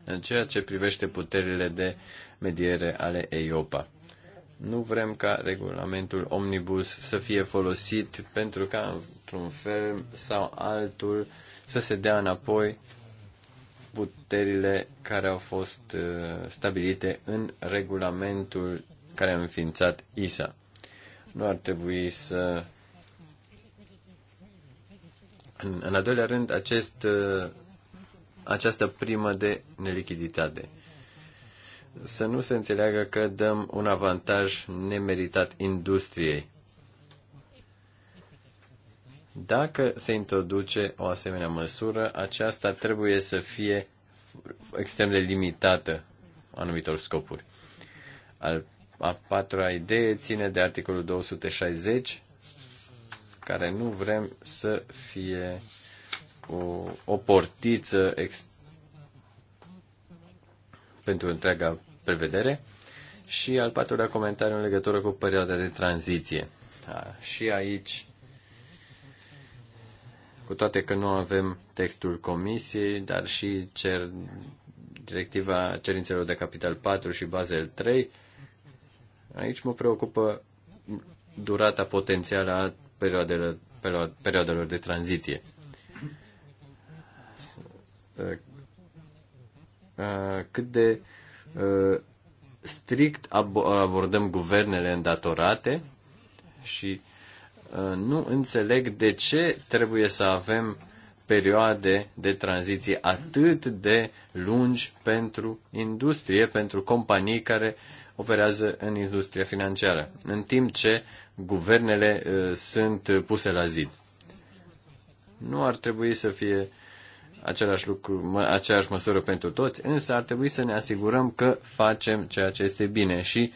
în ceea ce privește puterile de mediere ale EIOPA. Nu vrem ca regulamentul omnibus să fie folosit pentru ca într-un fel sau altul să se dea înapoi puterile care au fost uh, stabilite în regulamentul care a înființat ISA. Nu ar trebui să. În, în al doilea rând, acest, uh, această primă de nelichiditate să nu se înțeleagă că dăm un avantaj nemeritat industriei. Dacă se introduce o asemenea măsură, aceasta trebuie să fie extrem de limitată anumitor scopuri. Al a patra idee ține de articolul 260, care nu vrem să fie o, o portiță extrem pentru întreaga prevedere. Și al patrulea comentariu în legătură cu perioada de tranziție. Da, și aici, cu toate că nu avem textul comisiei, dar și cer, directiva cerințelor de capital 4 și Basel 3, aici mă preocupă durata potențială a perioadelor, perioadelor de tranziție. Uh, cât de uh, strict abordăm guvernele îndatorate și uh, nu înțeleg de ce trebuie să avem perioade de tranziție atât de lungi pentru industrie, pentru companii care operează în industria financiară, în timp ce guvernele sunt puse la zid. Nu ar trebui să fie același lucru, mă, aceeași măsură pentru toți, însă ar trebui să ne asigurăm că facem ceea ce este bine și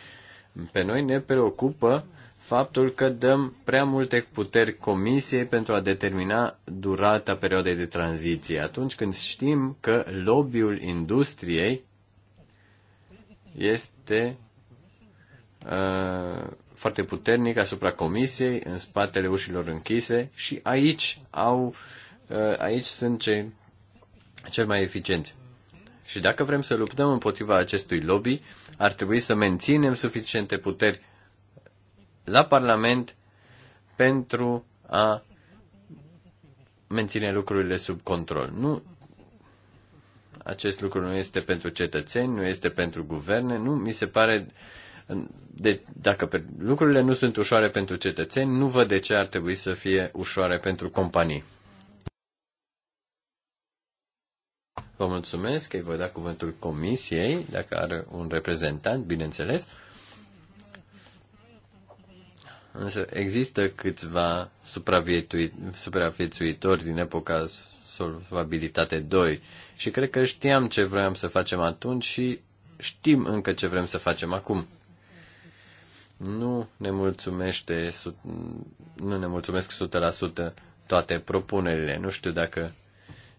pe noi ne preocupă faptul că dăm prea multe puteri comisiei pentru a determina durata perioadei de tranziție, atunci când știm că lobby-ul industriei este uh, foarte puternic asupra comisiei, în spatele ușilor închise și aici au uh, aici sunt cei cel mai eficienți. Și dacă vrem să luptăm împotriva acestui lobby, ar trebui să menținem suficiente puteri la Parlament pentru a menține lucrurile sub control. Nu, acest lucru nu este pentru cetățeni, nu este pentru guverne, nu mi se pare de, dacă lucrurile nu sunt ușoare pentru cetățeni, nu văd de ce ar trebui să fie ușoare pentru companii. Vă mulțumesc că voi da cuvântul comisiei, dacă are un reprezentant, bineînțeles. Însă există câțiva supraviețuitori din epoca solvabilitate 2 și cred că știam ce vroiam să facem atunci și știm încă ce vrem să facem acum. Nu ne mulțumește, nu ne mulțumesc 100% toate propunerile. Nu știu dacă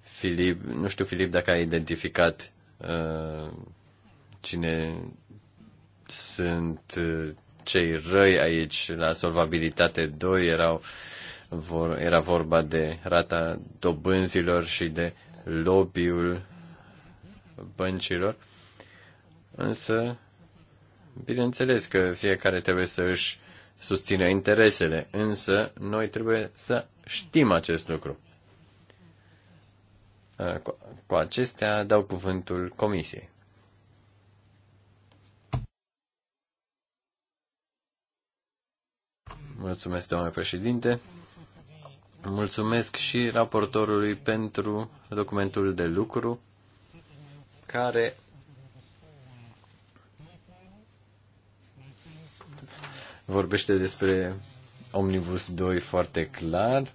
Filip, nu știu, Filip, dacă ai identificat uh, cine sunt uh, cei răi aici la solvabilitate 2, erau, vor, era vorba de rata dobânzilor și de lobby-ul băncilor. Însă, bineînțeles că fiecare trebuie să își susțină interesele, însă noi trebuie să știm acest lucru. Uh, cu acestea dau cuvântul Comisiei. Mulțumesc, domnule președinte. Mulțumesc și raportorului pentru documentul de lucru care vorbește despre Omnibus 2 foarte clar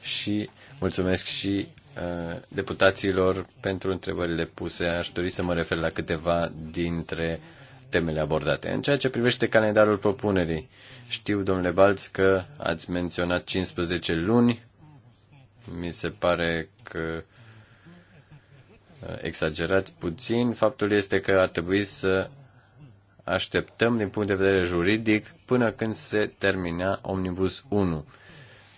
și mulțumesc și Uh, deputaților pentru întrebările puse. Aș dori să mă refer la câteva dintre temele abordate. În ceea ce privește calendarul propunerii, știu, domnule Balț, că ați menționat 15 luni. Mi se pare că uh, exagerați puțin. Faptul este că ar trebui să așteptăm din punct de vedere juridic până când se termina Omnibus 1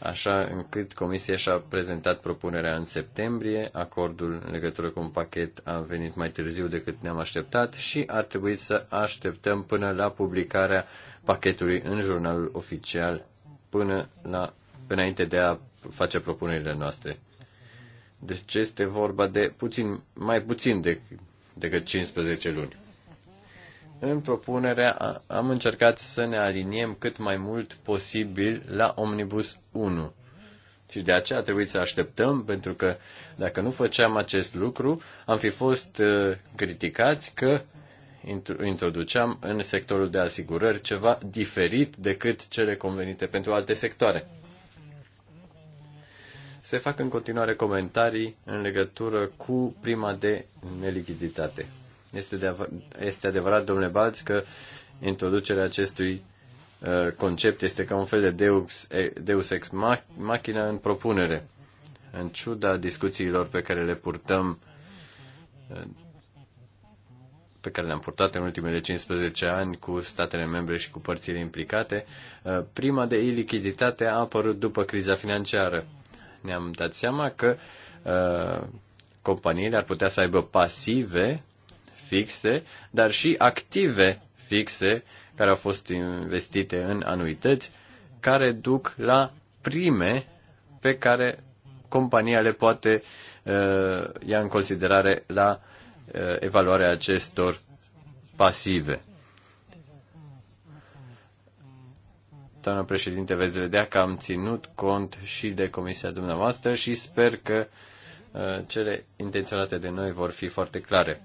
așa încât Comisia și-a prezentat propunerea în septembrie, acordul în legătură cu un pachet a venit mai târziu decât ne-am așteptat și ar trebui să așteptăm până la publicarea pachetului în jurnalul oficial, până la, înainte de a face propunerile noastre. Deci este vorba de puțin, mai puțin de, decât 15 luni. În propunerea am încercat să ne aliniem cât mai mult posibil la Omnibus 1. Și de aceea a trebuit să așteptăm, pentru că dacă nu făceam acest lucru, am fi fost uh, criticați că introduceam în sectorul de asigurări ceva diferit decât cele convenite pentru alte sectoare. Se fac în continuare comentarii în legătură cu prima de nelichiditate. Este, de, este adevărat, domnule Balț, că introducerea acestui uh, concept este ca un fel de deus, deus ex machina în propunere. În ciuda discuțiilor pe care le purtăm, uh, pe care le-am purtat în ultimele 15 ani cu statele membre și cu părțile implicate, uh, prima de ilichiditate a apărut după criza financiară. Ne-am dat seama că companiile ar putea să aibă pasive fixe, dar și active fixe care au fost investite în anuități, care duc la prime pe care compania le poate uh, ia în considerare la uh, evaluarea acestor pasive. Doamna președinte, veți vedea că am ținut cont și de comisia dumneavoastră și sper că uh, cele intenționate de noi vor fi foarte clare.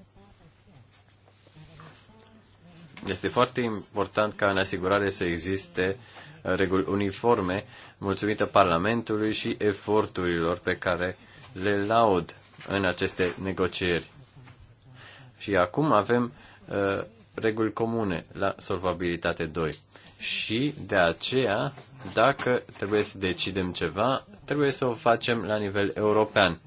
Este foarte important ca în asigurare să existe uh, reguli uniforme, mulțumită Parlamentului și eforturilor pe care le laud în aceste negocieri. Și acum avem uh, reguli comune la solvabilitate 2. Și de aceea, dacă trebuie să decidem ceva, trebuie să o facem la nivel european.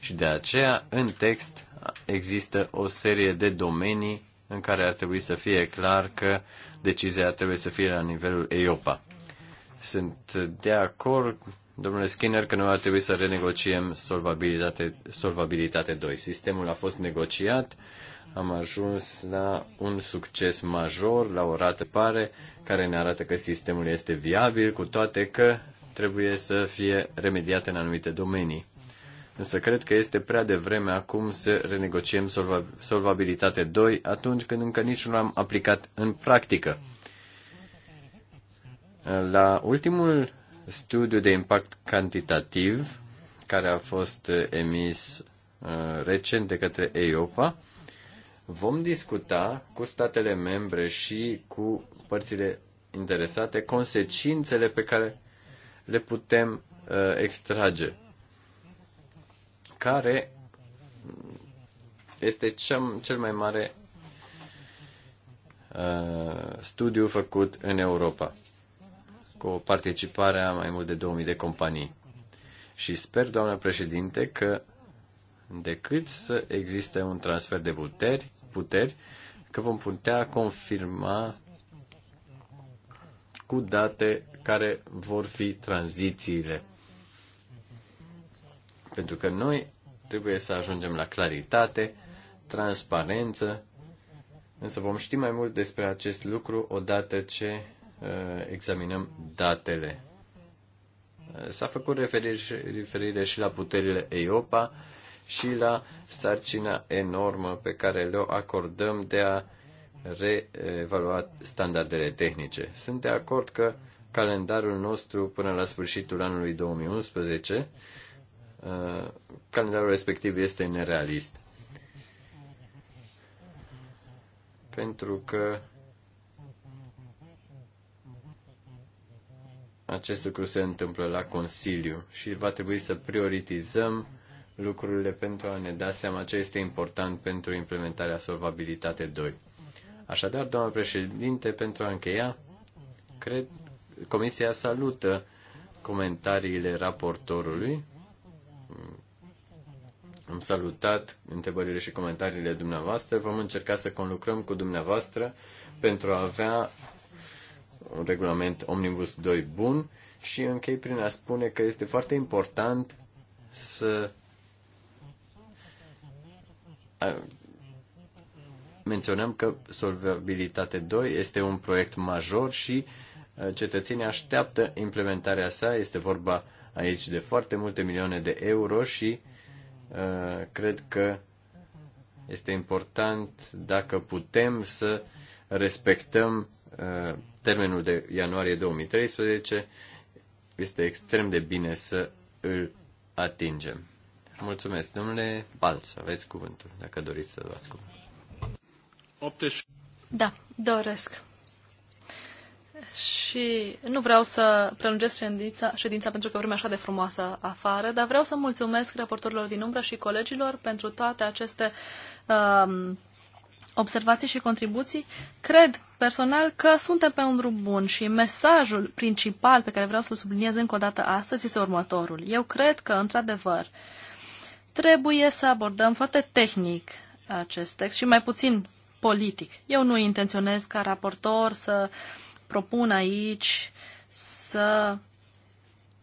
Și de aceea, în text, există o serie de domenii în care ar trebui să fie clar că decizia trebuie să fie la nivelul EIOPA. Sunt de acord, domnule Skinner, că noi ar trebui să renegociem solvabilitate, solvabilitate 2. Sistemul a fost negociat, am ajuns la un succes major, la o rată pare, care ne arată că sistemul este viabil, cu toate că trebuie să fie remediat în anumite domenii. Însă cred că este prea devreme acum să renegociem solvabilitate 2 atunci când încă nici nu am aplicat în practică. La ultimul studiu de impact cantitativ care a fost uh, emis uh, recent de către EIOPA, vom discuta cu statele membre și cu părțile interesate consecințele pe care le putem uh, extrage care este cel, mai mare uh, studiu făcut în Europa, cu participarea a mai mult de 2000 de companii. Și sper, doamnă președinte, că decât să existe un transfer de puteri, puteri că vom putea confirma cu date care vor fi tranzițiile. Pentru că noi Trebuie să ajungem la claritate, transparență, însă vom ști mai mult despre acest lucru odată ce uh, examinăm datele. Uh, s-a făcut referire și la puterile EIOPA și la sarcina enormă pe care le acordăm de a reevalua standardele tehnice. Sunt de acord că calendarul nostru până la sfârșitul anului 2011 calendarul respectiv este nerealist. Pentru că acest lucru se întâmplă la Consiliu și va trebui să prioritizăm lucrurile pentru a ne da seama ce este important pentru implementarea solvabilitate 2. Așadar, doamnă președinte, pentru a încheia, cred Comisia salută comentariile raportorului am salutat întrebările și comentariile dumneavoastră. Vom încerca să conlucrăm cu dumneavoastră pentru a avea un regulament Omnibus 2 bun și închei prin a spune că este foarte important să menționăm că Solvabilitate 2 este un proiect major și cetățenii așteaptă implementarea sa. Este vorba aici de foarte multe milioane de euro și uh, cred că este important dacă putem să respectăm uh, termenul de ianuarie 2013. Este extrem de bine să îl atingem. Mulțumesc. Domnule Balț, aveți cuvântul, dacă doriți să luați cuvântul. Da, doresc și nu vreau să prelungesc ședința, ședința pentru că vremea așa de frumoasă afară, dar vreau să mulțumesc raportorilor din umbră și colegilor pentru toate aceste um, observații și contribuții. Cred personal că suntem pe un drum bun și mesajul principal pe care vreau să-l subliniez încă o dată astăzi este următorul. Eu cred că, într-adevăr, trebuie să abordăm foarte tehnic acest text și mai puțin politic. Eu nu intenționez ca raportor să uh, propun aici să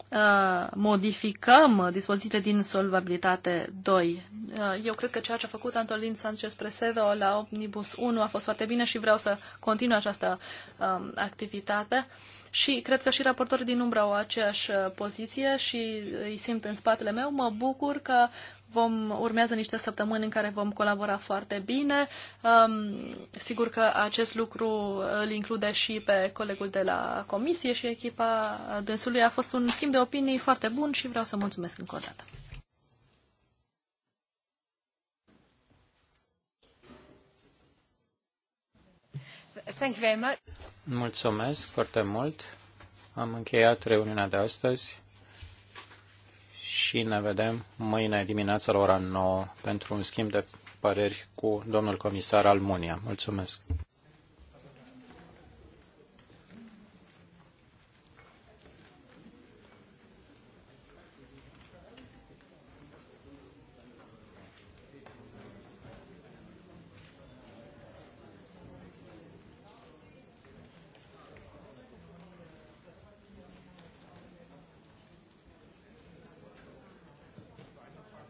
uh, modificăm dispozițiile din solvabilitate 2. Uh, eu cred că ceea ce a făcut Antolin Sanchez Presedo la Omnibus 1 a fost foarte bine și vreau să continui această um, activitate. Și cred că și raportorii din umbră au aceeași uh, poziție și îi simt în spatele meu. Mă bucur că vom, urmează niște săptămâni în care vom colabora foarte bine. Um, sigur că acest lucru îl include și pe colegul de la comisie și echipa dânsului. A fost un schimb de opinii foarte bun și vreau să mulțumesc încă o dată. Thank you very much. Mulțumesc foarte mult. Am încheiat reuniunea de astăzi și ne vedem mâine dimineața la ora 9 pentru un schimb de păreri cu domnul comisar Almunia. Mulțumesc!